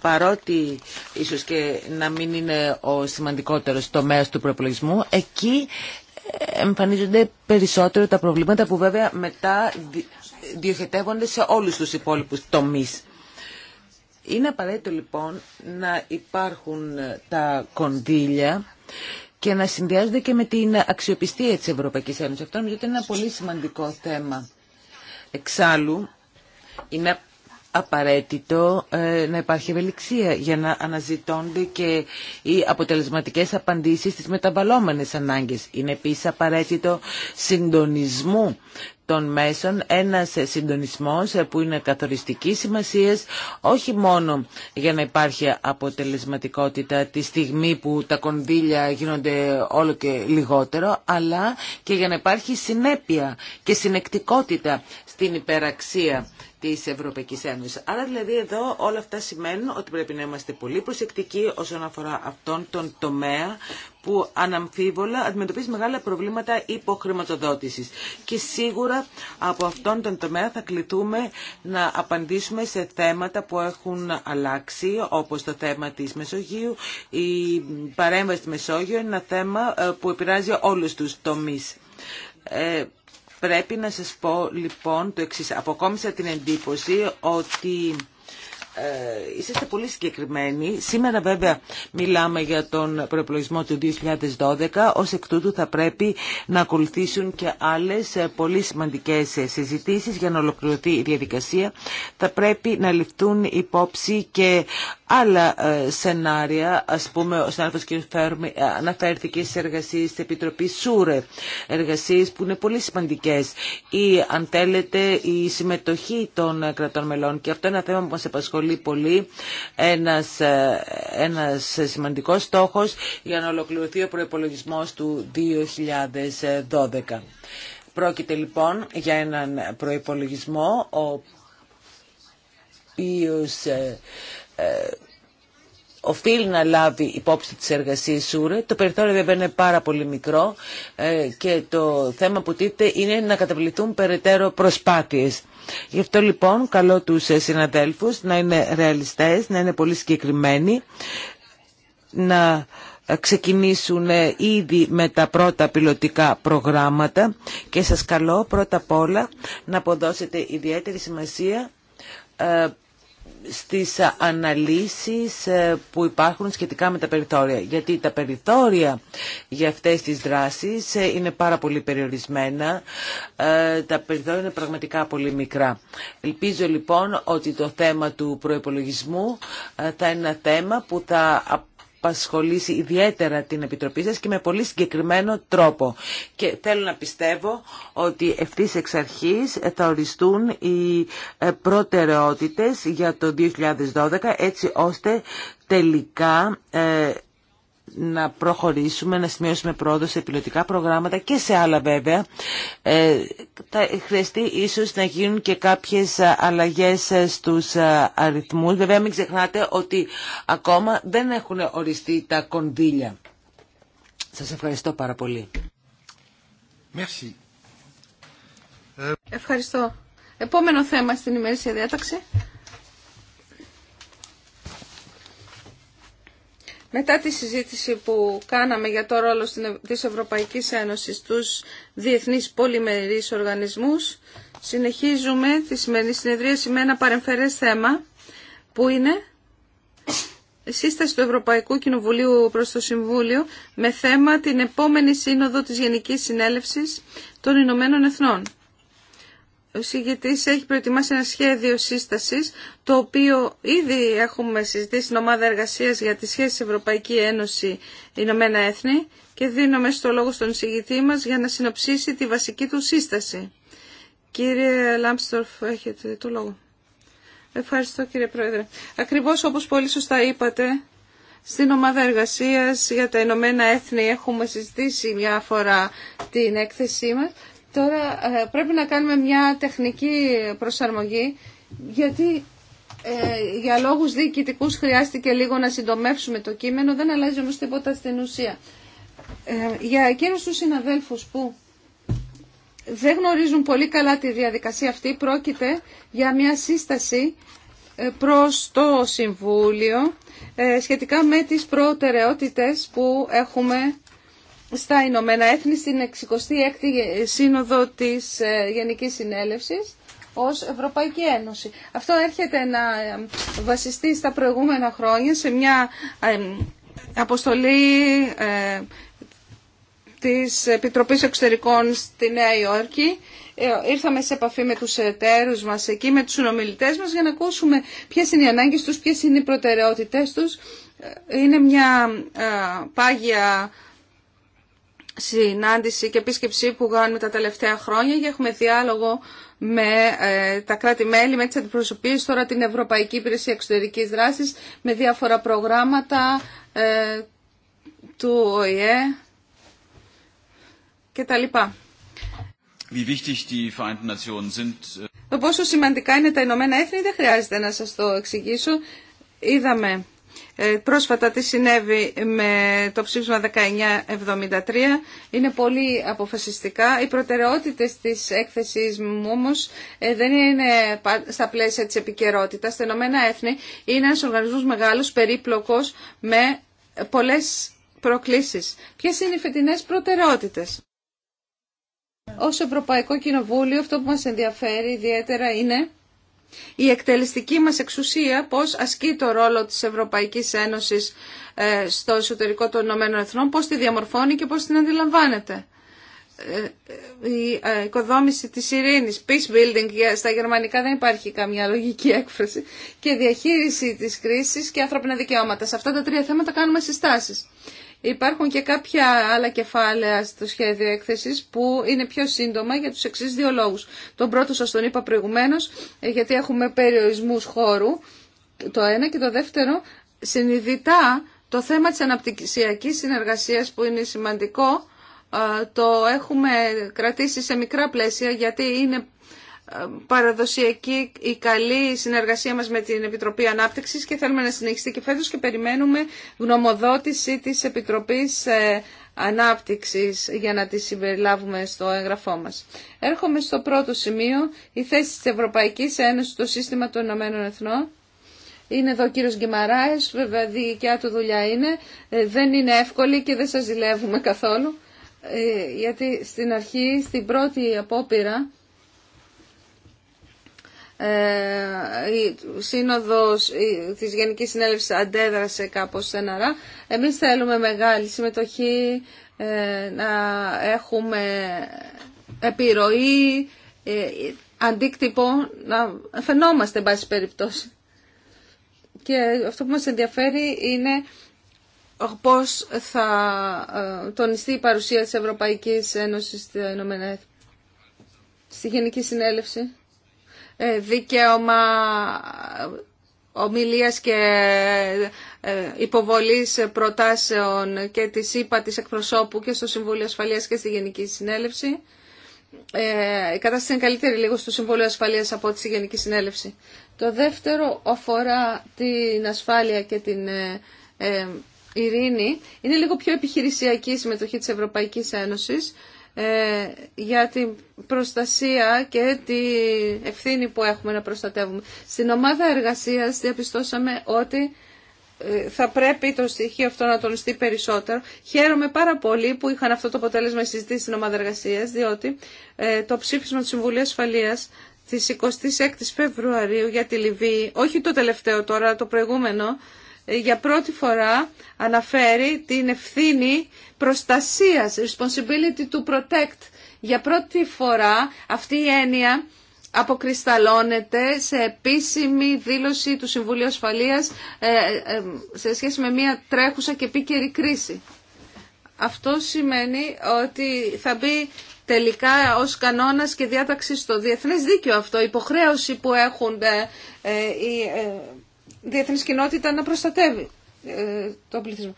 παρότι ίσως και να μην είναι ο σημαντικότερος τομέας του προπολογισμού, εκεί ε, εμφανίζονται περισσότερο τα προβλήματα που βέβαια μετά διοχετεύονται σε όλους τους υπόλοιπους τομείς. Είναι απαραίτητο λοιπόν να υπάρχουν ε, τα κονδύλια και να συνδυάζονται και με την αξιοπιστία της Ευρωπαϊκής Ένωσης. Αυτό νομίζω είναι ένα πολύ σημαντικό θέμα. Εξάλλου, είναι απαραίτητο ε, να υπάρχει ευελιξία για να αναζητώνται και οι αποτελεσματικές απαντήσεις στις μεταβαλλόμενες ανάγκες. Είναι επίσης απαραίτητο συντονισμού των μέσων ένας συντονισμός που είναι καθοριστική σημασίας όχι μόνο για να υπάρχει αποτελεσματικότητα τη στιγμή που τα κονδύλια γίνονται όλο και λιγότερο αλλά και για να υπάρχει συνέπεια και συνεκτικότητα στην υπεραξία της Ευρωπαϊκής Ένωσης. Άρα δηλαδή εδώ όλα αυτά σημαίνουν ότι πρέπει να είμαστε πολύ προσεκτικοί όσον αφορά αυτόν τον τομέα που αναμφίβολα αντιμετωπίζει μεγάλα προβλήματα υποχρηματοδότησης. Και σίγουρα από αυτόν τον τομέα θα κληθούμε να απαντήσουμε σε θέματα που έχουν αλλάξει, όπως το θέμα της Μεσογείου. Η παρέμβαση στη Μεσόγειο είναι ένα θέμα ε, που επηρεάζει όλους τους τομείς. Ε, πρέπει να σας πω λοιπόν το εξής. Αποκόμισα την εντύπωση ότι ε, είσαστε πολύ συγκεκριμένοι. Σήμερα βέβαια μιλάμε για τον προεπλογισμό του 2012. Ως εκ τούτου θα πρέπει να ακολουθήσουν και άλλες ε, πολύ σημαντικές ε, συζητήσεις για να ολοκληρωθεί η διαδικασία. Θα πρέπει να ληφθούν υπόψη και άλλα σενάρια. Ας πούμε, ο συνάδελφος κ. Φέρμη αναφέρθηκε στις εργασίες της Επιτροπής ΣΟΥΡΕ. Εργασίες που είναι πολύ σημαντικές. Ή αν θέλετε η συμμετοχή των κρατών μελών. Και αυτό είναι ένα θέμα που μας απασχολεί πολύ πολύ ένας, ε, ένας σημαντικός στόχος για να ολοκληρωθεί ο προϋπολογισμός του 2012. Πρόκειται λοιπόν για έναν προϋπολογισμό ο οποίος ε, ε, οφείλει να λάβει υπόψη τις εργασίες ΣΟΥΡΕ. Το περιθώριο βέβαια είναι πάρα πολύ μικρό ε, και το θέμα που τίθεται είναι να καταβληθούν περαιτέρω προσπάθειες. Γι' αυτό λοιπόν καλώ τους ε, συναδέλφους να είναι ρεαλιστές, να είναι πολύ συγκεκριμένοι, να ε, ξεκινήσουν ήδη με τα πρώτα πιλωτικά προγράμματα και σας καλώ πρώτα απ' όλα να αποδώσετε ιδιαίτερη σημασία στις αναλύσεις ε, που υπάρχουν σχετικά με τα περιθώρια. Γιατί τα περιθώρια για αυτές τις δράσεις ε, είναι πάρα πολύ περιορισμένα. Ε, τα περιθώρια είναι πραγματικά πολύ μικρά. Ελπίζω λοιπόν ότι το θέμα του προϋπολογισμού θα είναι ένα θέμα που θα απασχολήσει ιδιαίτερα την Επιτροπή σας και με πολύ συγκεκριμένο τρόπο. Και θέλω να πιστεύω ότι ευθύ εξ αρχής θα οριστούν οι ε, προτεραιότητες για το 2012 έτσι ώστε τελικά ε, να προχωρήσουμε, να σημειώσουμε πρόοδο σε πιλωτικά προγράμματα και σε άλλα βέβαια. Ε, θα χρειαστεί ίσως να γίνουν και κάποιες αλλαγές στους αριθμούς. Βέβαια μην ξεχνάτε ότι ακόμα δεν έχουν οριστεί τα κονδύλια. Σας ευχαριστώ πάρα πολύ. Merci. Ευχαριστώ. Επόμενο θέμα στην ημερήσια διάταξη. Μετά τη συζήτηση που κάναμε για το ρόλο της Ευρωπαϊκής Ένωσης στους διεθνείς πολυμερείς οργανισμούς, συνεχίζουμε τη σημερινή συνεδρίαση με ένα παρεμφερές θέμα, που είναι η σύσταση του Ευρωπαϊκού Κοινοβουλίου προς το Συμβούλιο με θέμα την επόμενη σύνοδο της Γενικής Συνέλευσης των Ηνωμένων Εθνών. Ο συγγητής έχει προετοιμάσει ένα σχέδιο σύστασης, το οποίο ήδη έχουμε συζητήσει στην ομάδα εργασίας για τη σχέση Ευρωπαϊκή Ένωση Ηνωμένα Έθνη και μέσα στο λόγο στον συγγητή μας για να συνοψίσει τη βασική του σύσταση. Κύριε Λάμπστορφ, έχετε το λόγο. Ευχαριστώ κύριε Πρόεδρε. Ακριβώς όπως πολύ σωστά είπατε, στην ομάδα εργασίας για τα Ηνωμένα Έθνη έχουμε συζητήσει μια φορά την έκθεσή μας Τώρα ε, πρέπει να κάνουμε μια τεχνική προσαρμογή γιατί ε, για λόγους διοικητικού χρειάστηκε λίγο να συντομεύσουμε το κείμενο, δεν αλλάζει όμως τίποτα στην ουσία. Ε, για εκείνους τους συναδέλφους που δεν γνωρίζουν πολύ καλά τη διαδικασία αυτή, πρόκειται για μια σύσταση προς το Συμβούλιο σχετικά με τις προτεραιότητες που έχουμε στα Ηνωμένα Έθνη στην 66η Σύνοδο της ε, Γενικής Συνέλευσης ως Ευρωπαϊκή Ένωση. Αυτό έρχεται να ε, βασιστεί στα προηγούμενα χρόνια σε μια ε, αποστολή της Επιτροπής Εξωτερικών στη Νέα Υόρκη. Ήρθαμε σε επαφή με τους εταίρους μας εκεί, με τους συνομιλητές μας για να ακούσουμε ποιες είναι οι ανάγκες τους, ποιες είναι οι προτεραιότητές τους. Είναι μια πάγια συνάντηση και επίσκεψη που κάνουμε τα τελευταία χρόνια και έχουμε διάλογο με ε, τα κράτη-μέλη, με τις αντιπροσωπείες, τώρα την Ευρωπαϊκή Υπηρεσία Εξωτερικής Δράσης, με διάφορα προγράμματα ε, του ΟΗΕ και τα λοιπά. Äh το πόσο σημαντικά είναι τα Ηνωμένα Έθνη δεν χρειάζεται να σας το εξηγήσω. Είδαμε ε, πρόσφατα τι συνέβη με το ψήφισμα 1973 είναι πολύ αποφασιστικά. Οι προτεραιότητες της έκθεσης μου όμως ε, δεν είναι στα πλαίσια της επικαιρότητα. Τα Ηνωμένα Έθνη είναι ένας οργανισμός μεγάλος, περίπλοκος, με πολλές προκλήσεις. Ποιες είναι οι φετινές προτεραιότητες. Ως Ευρωπαϊκό Κοινοβούλιο αυτό που μας ενδιαφέρει ιδιαίτερα είναι η εκτελεστική μας εξουσία πώς ασκεί το ρόλο της Ευρωπαϊκής Ένωσης ε, στο εσωτερικό των Ηνωμένων Εθνών, πώς τη διαμορφώνει και πώς την αντιλαμβάνεται. Ε, ε, η οικοδόμηση της ειρήνης, peace building, στα γερμανικά δεν υπάρχει καμιά λογική έκφραση, και διαχείριση της κρίσης και ανθρώπινα δικαιώματα. Σε αυτά τα τρία θέματα κάνουμε συστάσεις. Υπάρχουν και κάποια άλλα κεφάλαια στο σχέδιο έκθεσης που είναι πιο σύντομα για τους εξής δύο λόγους. Τον πρώτο σας τον είπα προηγουμένως ε, γιατί έχουμε περιορισμούς χώρου, το ένα και το δεύτερο συνειδητά το θέμα της αναπτυξιακής συνεργασίας που είναι σημαντικό ε, το έχουμε κρατήσει σε μικρά πλαίσια γιατί είναι παραδοσιακή η καλή συνεργασία μας με την Επιτροπή Ανάπτυξης και θέλουμε να συνεχιστεί και φέτος και περιμένουμε γνωμοδότηση της Επιτροπής ε, Ανάπτυξης για να τη συμπεριλάβουμε στο έγγραφό μας. Έρχομαι στο πρώτο σημείο, η θέση της Ευρωπαϊκής Ένωσης στο σύστημα των Ηνωμένων Εθνών. Είναι εδώ ο κύριος Γκυμαράες, βέβαια δικιά του δουλειά είναι, ε, δεν είναι εύκολη και δεν σας ζηλεύουμε καθόλου, ε, γιατί στην αρχή, στην πρώτη απόπειρα, ε, η σύνοδος της Γενικής Συνέλευσης αντέδρασε κάπως στεναρά. Εμείς θέλουμε μεγάλη συμμετοχή, ε, να έχουμε επιρροή, ε, αντίκτυπο, να φαινόμαστε εν πάση περιπτώσει. Και αυτό που μας ενδιαφέρει είναι πώς θα τονιστεί η παρουσία της Ευρωπαϊκής Ένωσης Στη Γενική Συνέλευση. Ε, δικαίωμα ομιλίας και ε, υποβολής προτάσεων και της ΥΠΑ της εκπροσώπου και στο Συμβούλιο Ασφαλείας και στη Γενική Συνέλευση. Ε, η κατάσταση είναι καλύτερη λίγο στο Συμβούλιο Ασφαλείας από τη Γενική Συνέλευση. Το δεύτερο αφορά την ασφάλεια και την ειρήνη. Είναι λίγο πιο επιχειρησιακή η συμμετοχή της Ευρωπαϊκής Ένωσης. Ε, για την προστασία και την ευθύνη που έχουμε να προστατεύουμε. Στην ομάδα εργασίας διαπιστώσαμε ότι ε, θα πρέπει το στοιχείο αυτό να τονιστεί περισσότερο. Χαίρομαι πάρα πολύ που είχαν αυτό το αποτέλεσμα οι συζητήσει στην ομάδα εργασία, διότι ε, το ψήφισμα του Συμβουλίου Ασφαλεία τη 26η Φεβρουαρίου για τη Λιβύη, όχι το τελευταίο τώρα, το προηγούμενο, ε, για πρώτη φορά αναφέρει την ευθύνη προστασίας, responsibility to protect. Για πρώτη φορά αυτή η έννοια αποκρισταλώνεται σε επίσημη δήλωση του Συμβουλίου Ασφαλείας ε, ε, σε σχέση με μια τρέχουσα και επίκαιρη κρίση. Αυτό σημαίνει ότι θα μπει τελικά ως κανόνας και διάταξη στο διεθνές δίκαιο αυτό, υποχρέωση που έχουν οι Διεθνή κοινότητα να προστατεύει ε, τον πληθυσμό.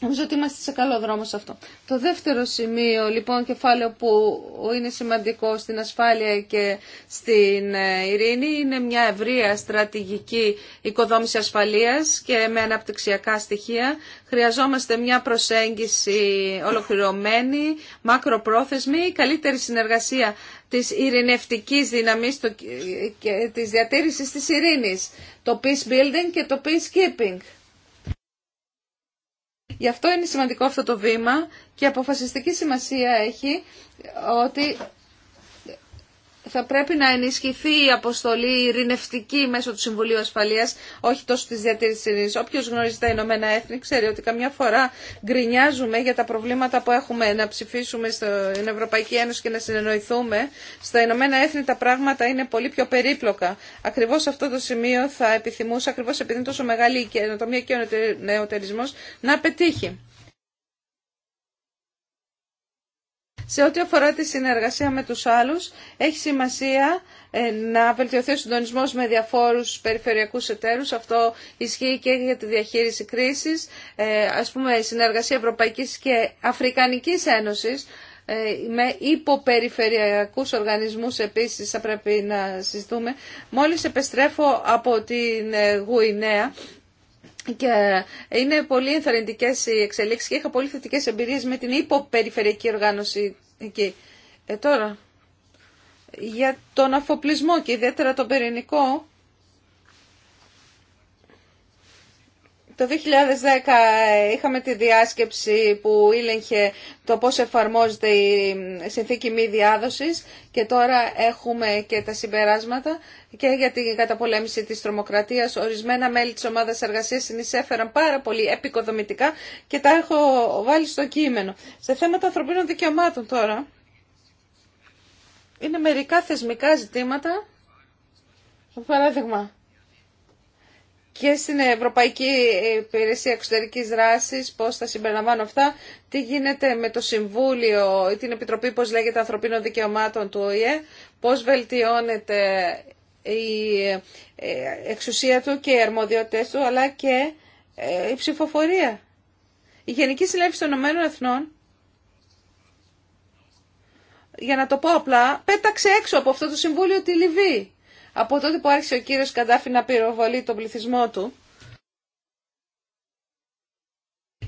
Νομίζω ότι είμαστε σε καλό δρόμο σε αυτό. Το δεύτερο σημείο, λοιπόν, κεφάλαιο που είναι σημαντικό στην ασφάλεια και στην ε, ειρήνη είναι μια ευρεία στρατηγική οικοδόμηση ασφαλείας και με αναπτυξιακά στοιχεία. Χρειαζόμαστε μια προσέγγιση ολοκληρωμένη, μακροπρόθεσμη, καλύτερη συνεργασία της ειρηνευτικής δύναμης και της διατήρησης της ειρήνης, το peace building και το peace keeping. Γι' αυτό είναι σημαντικό αυτό το βήμα και αποφασιστική σημασία έχει ότι θα πρέπει να ενισχυθεί η αποστολή ειρηνευτική μέσω του Συμβουλίου Ασφαλείας, όχι τόσο τη διατήρηση ειρήνης. Όποιος γνωρίζει τα Ηνωμένα Έθνη ξέρει ότι καμιά φορά γκρινιάζουμε για τα προβλήματα που έχουμε να ψηφίσουμε στην Ευρωπαϊκή Ένωση και να συνεννοηθούμε. Στα Ηνωμένα Έθνη τα πράγματα είναι πολύ πιο περίπλοκα. Ακριβώς αυτό το σημείο θα επιθυμούσα, ακριβώ, επειδή είναι τόσο μεγάλη η καινοτομία και ο νεοτερισμός, να πετύχει. Σε ό,τι αφορά τη συνεργασία με τους άλλους, έχει σημασία ε, να βελτιωθεί ο συντονισμό με διαφόρους περιφερειακούς εταίρους. Αυτό ισχύει και για τη διαχείριση κρίσης. Ε, ας πούμε, η συνεργασία Ευρωπαϊκής και Αφρικανικής Ένωσης ε, με υποπεριφερειακούς οργανισμούς επίσης θα πρέπει να συζητούμε. Μόλις επιστρέφω από την Γουινέα και είναι πολύ ενθαρρυντικέ οι εξελίξει και είχα πολύ θετικέ εμπειρίε με την υποπεριφερειακή οργάνωση εκεί. Ε, τώρα, για τον αφοπλισμό και ιδιαίτερα τον πυρηνικό, Το 2010 ε, είχαμε τη διάσκεψη που ήλεγχε το πώς εφαρμόζεται η ε, συνθήκη μη διάδοσης και τώρα έχουμε και τα συμπεράσματα και για την καταπολέμηση της τρομοκρατίας. Ορισμένα μέλη της ομάδας εργασίας συνεισέφεραν πάρα πολύ επικοδομητικά και τα έχω βάλει στο κείμενο. Σε θέματα ανθρωπίνων δικαιωμάτων τώρα είναι μερικά θεσμικά ζητήματα. Παράδειγμα, και στην Ευρωπαϊκή Υπηρεσία Εξωτερικής Δράσης, πώς θα συμπεριλαμβάνω αυτά, τι γίνεται με το Συμβούλιο ή την Επιτροπή, πώς λέγεται, Ανθρωπίνων Δικαιωμάτων του ΟΗΕ, πώς βελτιώνεται η ε, εξουσία του και οι αρμοδιότητες του, αλλά και ε, η ψηφοφορία. Η Γενική Συνέλευση των Ηνωμένων Εθνών, για να το πω απλά, πέταξε έξω από αυτό το Συμβούλιο τη Λιβύη από τότε που άρχισε ο κύριος Καντάφη να πυροβολεί τον πληθυσμό του.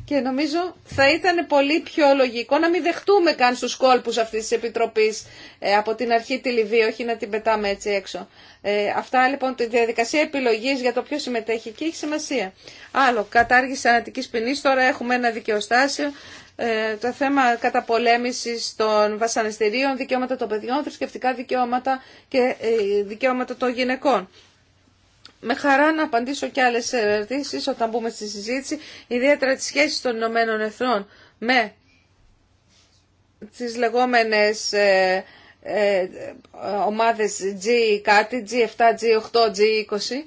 Και νομίζω θα ήταν πολύ πιο λογικό να μην δεχτούμε καν στους κόλπους αυτής της Επιτροπής ε, από την αρχή τη Λιβύη, όχι να την πετάμε έτσι έξω. Ε, αυτά λοιπόν, τη διαδικασία επιλογής για το ποιο συμμετέχει και έχει σημασία. Άλλο, κατάργηση ανατικής ποινής, τώρα έχουμε ένα δικαιοστάσιο ε, το θέμα καταπολέμησης των βασανιστήριων, δικαιώματα των παιδιών, θρησκευτικά δικαιώματα και ε, δικαιώματα των γυναικών. Με χαρά να απαντήσω και άλλες ερωτήσεις όταν μπούμε στη συζήτηση, ιδιαίτερα τις σχέσεις των Ηνωμένων Εθνών με τις λεγόμενες ε, ε ομάδες G g G7, G8, G20.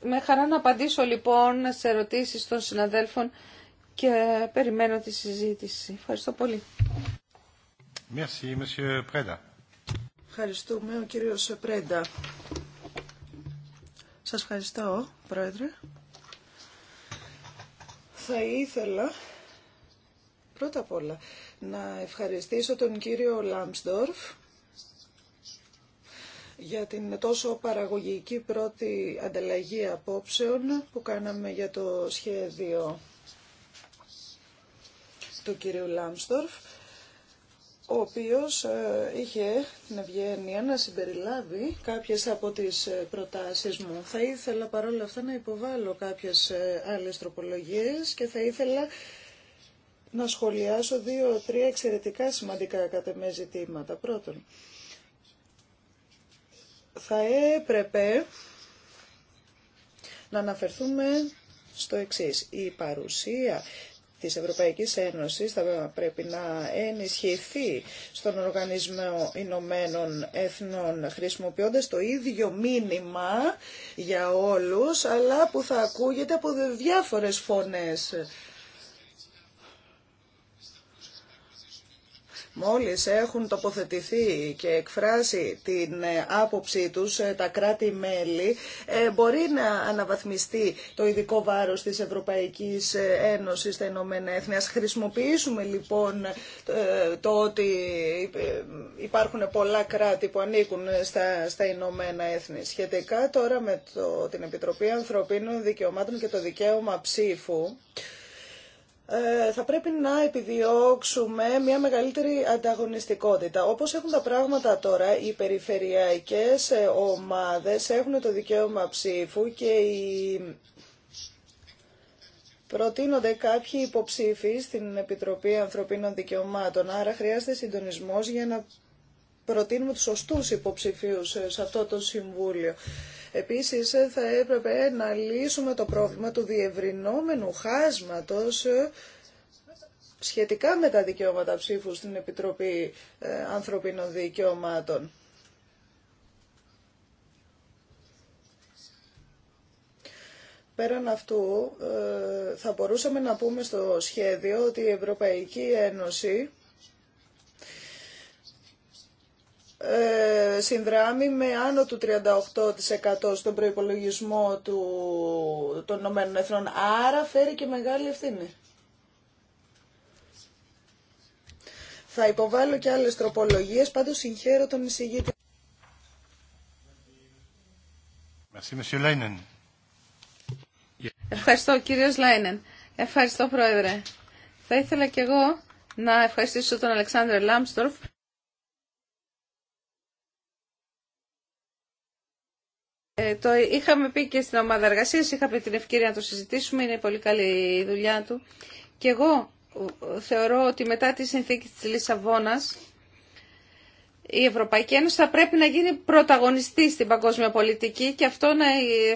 με χαρά να απαντήσω λοιπόν σε ερωτήσεις των συναδέλφων και περιμένω τη συζήτηση. Ευχαριστώ πολύ. Merci, Ευχαριστούμε, ο κύριος Πρέντα. Σας ευχαριστώ, Πρόεδρε. Θα ήθελα πρώτα απ' όλα να ευχαριστήσω τον κύριο Λάμπσντορφ για την τόσο παραγωγική πρώτη ανταλλαγή απόψεων που κάναμε για το σχέδιο του κυρίου Λάμστορφ, ο οποίος ε, είχε την ευγένεια να συμπεριλάβει κάποιες από τις ε, προτάσεις μου. Θα ήθελα παρόλα αυτά να υποβάλω κάποιες ε, άλλες τροπολογίες και θα ήθελα να σχολιάσω δύο-τρία εξαιρετικά σημαντικά κατά με ζητήματα. Πρώτον, θα έπρεπε να αναφερθούμε στο εξής. Η παρουσία της Ευρωπαϊκής Ένωσης θα πρέπει να ενισχυθεί στον Οργανισμό Ηνωμένων Εθνών χρησιμοποιώντας το ίδιο μήνυμα για όλους αλλά που θα ακούγεται από διάφορες φωνές Μόλις έχουν τοποθετηθεί και εκφράσει την ε, άποψή τους ε, τα κράτη-μέλη, ε, μπορεί να αναβαθμιστεί το ειδικό βάρος της Ευρωπαϊκής Ένωσης στα Ηνωμένα Έθνη. Ας χρησιμοποιήσουμε λοιπόν το ότι υπάρχουν πολλά κράτη που ανήκουν στα, στα Ηνωμένα Έθνη. Σχετικά τώρα με το, την Επιτροπή Ανθρωπίνων Δικαιωμάτων και το δικαίωμα ψήφου, ε, θα πρέπει να επιδιώξουμε μια μεγαλύτερη ανταγωνιστικότητα. Όπως έχουν τα πράγματα τώρα, οι περιφερειακές ε, ομάδες έχουν το δικαίωμα ψήφου και οι... προτείνονται κάποιοι υποψήφοι στην Επιτροπή Ανθρωπίνων Δικαιωμάτων. Άρα χρειάζεται συντονισμός για να προτείνουμε τους σωστούς υποψηφίους ε, σε αυτό το Συμβούλιο. Επίσης θα έπρεπε να λύσουμε το πρόβλημα του διευρυνόμενου χάσματος ε, σχετικά με τα δικαιώματα ψήφου στην Επιτροπή ε, Ανθρωπίνων Δικαιωμάτων. Πέραν αυτού, ε, θα μπορούσαμε να πούμε στο σχέδιο ότι η Ευρωπαϊκή Ένωση Ε, συνδράμει με άνω του 38% στον προϋπολογισμό του, των Ηνωμένων Εθνών. Άρα φέρει και μεγάλη ευθύνη. Θα υποβάλω και άλλες τροπολογίες, πάντως συγχαίρω τον εισηγήτη. Ευχαριστώ κύριος Λάινεν. Ευχαριστώ πρόεδρε. Θα ήθελα και εγώ να ευχαριστήσω τον Αλεξάνδρε Λάμπστορφ το είχαμε πει και στην ομάδα εργασία, είχαμε την ευκαιρία να το συζητήσουμε, είναι πολύ καλή η δουλειά του. Και εγώ θεωρώ ότι μετά τη συνθήκη της Λισαβόνας, η Ευρωπαϊκή Ένωση θα πρέπει να γίνει πρωταγωνιστή στην παγκόσμια πολιτική και αυτό να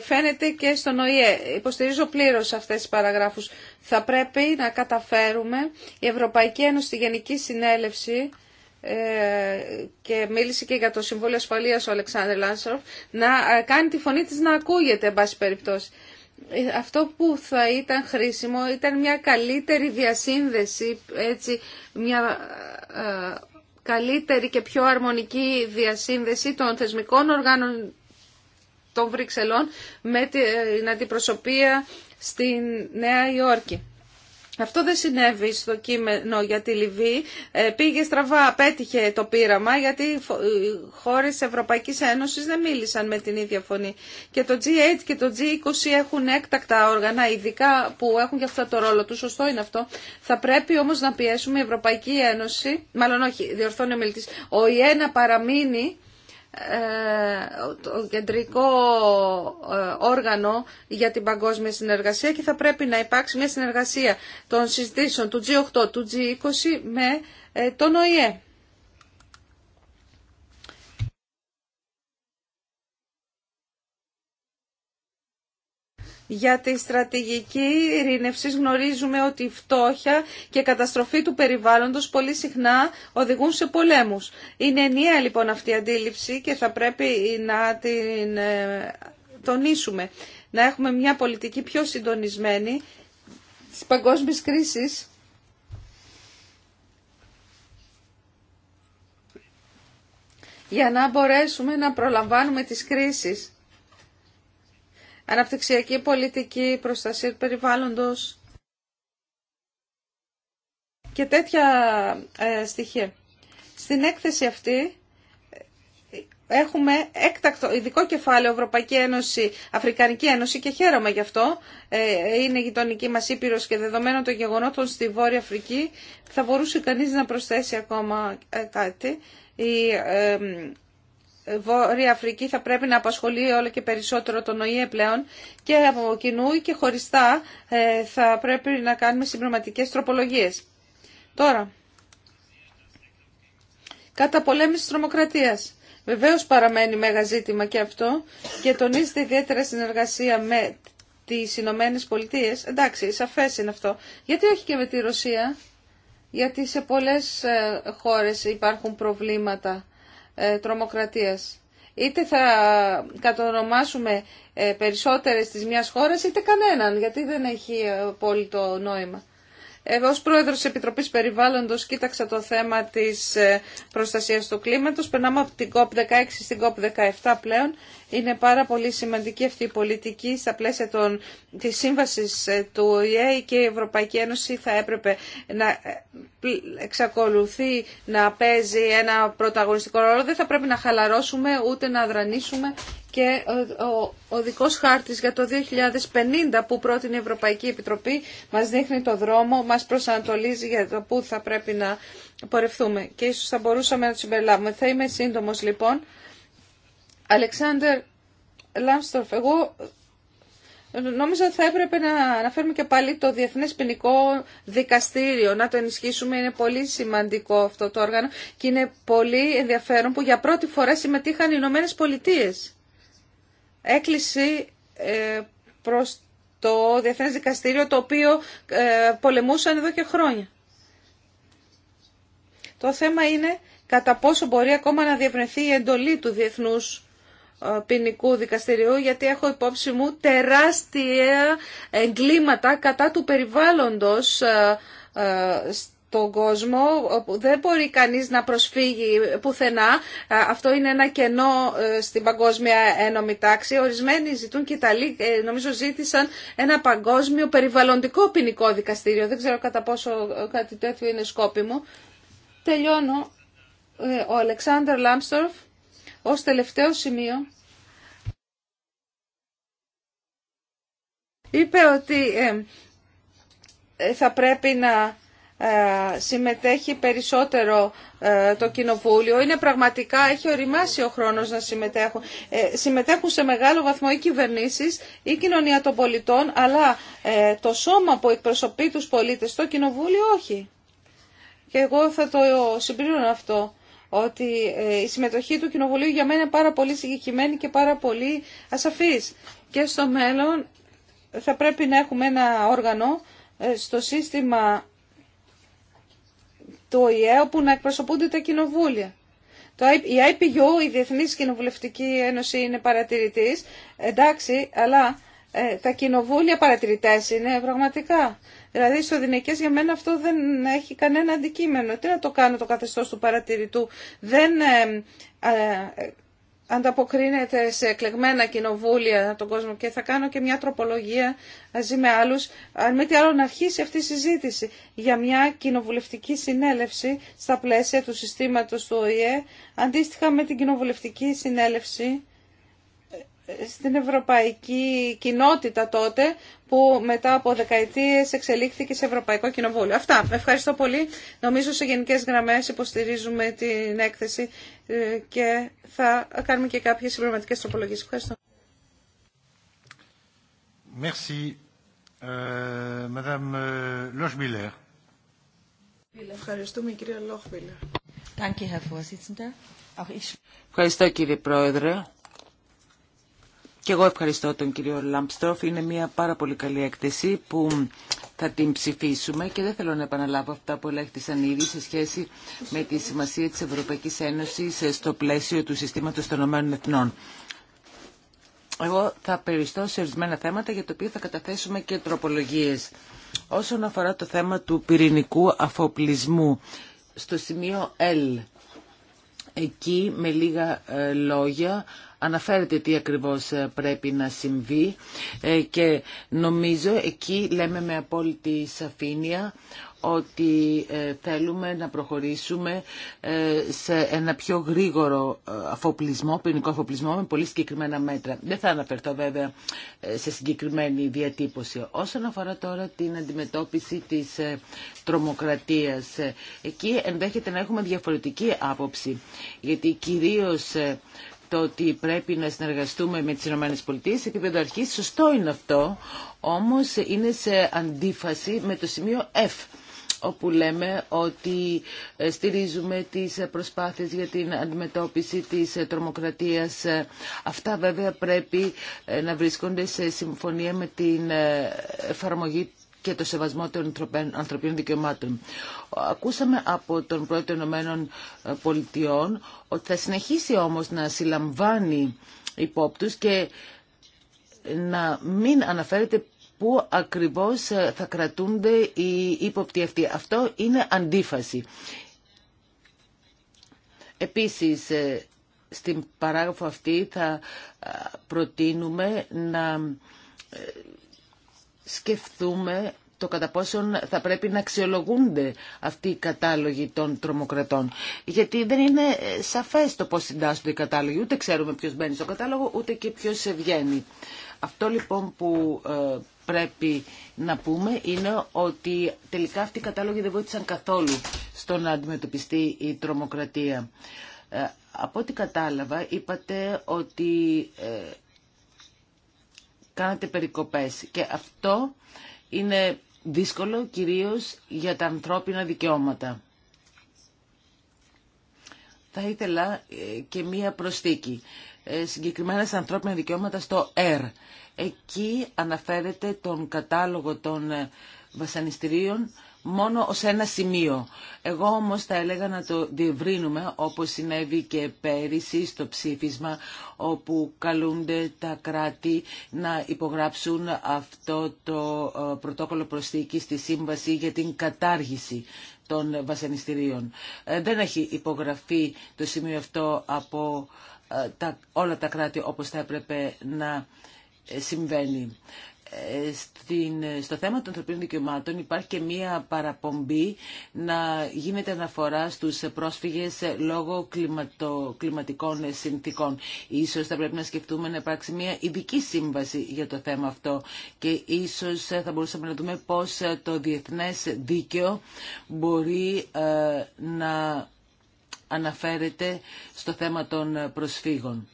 φαίνεται και στον ΟΗΕ. Υποστηρίζω πλήρω αυτές τι παραγράφου. Θα πρέπει να καταφέρουμε η Ευρωπαϊκή Ένωση στη Γενική Συνέλευση ε, και μίλησε και για το Συμβούλιο Ασφαλείας ο Αλεξάνδρ Λάνσορφ να ε, κάνει τη φωνή της να ακούγεται, εν πάση περιπτώσει. Ε, αυτό που θα ήταν χρήσιμο ήταν μια καλύτερη διασύνδεση, έτσι, μια καλύτερη και πιο αρμονική διασύνδεση των θεσμικών οργάνων των Βρυξελών με την αντιπροσωπεία στη Νέα Υόρκη. Αυτό δεν συνέβη στο κείμενο για τη Λιβύη. Ε, πήγε στραβά, απέτυχε το πείραμα γιατί οι ε, χώρε τη Ευρωπαϊκής Ένωσης δεν μίλησαν με την ίδια φωνή. Και το G8 και το G20 έχουν έκτακτα όργανα, ειδικά που έχουν και αυτό το ρόλο του. Σωστό είναι αυτό. Θα πρέπει όμως να πιέσουμε η Ευρωπαϊκή Ένωση, μάλλον όχι, διορθώνει ο μιλητή, ο ΙΕ να παραμείνει ε, το κεντρικό ε, όργανο για την παγκόσμια συνεργασία και θα πρέπει να υπάρξει μια συνεργασία των συζητήσεων του G8, του G20 με ε, τον ΟΗΕ. Για τη στρατηγική ειρήνευση γνωρίζουμε ότι η φτώχεια και η καταστροφή του περιβάλλοντος πολύ συχνά οδηγούν σε πολέμους. Είναι ενιαία λοιπόν αυτή η αντίληψη και θα πρέπει να την ε, τονίσουμε. Να έχουμε μια πολιτική πιο συντονισμένη της παγκόσμιας κρίσης. για να μπορέσουμε να προλαμβάνουμε τις κρίσεις αναπτυξιακή πολιτική, προστασία του περιβάλλοντος και τέτοια ε, στοιχεία. Στην έκθεση αυτή ε, έχουμε έκτακτο ειδικό κεφάλαιο Ευρωπαϊκή Ένωση, Αφρικανική Ένωση και χαίρομαι γι' αυτό. Ε, είναι η γειτονική μας Ήπειρος και δεδομένων των γεγονότων στη Βόρεια Αφρική θα μπορούσε κανείς να προσθέσει ακόμα κάτι. Η Βόρεια Αφρική θα πρέπει να απασχολεί όλο και περισσότερο τον ΟΗΕ πλέον και από κοινού και χωριστά ε, θα πρέπει να κάνουμε συμπληρωματικές τροπολογίες. Τώρα, κατά πολέμηση τρομοκρατίας. Βεβαίως παραμένει μέγα ζήτημα και αυτό και τονίζεται ιδιαίτερα συνεργασία με τις Ηνωμένε Πολιτείε. Εντάξει, σαφές είναι αυτό. Γιατί όχι και με τη Ρωσία, γιατί σε πολλές ε, χώρες υπάρχουν προβλήματα ε, τρομοκρατίας. Είτε θα κατονομάσουμε ε, περισσότερες της μιας χώρας είτε κανέναν, γιατί δεν έχει ε, απόλυτο νόημα. Εγώ ως πρόεδρος της Επιτροπής Περιβάλλοντος κοίταξα το θέμα της προστασίας του κλίματος. Περνάμε από την COP16 στην COP17 πλέον. Είναι πάρα πολύ σημαντική αυτή η πολιτική στα πλαίσια των, της σύμβασης ε, του ΟΗΕ και η Ευρωπαϊκή Ένωση θα έπρεπε να ε, εξακολουθεί να παίζει ένα πρωταγωνιστικό ρόλο. Δεν θα πρέπει να χαλαρώσουμε ούτε να αδρανίσουμε και ο, ο, δικός χάρτης για το 2050 που πρότεινε η Ευρωπαϊκή Επιτροπή μας δείχνει το δρόμο, μας προσανατολίζει για το πού θα πρέπει να πορευθούμε και ίσως θα μπορούσαμε να του συμπεριλάβουμε. Θα είμαι σύντομος λοιπόν. Αλεξάνδρ Λάμστορφ, εγώ νόμιζα ότι θα έπρεπε να αναφέρουμε και πάλι το Διεθνές Ποινικό Δικαστήριο, να το ενισχύσουμε. Είναι πολύ σημαντικό αυτό το όργανο και είναι πολύ ενδιαφέρον που για πρώτη φορά συμμετείχαν οι Ηνωμένε Πολιτείε. Έκλειση ε, προς το Διεθνές Δικαστήριο, το οποίο ε, πολεμούσαν εδώ και χρόνια. Το θέμα είναι κατά πόσο μπορεί ακόμα να διευρυνθεί η εντολή του Διεθνούς ε, ποινικού δικαστηριού γιατί έχω υπόψη μου τεράστια εγκλήματα κατά του περιβάλλοντος ε, ε, στον κόσμο όπου δεν μπορεί κανείς να προσφύγει πουθενά. Αυτό είναι ένα κενό στην παγκόσμια ένωμη τάξη. Ορισμένοι ζητούν και οι Ιταλοί νομίζω ζήτησαν ένα παγκόσμιο περιβαλλοντικό ποινικό δικαστήριο. Δεν ξέρω κατά πόσο κάτι τέτοιο είναι σκόπιμο. Τελειώνω. Ο Αλεξάνδρ ως τελευταίο σημείο, είπε ότι ε, ε, θα πρέπει να ε, συμμετέχει περισσότερο το κοινοβούλιο. Είναι πραγματικά, έχει οριμάσει ο χρόνος να συμμετέχουν. συμμετέχουν σε μεγάλο βαθμό οι κυβερνήσεις, η κοινωνία των πολιτών, αλλά το σώμα που εκπροσωπεί τους πολίτες, το κοινοβούλιο όχι. Και εγώ θα το συμπλήρωνω αυτό ότι ε, η συμμετοχή του Κοινοβουλίου για μένα είναι πάρα πολύ συγκεκριμένη και πάρα πολύ ασαφής. Και στο μέλλον θα πρέπει να έχουμε ένα όργανο ε, στο σύστημα του ΟΗΕ όπου να εκπροσωπούνται τα κοινοβούλια. Το, η IPU, η Διεθνής Κοινοβουλευτική Ένωση, είναι παρατηρητής, εντάξει, αλλά ε, τα κοινοβούλια παρατηρητές είναι πραγματικά. Δηλαδή, ισοδυναικέ για μένα αυτό δεν έχει κανένα αντικείμενο. Τι να το κάνω το καθεστώ του παρατηρητού. Δεν ε, ε, ε, ανταποκρίνεται σε εκλεγμένα κοινοβούλια τον κόσμο και θα κάνω και μια τροπολογία μαζί με άλλους, αν μη τι άλλο να αρχίσει αυτή η συζήτηση για μια κοινοβουλευτική συνέλευση στα πλαίσια του συστήματος του ΟΗΕ, αντίστοιχα με την κοινοβουλευτική συνέλευση στην ευρωπαϊκή κοινότητα τότε που μετά από δεκαετίες εξελίχθηκε σε Ευρωπαϊκό Κοινοβούλιο. Αυτά. Ευχαριστώ πολύ. Νομίζω σε γενικές γραμμές υποστηρίζουμε την έκθεση ε, και θα κάνουμε και κάποιες συμπληρωματικές τροπολογίες. Ευχαριστώ. Merci. Euh, euh, Ευχαριστώ, κύριε Πρόεδρε. Και εγώ ευχαριστώ τον κύριο Λαμπστρόφ. Είναι μια πάρα πολύ καλή έκθεση που θα την ψηφίσουμε και δεν θέλω να επαναλάβω αυτά που ελέγχθησαν ήδη σε σχέση με τη σημασία της Ευρωπαϊκής Ένωσης στο πλαίσιο του συστήματος των ΗΕ. Εθνών. Εγώ θα περιστώ σε ορισμένα θέματα για τα οποία θα καταθέσουμε και τροπολογίες. Όσον αφορά το θέμα του πυρηνικού αφοπλισμού, στο σημείο L, εκεί με λίγα ε, λόγια αναφέρεται τι ακριβώς ε, πρέπει να συμβεί ε, και νομίζω εκεί λέμε με απόλυτη σαφήνεια ότι ε, θέλουμε να προχωρήσουμε σε ένα πιο γρήγορο αφοπλισμό, ποινικό αφοπλισμό με πολύ συγκεκριμένα μέτρα. Δεν θα αναφερθώ βέβαια σε συγκεκριμένη διατύπωση. Όσον αφορά τώρα την αντιμετώπιση της τρομοκρατίας, εκεί ενδέχεται να έχουμε διαφορετική άποψη, γιατί κυρίως το ότι πρέπει να συνεργαστούμε με τις Ηνωμένες Πολιτείες σε επίπεδο αρχή Σωστό είναι αυτό, όμως είναι σε αντίφαση με το σημείο F όπου λέμε ότι ε, στηρίζουμε τις ε, προσπάθειες για την αντιμετώπιση της ε, τρομοκρατίας. Αυτά βέβαια πρέπει να βρίσκονται σε συμφωνία με την εφαρμογή και το σεβασμό των ανθρωπίνων δικαιωμάτων. Ακούσαμε από τον πρόεδρο των Ηνωμένων ε, Πολιτειών ότι θα συνεχίσει όμως να συλλαμβάνει υπόπτους και να μην αναφέρεται πού ακριβώς ε, θα κρατούνται οι ύποπτοι αυτοί. Αυτό είναι αντίφαση. Επίσης, ε, στην παράγραφο αυτή θα προτείνουμε να σκεφτούμε το κατά πόσον θα πρέπει να αξιολογούνται αυτοί οι κατάλογοι των τρομοκρατών. Γιατί δεν είναι ε, σαφές το πώς συντάσσονται οι κατάλογοι. Ούτε ξέρουμε ποιος μπαίνει στο κατάλογο, ούτε και ποιος βγαίνει. Αυτό λοιπόν που ε, πρέπει να πούμε είναι ότι τελικά αυτοί οι κατάλογοι δεν βοήθησαν καθόλου στο να αντιμετωπιστεί η τρομοκρατία. Ε, από ό,τι κατάλαβα είπατε ότι κάνατε περικοπές και αυτό είναι δύσκολο κυρίως για τα ανθρώπινα δικαιώματα. Θα ήθελα ε, και μία προσθήκη. Ε, συγκεκριμένα στα ανθρώπινα δικαιώματα στο ΕΡ. Εκεί αναφέρεται τον κατάλογο των ε, βασανιστήριων μόνο ως ένα σημείο. Εγώ όμως θα έλεγα να το διευρύνουμε όπως συνέβη και πέρυσι στο ψήφισμα όπου καλούνται τα κράτη να υπογράψουν αυτό το ε, πρωτόκολλο προσθήκη στη Σύμβαση για την κατάργηση των βασανιστήριων. Ε, δεν έχει υπογραφεί το σημείο αυτό από ε, όλα τα κράτη όπως θα έπρεπε να συμβαίνει στο θέμα των ανθρωπίνων δικαιωμάτων υπάρχει και μία παραπομπή να γίνεται αναφορά στους πρόσφυγες λόγω κλιματο, κλιματικών συνθήκων. Ίσως θα πρέπει να σκεφτούμε να υπάρξει μία ειδική σύμβαση για το θέμα αυτό και ίσως θα μπορούσαμε να δούμε πώς το διεθνές δίκαιο μπορεί ε, να αναφέρεται στο θέμα των προσφύγων.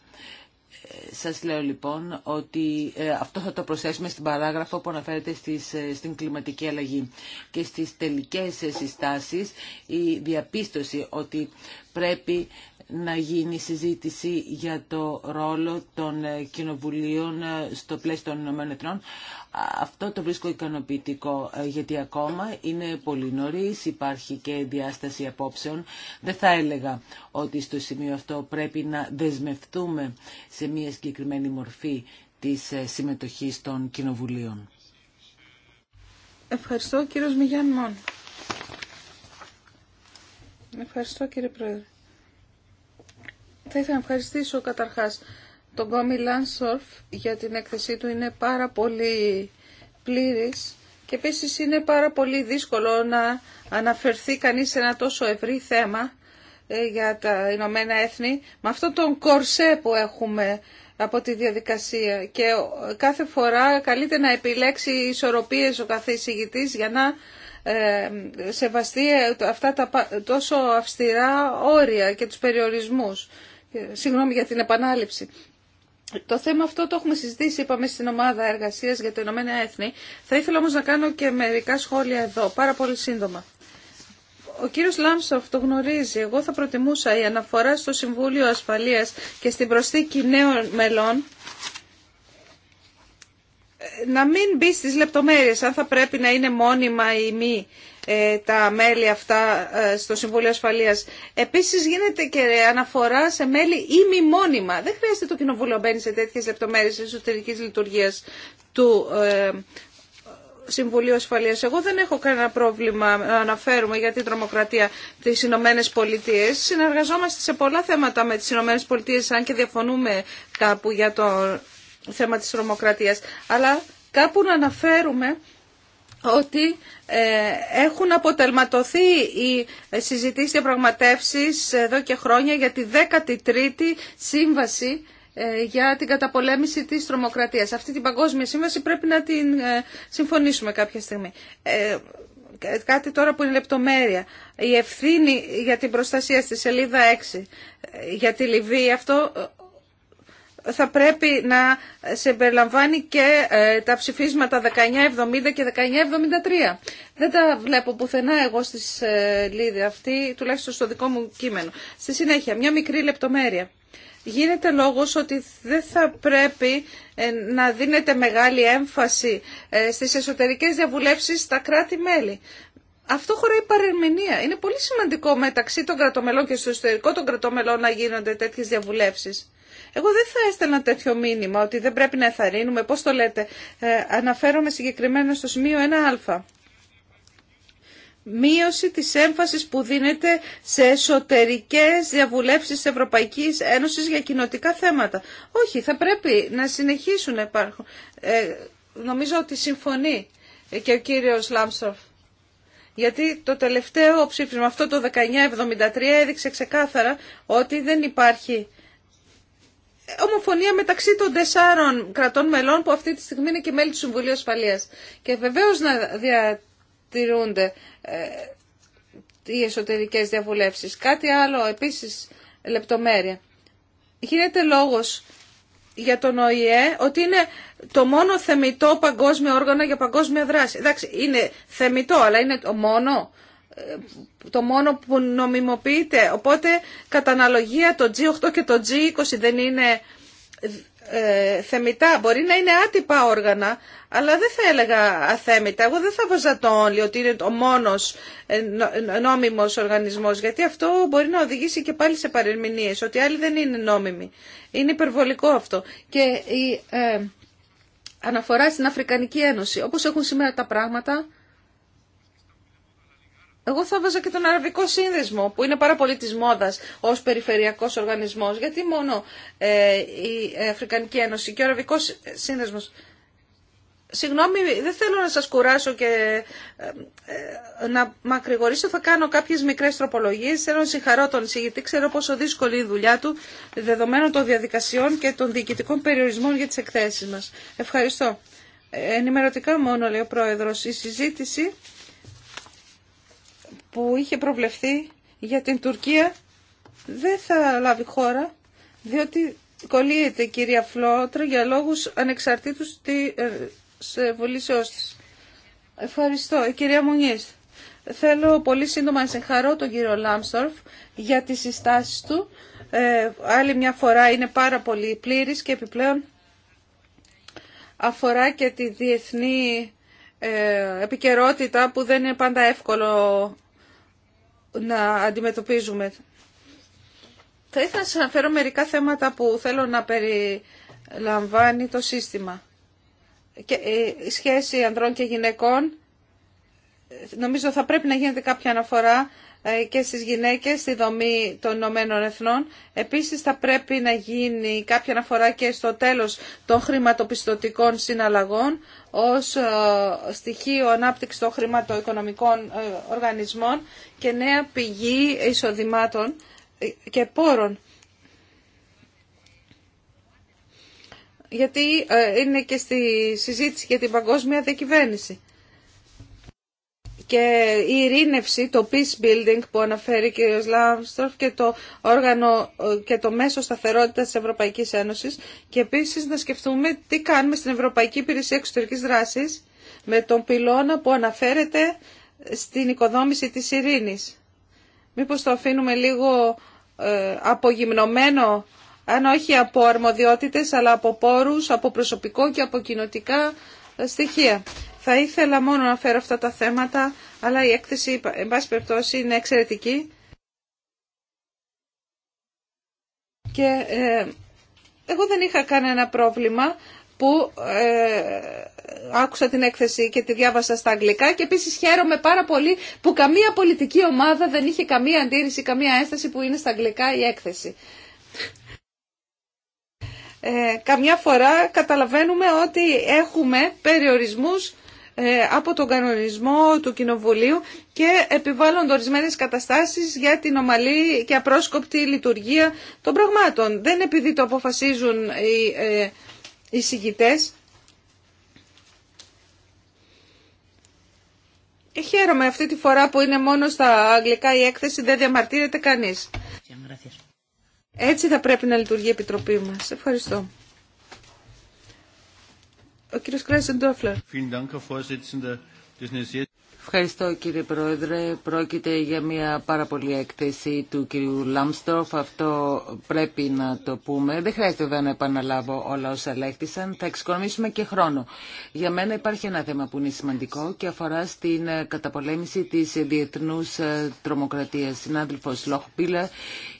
Σας λέω λοιπόν ότι ε, αυτό θα το προσθέσουμε στην παράγραφο που αναφέρεται στις, ε, στην κλιματική αλλαγή και στις τελικές συστάσεις η διαπίστωση ότι πρέπει να γίνει συζήτηση για το ρόλο των ε, κοινοβουλίων ε, στο πλαίσιο των ΗΕ. Αυτό το βρίσκω ικανοποιητικό, ε, γιατί ακόμα είναι πολύ νωρί, υπάρχει και διάσταση απόψεων. Δεν θα έλεγα ότι στο σημείο αυτό πρέπει να δεσμευτούμε σε μια συγκεκριμένη μορφή της συμμετοχής των κοινοβουλίων. Ευχαριστώ κύριος Μιγιάν Μόν. Ευχαριστώ κύριε Πρόεδρε. Θα ήθελα να ευχαριστήσω καταρχάς τον Κόμι Λάνσορφ για την έκθεσή του. Είναι πάρα πολύ πλήρης και επίσης είναι πάρα πολύ δύσκολο να αναφερθεί κανείς σε ένα τόσο ευρύ θέμα ε, για τα Ηνωμένα Έθνη με αυτό τον κορσέ που έχουμε από τη διαδικασία και ε, κάθε φορά καλείται να επιλέξει ισορροπίες ο κάθε εισηγητής για να ε, σεβαστεί αυτά τα τόσο αυστηρά όρια και τους περιορισμούς ε, συγγνώμη για την επανάληψη. Το θέμα αυτό το έχουμε συζητήσει, είπαμε, στην ομάδα εργασίας για το Ηνωμένα Έθνη. Θα ήθελα όμως να κάνω και μερικά σχόλια εδώ, πάρα πολύ σύντομα. Ο κύριος Λάμσοφ το γνωρίζει. Εγώ θα προτιμούσα η αναφορά στο Συμβούλιο Ασφαλείας και στην προσθήκη νέων μελών ε, να μην μπει στις λεπτομέρειες αν θα πρέπει να είναι μόνιμα ή μη ε, τα μέλη αυτά ε, στο Συμβούλιο Ασφαλείας. Επίσης γίνεται και αναφορά σε μέλη ή μη μόνιμα. Δεν χρειάζεται το Κοινοβούλιο μπαίνει σε τέτοιες λεπτομέρειες εσωτερικής λειτουργίας του ε, Συμβουλίου Ασφαλείας. Εγώ δεν έχω κανένα πρόβλημα να αναφέρουμε για την τρομοκρατία της Ηνωμένε Πολιτείε. Συνεργαζόμαστε σε πολλά θέματα με τις Ηνωμένε Πολιτείε, αν και διαφωνούμε κάπου για το θέμα της τρομοκρατίας. Αλλά κάπου να αναφέρουμε ότι ε, έχουν αποτελματωθεί οι συζητήσεις και πραγματεύσεις εδώ και χρόνια για τη 13η σύμβαση ε, για την καταπολέμηση της τρομοκρατίας. Αυτή την παγκόσμια σύμβαση πρέπει να την ε, συμφωνήσουμε κάποια στιγμή. Κάτι τώρα που είναι λεπτομέρεια. Η ευθύνη για την προστασία στη σελίδα 6 για τη Λιβύη αυτό θα πρέπει να συμπεριλαμβάνει και ε, τα ψηφίσματα 1970 και 1973. Δεν τα βλέπω πουθενά εγώ στη σελίδα αυτή, τουλάχιστον στο δικό μου κείμενο. Στη συνέχεια, μια μικρή λεπτομέρεια. Γίνεται λόγος ότι δεν θα πρέπει ε, να δίνεται μεγάλη έμφαση ε, στις εσωτερικές διαβουλεύσεις στα κράτη-μέλη. Αυτό χωράει παρερμηνία. Είναι πολύ σημαντικό μεταξύ των κρατομελών και στο εσωτερικό των κρατομελών να γίνονται τέτοιες διαβουλεύσεις. Εγώ δεν θα έστελνα τέτοιο μήνυμα ότι δεν πρέπει να εθαρρύνουμε. Πώς το λέτε. Ε, αναφέρομαι συγκεκριμένα στο σημείο 1α. Μείωση της έμφασης που δίνεται σε εσωτερικές διαβουλεύσεις της Ευρωπαϊκής Ένωσης για κοινοτικά θέματα. Όχι, θα πρέπει να συνεχίσουν να υπάρχουν. Ε, νομίζω ότι συμφωνεί και ο κύριος Λάμστροφ. Γιατί το τελευταίο ψήφισμα, αυτό το 1973, έδειξε ξεκάθαρα ότι δεν υπάρχει ομοφωνία μεταξύ των τεσσάρων κρατών μελών που αυτή τη στιγμή είναι και μέλη του Συμβουλίου Ασφαλείας. Και βεβαίως να διατηρούνται ε, οι εσωτερικές διαβουλεύσεις. Κάτι άλλο επίσης λεπτομέρεια. Γίνεται λόγος για τον ΟΗΕ ότι είναι το μόνο θεμητό παγκόσμιο όργανο για παγκόσμια δράση. Εντάξει, είναι θεμητό, αλλά είναι το μόνο το μόνο που νομιμοποιείται. Οπότε κατά αναλογία το G8 και το G20 δεν είναι ε, θεμητά. Μπορεί να είναι άτυπα όργανα, αλλά δεν θα έλεγα αθέμητα. Εγώ δεν θα βάζα το όλοι ότι είναι ο μόνος ε, ε, νόμιμος οργανισμός, γιατί αυτό μπορεί να οδηγήσει και πάλι σε παρερμηνίες, ότι άλλοι δεν είναι νόμιμοι. Είναι υπερβολικό αυτό. Και η ε, αναφορά στην Αφρικανική Ένωση, όπως έχουν σήμερα τα πράγματα, εγώ θα βάζα και τον Αραβικό Σύνδεσμο, που είναι πάρα πολύ της μόδας ως περιφερειακός οργανισμός. Γιατί μόνο ε, η Αφρικανική Ένωση και ο Αραβικός Σύνδεσμος. Συγγνώμη, δεν θέλω να σας κουράσω και ε, ε, να μακρηγορήσω. Θα κάνω κάποιες μικρές τροπολογίες. Θέλω να συγχαρώ τον εισηγητή. Ξέρω πόσο δύσκολη η δουλειά του, δεδομένων των διαδικασιών και των διοικητικών περιορισμών για τις εκθέσεις μας. Ευχαριστώ. Ε, ενημερωτικά μόνο, λέει ο Πρόεδρο. η συζήτηση που είχε προβλεφθεί για την Τουρκία δεν θα λάβει χώρα, διότι κολλείεται η κυρία Φλότρο για λόγους ανεξαρτήτους της ε, βολήσεώς της. Ευχαριστώ. Η ε, κυρία Μουνιές. Θέλω πολύ σύντομα να συγχαρώ τον κύριο Λάμστορφ για τις συστάσεις του. Ε, άλλη μια φορά είναι πάρα πολύ πλήρης και επιπλέον αφορά και τη διεθνή ε, επικαιρότητα που δεν είναι πάντα εύκολο να αντιμετωπίζουμε. Θα ήθελα να σας αναφέρω μερικά θέματα που θέλω να περιλαμβάνει το σύστημα. Και ε, η σχέση ανδρών και γυναικών, νομίζω θα πρέπει να γίνεται κάποια αναφορά ε, και στις γυναίκες στη δομή των Ηνωμένων Εθνών. Επίσης θα πρέπει να γίνει κάποια αναφορά και στο τέλος των χρηματοπιστωτικών συναλλαγών ως ε, στοιχείο ανάπτυξη των χρηματοοικονομικών ε, οργανισμών και νέα πηγή εισοδημάτων και πόρων. Γιατί είναι και στη συζήτηση για την παγκόσμια διακυβέρνηση και η ειρήνευση, το peace building που αναφέρει και ο Σλάμστροφ και το όργανο και το μέσο σταθερότητας της Ευρωπαϊκής Ένωσης και επίσης να σκεφτούμε τι κάνουμε στην Ευρωπαϊκή Υπηρεσία Εξωτερικής Δράσης με τον πυλώνα που αναφέρεται στην οικοδόμηση της ειρήνης. Μήπως το αφήνουμε λίγο ε, απογυμνωμένο, αν όχι από αρμοδιότητες, αλλά από πόρους, από προσωπικό και από κοινοτικά ε, στοιχεία. Θα ήθελα μόνο να φέρω αυτά τα θέματα, αλλά η έκθεση, εν πάση περιπτώσει, είναι εξαιρετική. Και ε, εγώ δεν είχα κανένα πρόβλημα που ε, άκουσα την έκθεση και τη διάβασα στα αγγλικά και επίσης χαίρομαι πάρα πολύ που καμία πολιτική ομάδα δεν είχε καμία αντίρρηση, καμία ένσταση που είναι στα αγγλικά η έκθεση. Ε, καμιά φορά καταλαβαίνουμε ότι έχουμε περιορισμούς ε, από τον κανονισμό του Κοινοβουλίου και επιβάλλονται ορισμένε καταστάσεις για την ομαλή και απρόσκοπτη λειτουργία των πραγμάτων. Δεν επειδή το αποφασίζουν οι εισηγητές. Χαίρομαι αυτή τη φορά που είναι μόνο στα αγγλικά η έκθεση, δεν διαμαρτύρεται κανείς. Έτσι θα πρέπει να λειτουργεί η Επιτροπή μας. Ευχαριστώ. Ο Ευχαριστώ κύριε Πρόεδρε. Πρόκειται για μια πάρα πολύ έκθεση του κυρίου Λάμστροφ. Αυτό πρέπει να το πούμε. Δεν χρειάζεται βέβαια να επαναλάβω όλα όσα λέχτησαν. Θα εξοικονομήσουμε και χρόνο. Για μένα υπάρχει ένα θέμα που είναι σημαντικό και αφορά στην καταπολέμηση της διεθνούς ε, τρομοκρατίας. συνάδελφο Λόχπίλα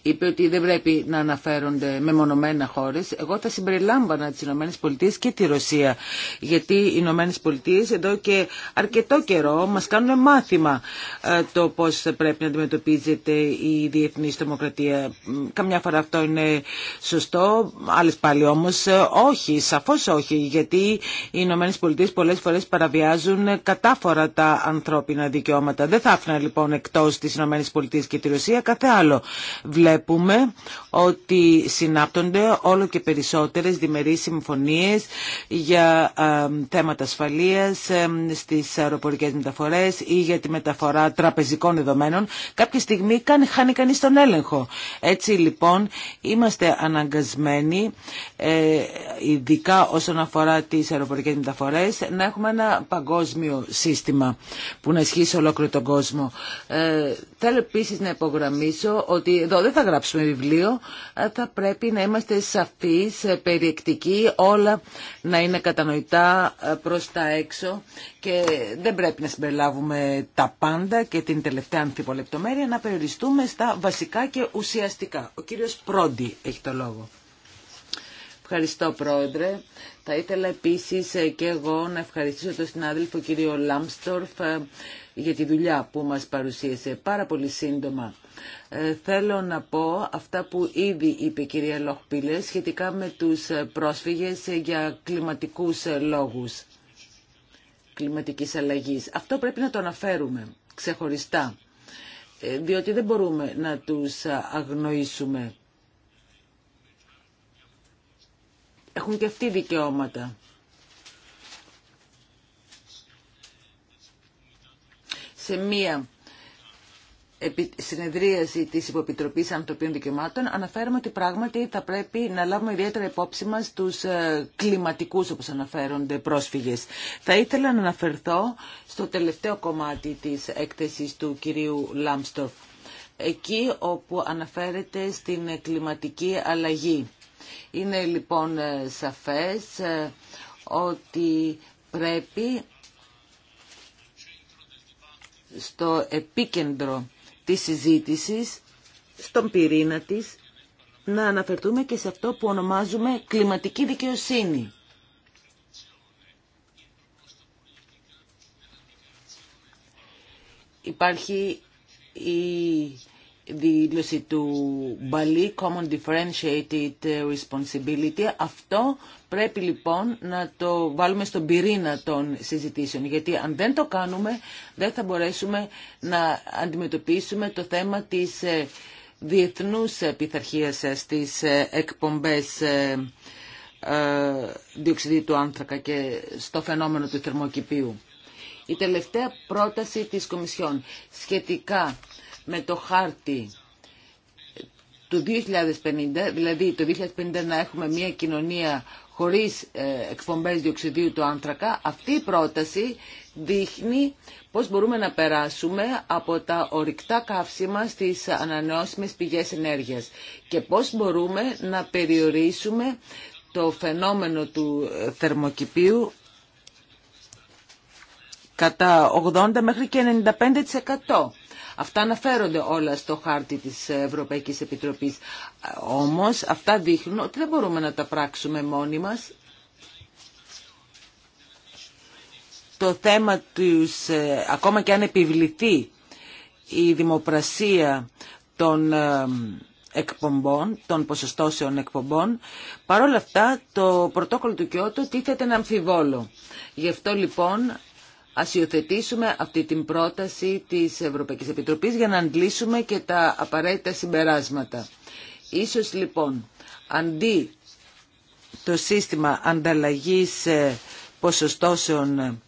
είπε ότι δεν πρέπει να αναφέρονται μεμονωμένα χώρες. Εγώ θα συμπεριλάμβανα τις Ηνωμένες Πολιτείες και τη Ρωσία. Γιατί οι Ηνωμένες Πολιτείες εδώ και αρκετό καιρό μας κάνουν μάθημα ε, το πώς πρέπει να αντιμετωπίζεται η διεθνή δημοκρατία. Καμιά φορά αυτό είναι σωστό, άλλες πάλι όμως ε, όχι, σαφώς όχι. Γιατί οι Ηνωμένες Πολιτείες πολλές φορές παραβιάζουν κατάφορα τα ανθρώπινα δικαιώματα. Δεν θα άφηνα λοιπόν εκτός τις Ηνωμένες Πολιτείες και τη Ρωσία κάθε άλλο. Βλέπω βλέπουμε ότι συνάπτονται όλο και περισσότερες διμερείς συμφωνίες για ε, θέματα ασφαλείας ε, στις αεροπορικές μεταφορές ή για τη μεταφορά τραπεζικών δεδομένων. Κάποια στιγμή κάνει χάνει κανείς τον έλεγχο. Έτσι λοιπόν είμαστε αναγκασμένοι, ε, ειδικά όσον αφορά τις αεροπορικές μεταφορές, να έχουμε ένα παγκόσμιο σύστημα που να ισχύσει ολόκληρο τον κόσμο. Θέλω επίσης να υπογραμμίσω ότι εδώ δεν θα γράψουμε βιβλίο, θα πρέπει να είμαστε σαφείς, ε, περιεκτικοί, όλα να είναι κατανοητά ε, προς τα έξω και δεν πρέπει να συμπεριλάβουμε τα πάντα και την τελευταία ανθιπολεπτομέρεια, να περιοριστούμε στα βασικά και ουσιαστικά. Ο κύριος Πρόντι έχει το λόγο. Ευχαριστώ πρόεδρε. Θα ήθελα επίσης ε, και εγώ να ευχαριστήσω τον συνάδελφο κύριο Λάμστορφ για τη δουλειά που μας παρουσίασε πάρα πολύ σύντομα. Ε, θέλω να πω αυτά που ήδη είπε η κυρία Λοχπίλε σχετικά με τους πρόσφυγες για κλιματικούς λόγους κλιματικής αλλαγής. Αυτό πρέπει να το αναφέρουμε ξεχωριστά, ε, διότι δεν μπορούμε να τους αγνοήσουμε. Έχουν και αυτοί δικαιώματα. σε μία συνεδρίαση της υποπιτροπή Ανθρωπίνων Δικαιωμάτων αναφέρομαι ότι πράγματι θα πρέπει να λάβουμε ιδιαίτερα υπόψη μας τους ε, κλιματικούς όπως αναφέρονται πρόσφυγες. Θα ήθελα να αναφερθώ στο τελευταίο κομμάτι της έκθεσης του κυρίου Λάμστορφ εκεί όπου αναφέρεται στην κλιματική αλλαγή. Είναι λοιπόν ε, σαφές ε, ότι πρέπει στο επίκεντρο της συζήτησης, στον πυρήνα της, να αναφερθούμε και σε αυτό που ονομάζουμε κλιματική δικαιοσύνη. Υπάρχει η δήλωση του Μπαλή Common Differentiated ε, Responsibility. Αυτό πρέπει λοιπόν να το βάλουμε στον πυρήνα των συζητήσεων, γιατί αν δεν το κάνουμε δεν θα μπορέσουμε να αντιμετωπίσουμε το θέμα της ε, διεθνούς πειθαρχίας ε, στις εκπομπές διοξιδίου του άνθρακα και στο φαινόμενο του θερμοκηπίου. Η τελευταία πρόταση της Κομισιόν σχετικά με το χάρτη του 2050, δηλαδή το 2050 να έχουμε μια κοινωνία χωρίς ε, εκπομπές διοξιδίου του άνθρακα, αυτή η πρόταση δείχνει πώς μπορούμε να περάσουμε από τα ορυκτά καύσιμα στις ανανεώσιμες πηγές ενέργειας και πώς μπορούμε να περιορίσουμε το φαινόμενο του ε, θερμοκηπίου κατά 80 μέχρι και 95%. Αυτά αναφέρονται όλα στο χάρτη της Ευρωπαϊκής Επιτροπής. Όμως αυτά δείχνουν ότι δεν μπορούμε να τα πράξουμε μόνοι μας. Το θέμα τους, ε, ακόμα και αν επιβληθεί η δημοπρασία των ε, εκπομπών, των ποσοστώσεων εκπομπών. παρόλα αυτά το πρωτόκολλο του Κιώτο τίθεται να αμφιβόλο. Γι' αυτό λοιπόν ας υιοθετήσουμε αυτή την πρόταση της Ευρωπαϊκής Επιτροπής για να αντλήσουμε και τα απαραίτητα συμπεράσματα. Ίσως λοιπόν, αντί το σύστημα ανταλλαγής ε, ποσοστώσεων ε,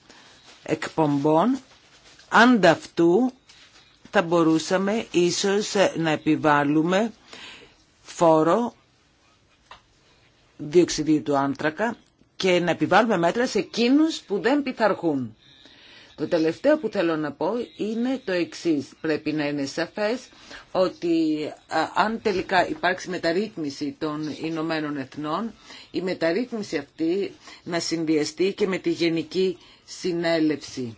εκπομπών, ανταυτού θα μπορούσαμε ίσως ε, να επιβάλλουμε φόρο διοξιδίου του άνθρακα και να επιβάλλουμε μέτρα σε εκείνους που δεν πειθαρχούν. Το τελευταίο που θέλω να πω είναι το εξής. Πρέπει να είναι σαφές ότι αν τελικά υπάρξει μεταρρύθμιση των Ηνωμένων Εθνών, η μεταρρύθμιση αυτή να συνδυαστεί και με τη Γενική Συνέλευση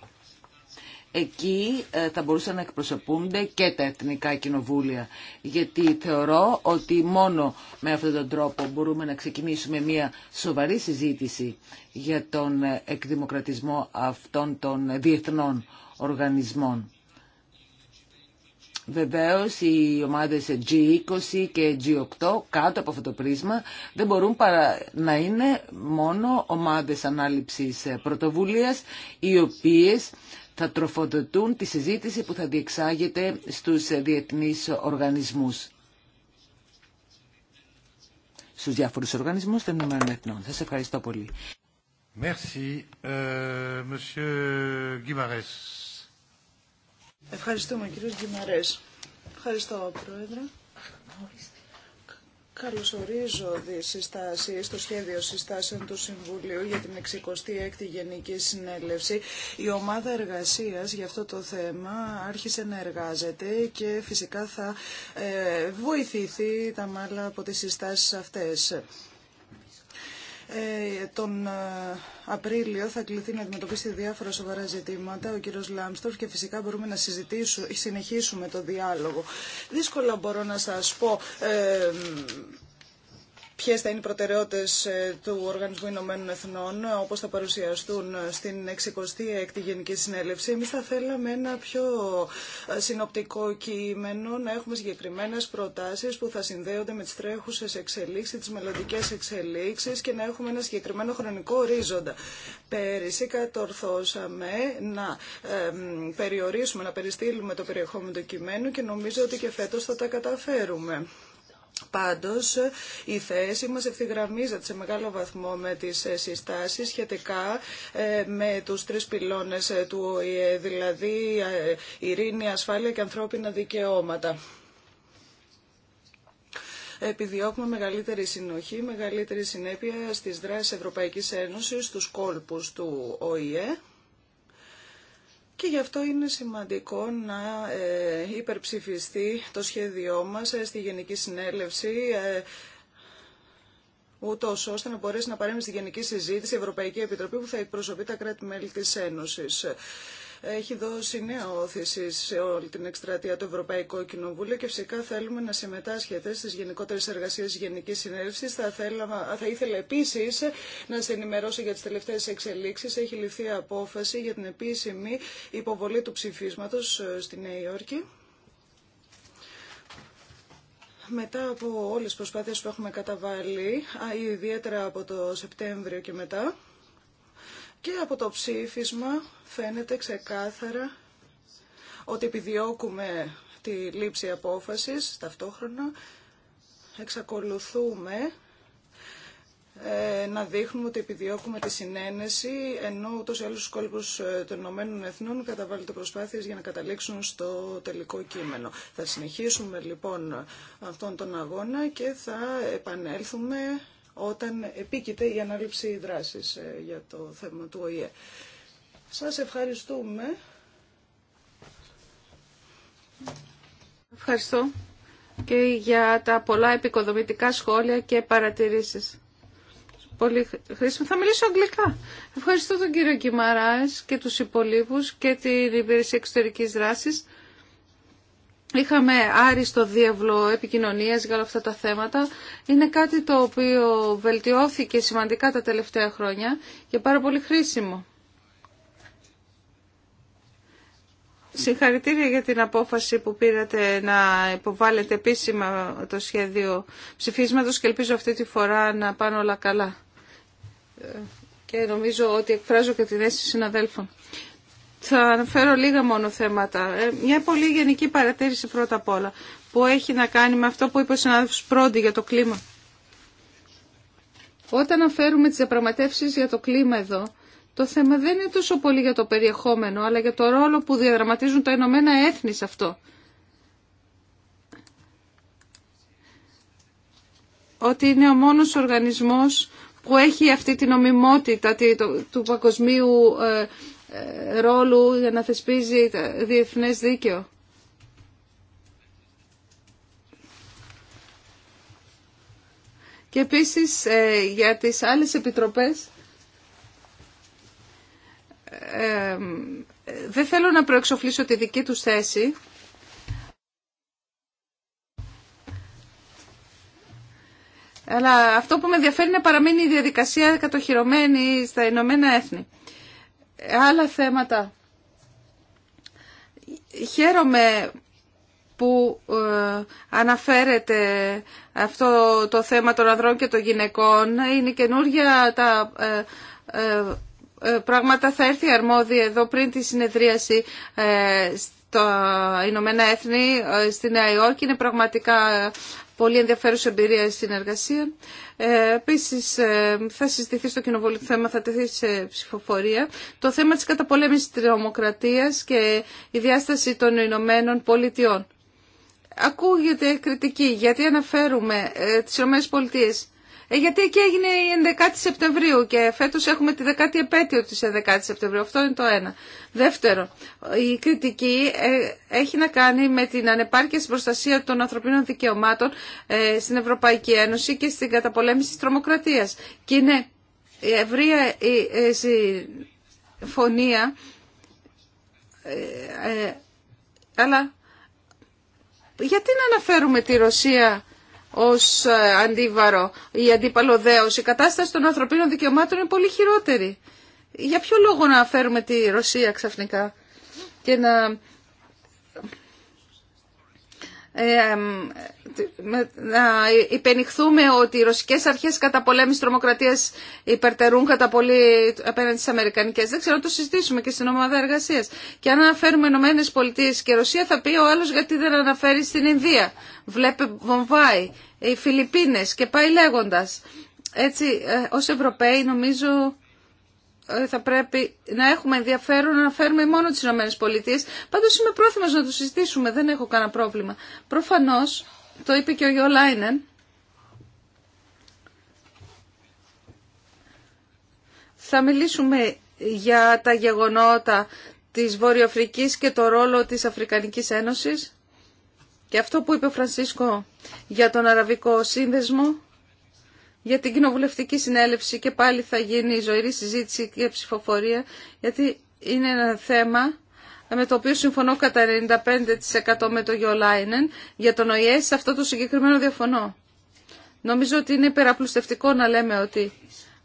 εκεί ε, θα μπορούσαν να εκπροσωπούνται και τα εθνικά κοινοβούλια. Γιατί θεωρώ ότι μόνο με αυτόν τον τρόπο μπορούμε να ξεκινήσουμε μια σοβαρή συζήτηση για τον ε, εκδημοκρατισμό αυτών των διεθνών οργανισμών. Βεβαίως οι ομάδες G20 και G8 κάτω από αυτό το πρίσμα δεν μπορούν παρά να είναι μόνο ομάδες ανάληψης ε, πρωτοβουλίας οι οποίες θα τροφοδοτούν τη συζήτηση που θα διεξάγεται στους διεθνείς οργανισμούς. Στους διάφορους οργανισμούς των Ηνωμένων Εθνών. Σας ευχαριστώ πολύ. Merci, euh, monsieur Ευχαριστούμε κύριε Γκυμαρές. Ευχαριστώ πρόεδρε. Καλωσορίζω τη συστάση στο σχέδιο συστάσεων του Συμβουλίου για την 66η Γενική Συνέλευση. Η ομάδα εργασίας για αυτό το θέμα άρχισε να εργάζεται και φυσικά θα ε, βοηθηθεί τα μάλλα από τις συστάσεις αυτές. Ε, τον ε, Απρίλιο θα κληθεί να αντιμετωπίσει διάφορα σοβαρά ζητήματα ο κύριος Λάμστορφ και φυσικά μπορούμε να συζητήσουμε, συνεχίσουμε το διάλογο. Δύσκολα μπορώ να σας πω ε, Ποιε θα είναι οι προτεραιότητε ε, του Οργανισμού Ηνωμένων Εθνών, ε, όπως θα παρουσιαστούν ε, στην 66η Γενική Συνέλευση. Εμεί θα θέλαμε ένα πιο συνοπτικό κείμενο, να έχουμε συγκεκριμένε προτάσει που θα συνδέονται με τι τρέχουσε εξελίξει, τι μελλοντικέ εξελίξει και να έχουμε ένα συγκεκριμένο χρονικό ορίζοντα. Πέρυσι κατορθώσαμε να περιορίσουμε, να περιστήλουμε το περιεχόμενο του κειμένου και νομίζω ότι και φέτος θα τα καταφέρουμε. Πάντως, η θέση μας ευθυγραμμίζεται σε μεγάλο βαθμό με τις συστάσεις σχετικά ε, με τους τρεις πυλώνες ε, του ΟΗΕ, δηλαδή ε, ειρήνη, ασφάλεια και ανθρώπινα δικαιώματα επιδιώκουμε μεγαλύτερη συνοχή, μεγαλύτερη συνέπεια στις δράσεις Ευρωπαϊκής Ένωσης, στους κόλπους του ΟΗΕ. Και γι' αυτό είναι σημαντικό να ε, υπερψηφιστεί το σχέδιό μας ε, στη Γενική Συνέλευση ε, ούτω ώστε να μπορέσει να παρέμει στη γενική συζήτηση η Ευρωπαϊκή Επιτροπή που θα εκπροσωπεί τα κράτη-μέλη της Ένωσης έχει δώσει νέα όθηση σε όλη την εκστρατεία του Ευρωπαϊκού Κοινοβούλιο και φυσικά θέλουμε να συμμετάσχετε στις γενικότερε εργασίες τη Γενικής Συνέλευση. Θα, θα ήθελα επίσης να σε ενημερώσω για τις τελευταίες εξελίξεις. Έχει ληφθεί απόφαση για την επίσημη υποβολή του ψηφίσματος ε, στη Νέα Υόρκη μετά από όλες τις προσπάθειες που έχουμε καταβάλει, ιδιαίτερα από το Σεπτέμβριο και μετά, και από το ψήφισμα φαίνεται ξεκάθαρα ότι επιδιώκουμε τη λήψη απόφασης ταυτόχρονα εξακολουθούμε ε, να δείχνουμε ότι επιδιώκουμε τη συνένεση, ενώ ούτως ή άλλω τους κόλπους ε, των Ηνωμένων Εθνών καταβάλλονται προσπάθειες για να καταλήξουν στο τελικό κείμενο. Θα συνεχίσουμε λοιπόν αυτόν τον αγώνα και θα επανέλθουμε όταν επίκειται η ανάληψη δράσης ε, για το θέμα του ΟΗΕ. Σας ευχαριστούμε. Ευχαριστώ και για τα πολλά επικοδομητικά σχόλια και παρατηρήσεις. Πολύ χρήσιμο. Θα μιλήσω αγγλικά. Ευχαριστώ τον κύριο Κιμαράες και τους υπολείπους και την Υπηρεσία Εξωτερικής Δράσης Είχαμε άριστο διεύλο επικοινωνίας για όλα αυτά τα θέματα. Είναι κάτι το οποίο βελτιώθηκε σημαντικά τα τελευταία χρόνια και πάρα πολύ χρήσιμο. Συγχαρητήρια για την απόφαση που πήρατε να υποβάλλετε επίσημα το σχέδιο ψηφίσματος και ελπίζω αυτή τη φορά να πάνε όλα καλά. Ε, και νομίζω ότι εκφράζω και την αίσθηση συναδέλφων. Θα αναφέρω λίγα μόνο θέματα. Ε, μια πολύ γενική παρατήρηση πρώτα απ' όλα που έχει να κάνει με αυτό που είπε ο συνάδελφος πρώτη για το κλίμα. Όταν αναφέρουμε τις διαπραγματεύσεις για το κλίμα εδώ, το θέμα δεν είναι τόσο πολύ για το περιεχόμενο, αλλά για το ρόλο που διαδραματίζουν τα Ηνωμένα Έθνη σε αυτό. Ότι είναι ο μόνος οργανισμός που έχει αυτή την ομιμότητα του παγκοσμίου ε, ε, ρόλου για να θεσπίζει διεθνές δίκαιο. Και επίσης ε, για τις άλλες επιτροπές ε, δεν θέλω να προεξοφλήσω τη δική τους θέση. Αλλά αυτό που με ενδιαφέρει είναι να παραμείνει η διαδικασία κατοχυρωμένη στα Ηνωμένα Έθνη άλλα θέματα. Χαίρομαι που ε, αναφέρεται αυτό το θέμα των ανδρών και των γυναικών. Είναι καινούργια τα ε, ε, πράγματα. Θα έρθει αρμόδια εδώ πριν τη συνεδρίαση στα Ηνωμένα Έθνη, στη Νέα Υόρκη. Είναι πραγματικά πολύ ενδιαφέρουσα εμπειρία συνεργασία. Ε, Επίση, ε, θα συζητηθεί στο κοινοβούλιο θέμα, θα τεθεί σε ψηφοφορία. Το θέμα τη καταπολέμηση τρομοκρατία και η διάσταση των Ηνωμένων Πολιτειών. Ακούγεται κριτική γιατί αναφέρουμε ε, τις Ηνωμένες ε, γιατί εκεί έγινε η 11η Σεπτεμβρίου και φέτος έχουμε τη 10η επέτειο της 11η Σεπτεμβρίου. Αυτό είναι το ένα. Δεύτερο, η κριτική ε, έχει να κάνει με την ανεπάρκεια στην προστασία των ανθρωπίνων δικαιωμάτων ε, στην Ευρωπαϊκή Ένωση και στην καταπολέμηση της τρομοκρατίας. Και είναι ευρεία η ε, αλλά γιατί να αναφέρουμε τη Ρωσία ως ε, αντίβαρο ή αντιπαλωδέως. Η αντίπαλο, η κατασταση των ανθρωπίνων δικαιωμάτων είναι πολύ χειρότερη. Για ποιο λόγο να φέρουμε τη Ρωσία ξαφνικά και να να υπενηχθούμε ότι οι ρωσικές αρχές κατά πολέμης τρομοκρατίας υπερτερούν κατά πολύ απέναντι στις αμερικανικές. Δεν ξέρω το συζητήσουμε και στην ομάδα εργασίας. Και αν αναφέρουμε Ηνωμένε Πολιτείε και Ρωσία θα πει ο άλλος γιατί δεν αναφέρει στην Ινδία. Βλέπει Βομβάη, οι Φιλιππίνες και πάει λέγοντας. Έτσι, ε, ως Ευρωπαίοι νομίζω ε, θα πρέπει να έχουμε ενδιαφέρον να φέρουμε μόνο τις Ηνωμένες Πολιτείες. Πάντως είμαι πρόθυμος να το συζητήσουμε, δεν έχω κανένα πρόβλημα. Προφανώς, το είπε και ο Γιώ Λάινεν, θα μιλήσουμε για τα γεγονότα της Βορειοαφρικής και το ρόλο της Αφρικανικής Ένωσης. Και αυτό που είπε ο Φρανσίσκο για τον Αραβικό Σύνδεσμο για την κοινοβουλευτική συνέλευση και πάλι θα γίνει ζωηρή συζήτηση και ψηφοφορία, γιατί είναι ένα θέμα με το οποίο συμφωνώ κατά 95% με το Γιολάινεν, για τον ΟΗΕ σε αυτό το συγκεκριμένο διαφωνώ. Νομίζω ότι είναι υπεραπλουστευτικό να λέμε ότι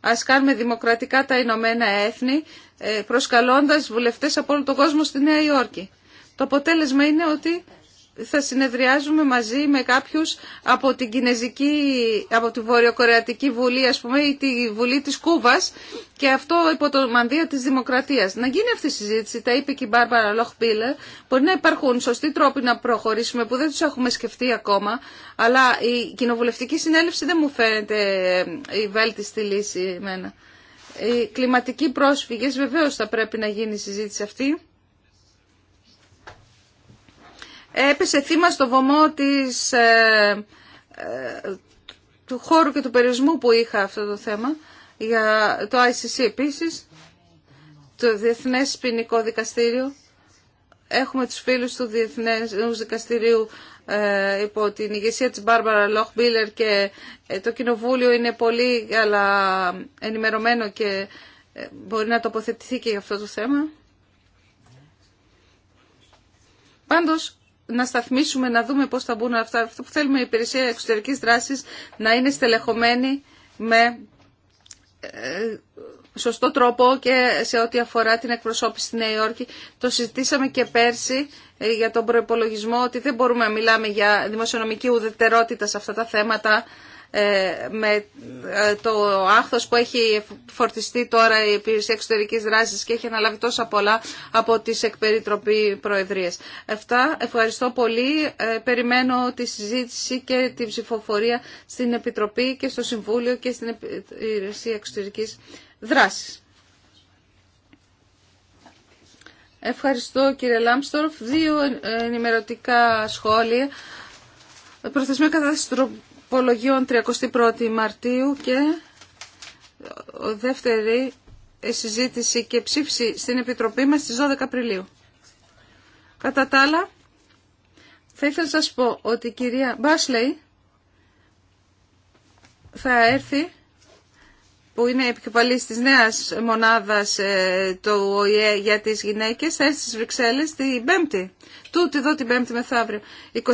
ας κάνουμε δημοκρατικά τα Ηνωμένα Έθνη, ε, προσκαλώντας βουλευτές από όλο τον κόσμο στη Νέα Υόρκη. Το αποτέλεσμα είναι ότι θα συνεδριάζουμε μαζί με κάποιους από την Κινέζικη, από τη Βορειοκορεατική Βουλή ας πούμε ή τη Βουλή της Κούβας και αυτό υπό το μανδύα της Δημοκρατίας. Να γίνει αυτή η συζήτηση, τα είπε και η Μπάρμπαρα Πίλερ. μπορεί να υπάρχουν σωστοί τρόποι να προχωρήσουμε που δεν τους έχουμε σκεφτεί ακόμα, αλλά η κοινοβουλευτική συνέλευση δεν μου φαίνεται ε, η βέλτιστη λύση εμένα. Οι κλιματικοί πρόσφυγες βεβαίως θα πρέπει να γίνει η συζήτηση αυτή έπεσε θύμα στο βωμό της, ε, ε, του χώρου και του περιορισμού που είχα αυτό το θέμα για το ICC επίσης το Διεθνές Ποινικό Δικαστήριο έχουμε τους φίλους του Διεθνούς Δικαστηρίου ε, υπό την ηγεσία της Μπάρμπαρα Μπίλερ και ε, το Κοινοβούλιο είναι πολύ αλλά ενημερωμένο και μπορεί να τοποθετηθεί και για αυτό το θέμα. Πάντως, να σταθμίσουμε, να δούμε πώς θα μπουν αυτά. Αυτό που θέλουμε η υπηρεσία εξωτερικής δράσης να είναι στελεχωμένη με ε, σωστό τρόπο και σε ό,τι αφορά την εκπροσώπηση στη Νέα Υόρκη. Το συζητήσαμε και πέρσι ε, για τον προπολογισμό ότι δεν μπορούμε να μιλάμε για δημοσιονομική ουδετερότητα σε αυτά τα θέματα ε, με ε, το άχθος που έχει φορτιστεί τώρα η υπηρεσία εξωτερικής δράσης και έχει αναλάβει τόσα πολλά από τις εκπεριτροπή προεδρίες. Αυτά ευχαριστώ πολύ. Ε, περιμένω τη συζήτηση και τη ψηφοφορία στην Επιτροπή και στο Συμβούλιο και στην υπηρεσία εξωτερικής δράσης. Ευχαριστώ κύριε Λάμπστορφ. Δύο ενημερωτικά σχόλια. Προθεσμία κατάσταση απολογιων 31 31η Μαρτίου και δεύτερη ε, συζήτηση και ψήφιση στην Επιτροπή μας στις 12 Απριλίου. Κατά τα άλλα, θα ήθελα να σας πω ότι η κυρία Μπάσλεϊ θα έρθει που είναι επικεφαλής της νέας μονάδας ε, του ΟΗΕ για τι γυναίκε, θα έρθει στις Βρυξέλλες την Πέμπτη. Τούτη εδώ την Πέμπτη μεθαύριο, 24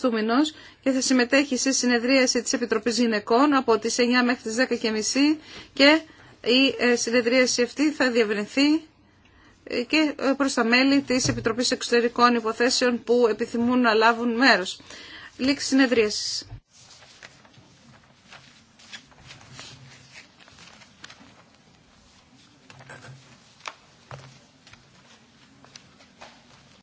του μηνό και θα συμμετέχει σε συνεδρίαση τη Επιτροπή Γυναικών από τι 9 μέχρι τι 10.30 και η ε, συνεδρίαση αυτή θα διευρυνθεί ε, και προς τα μέλη της Επιτροπής Εξωτερικών Υποθέσεων που επιθυμούν να λάβουν μέρος. Λήξη συνεδρίασης.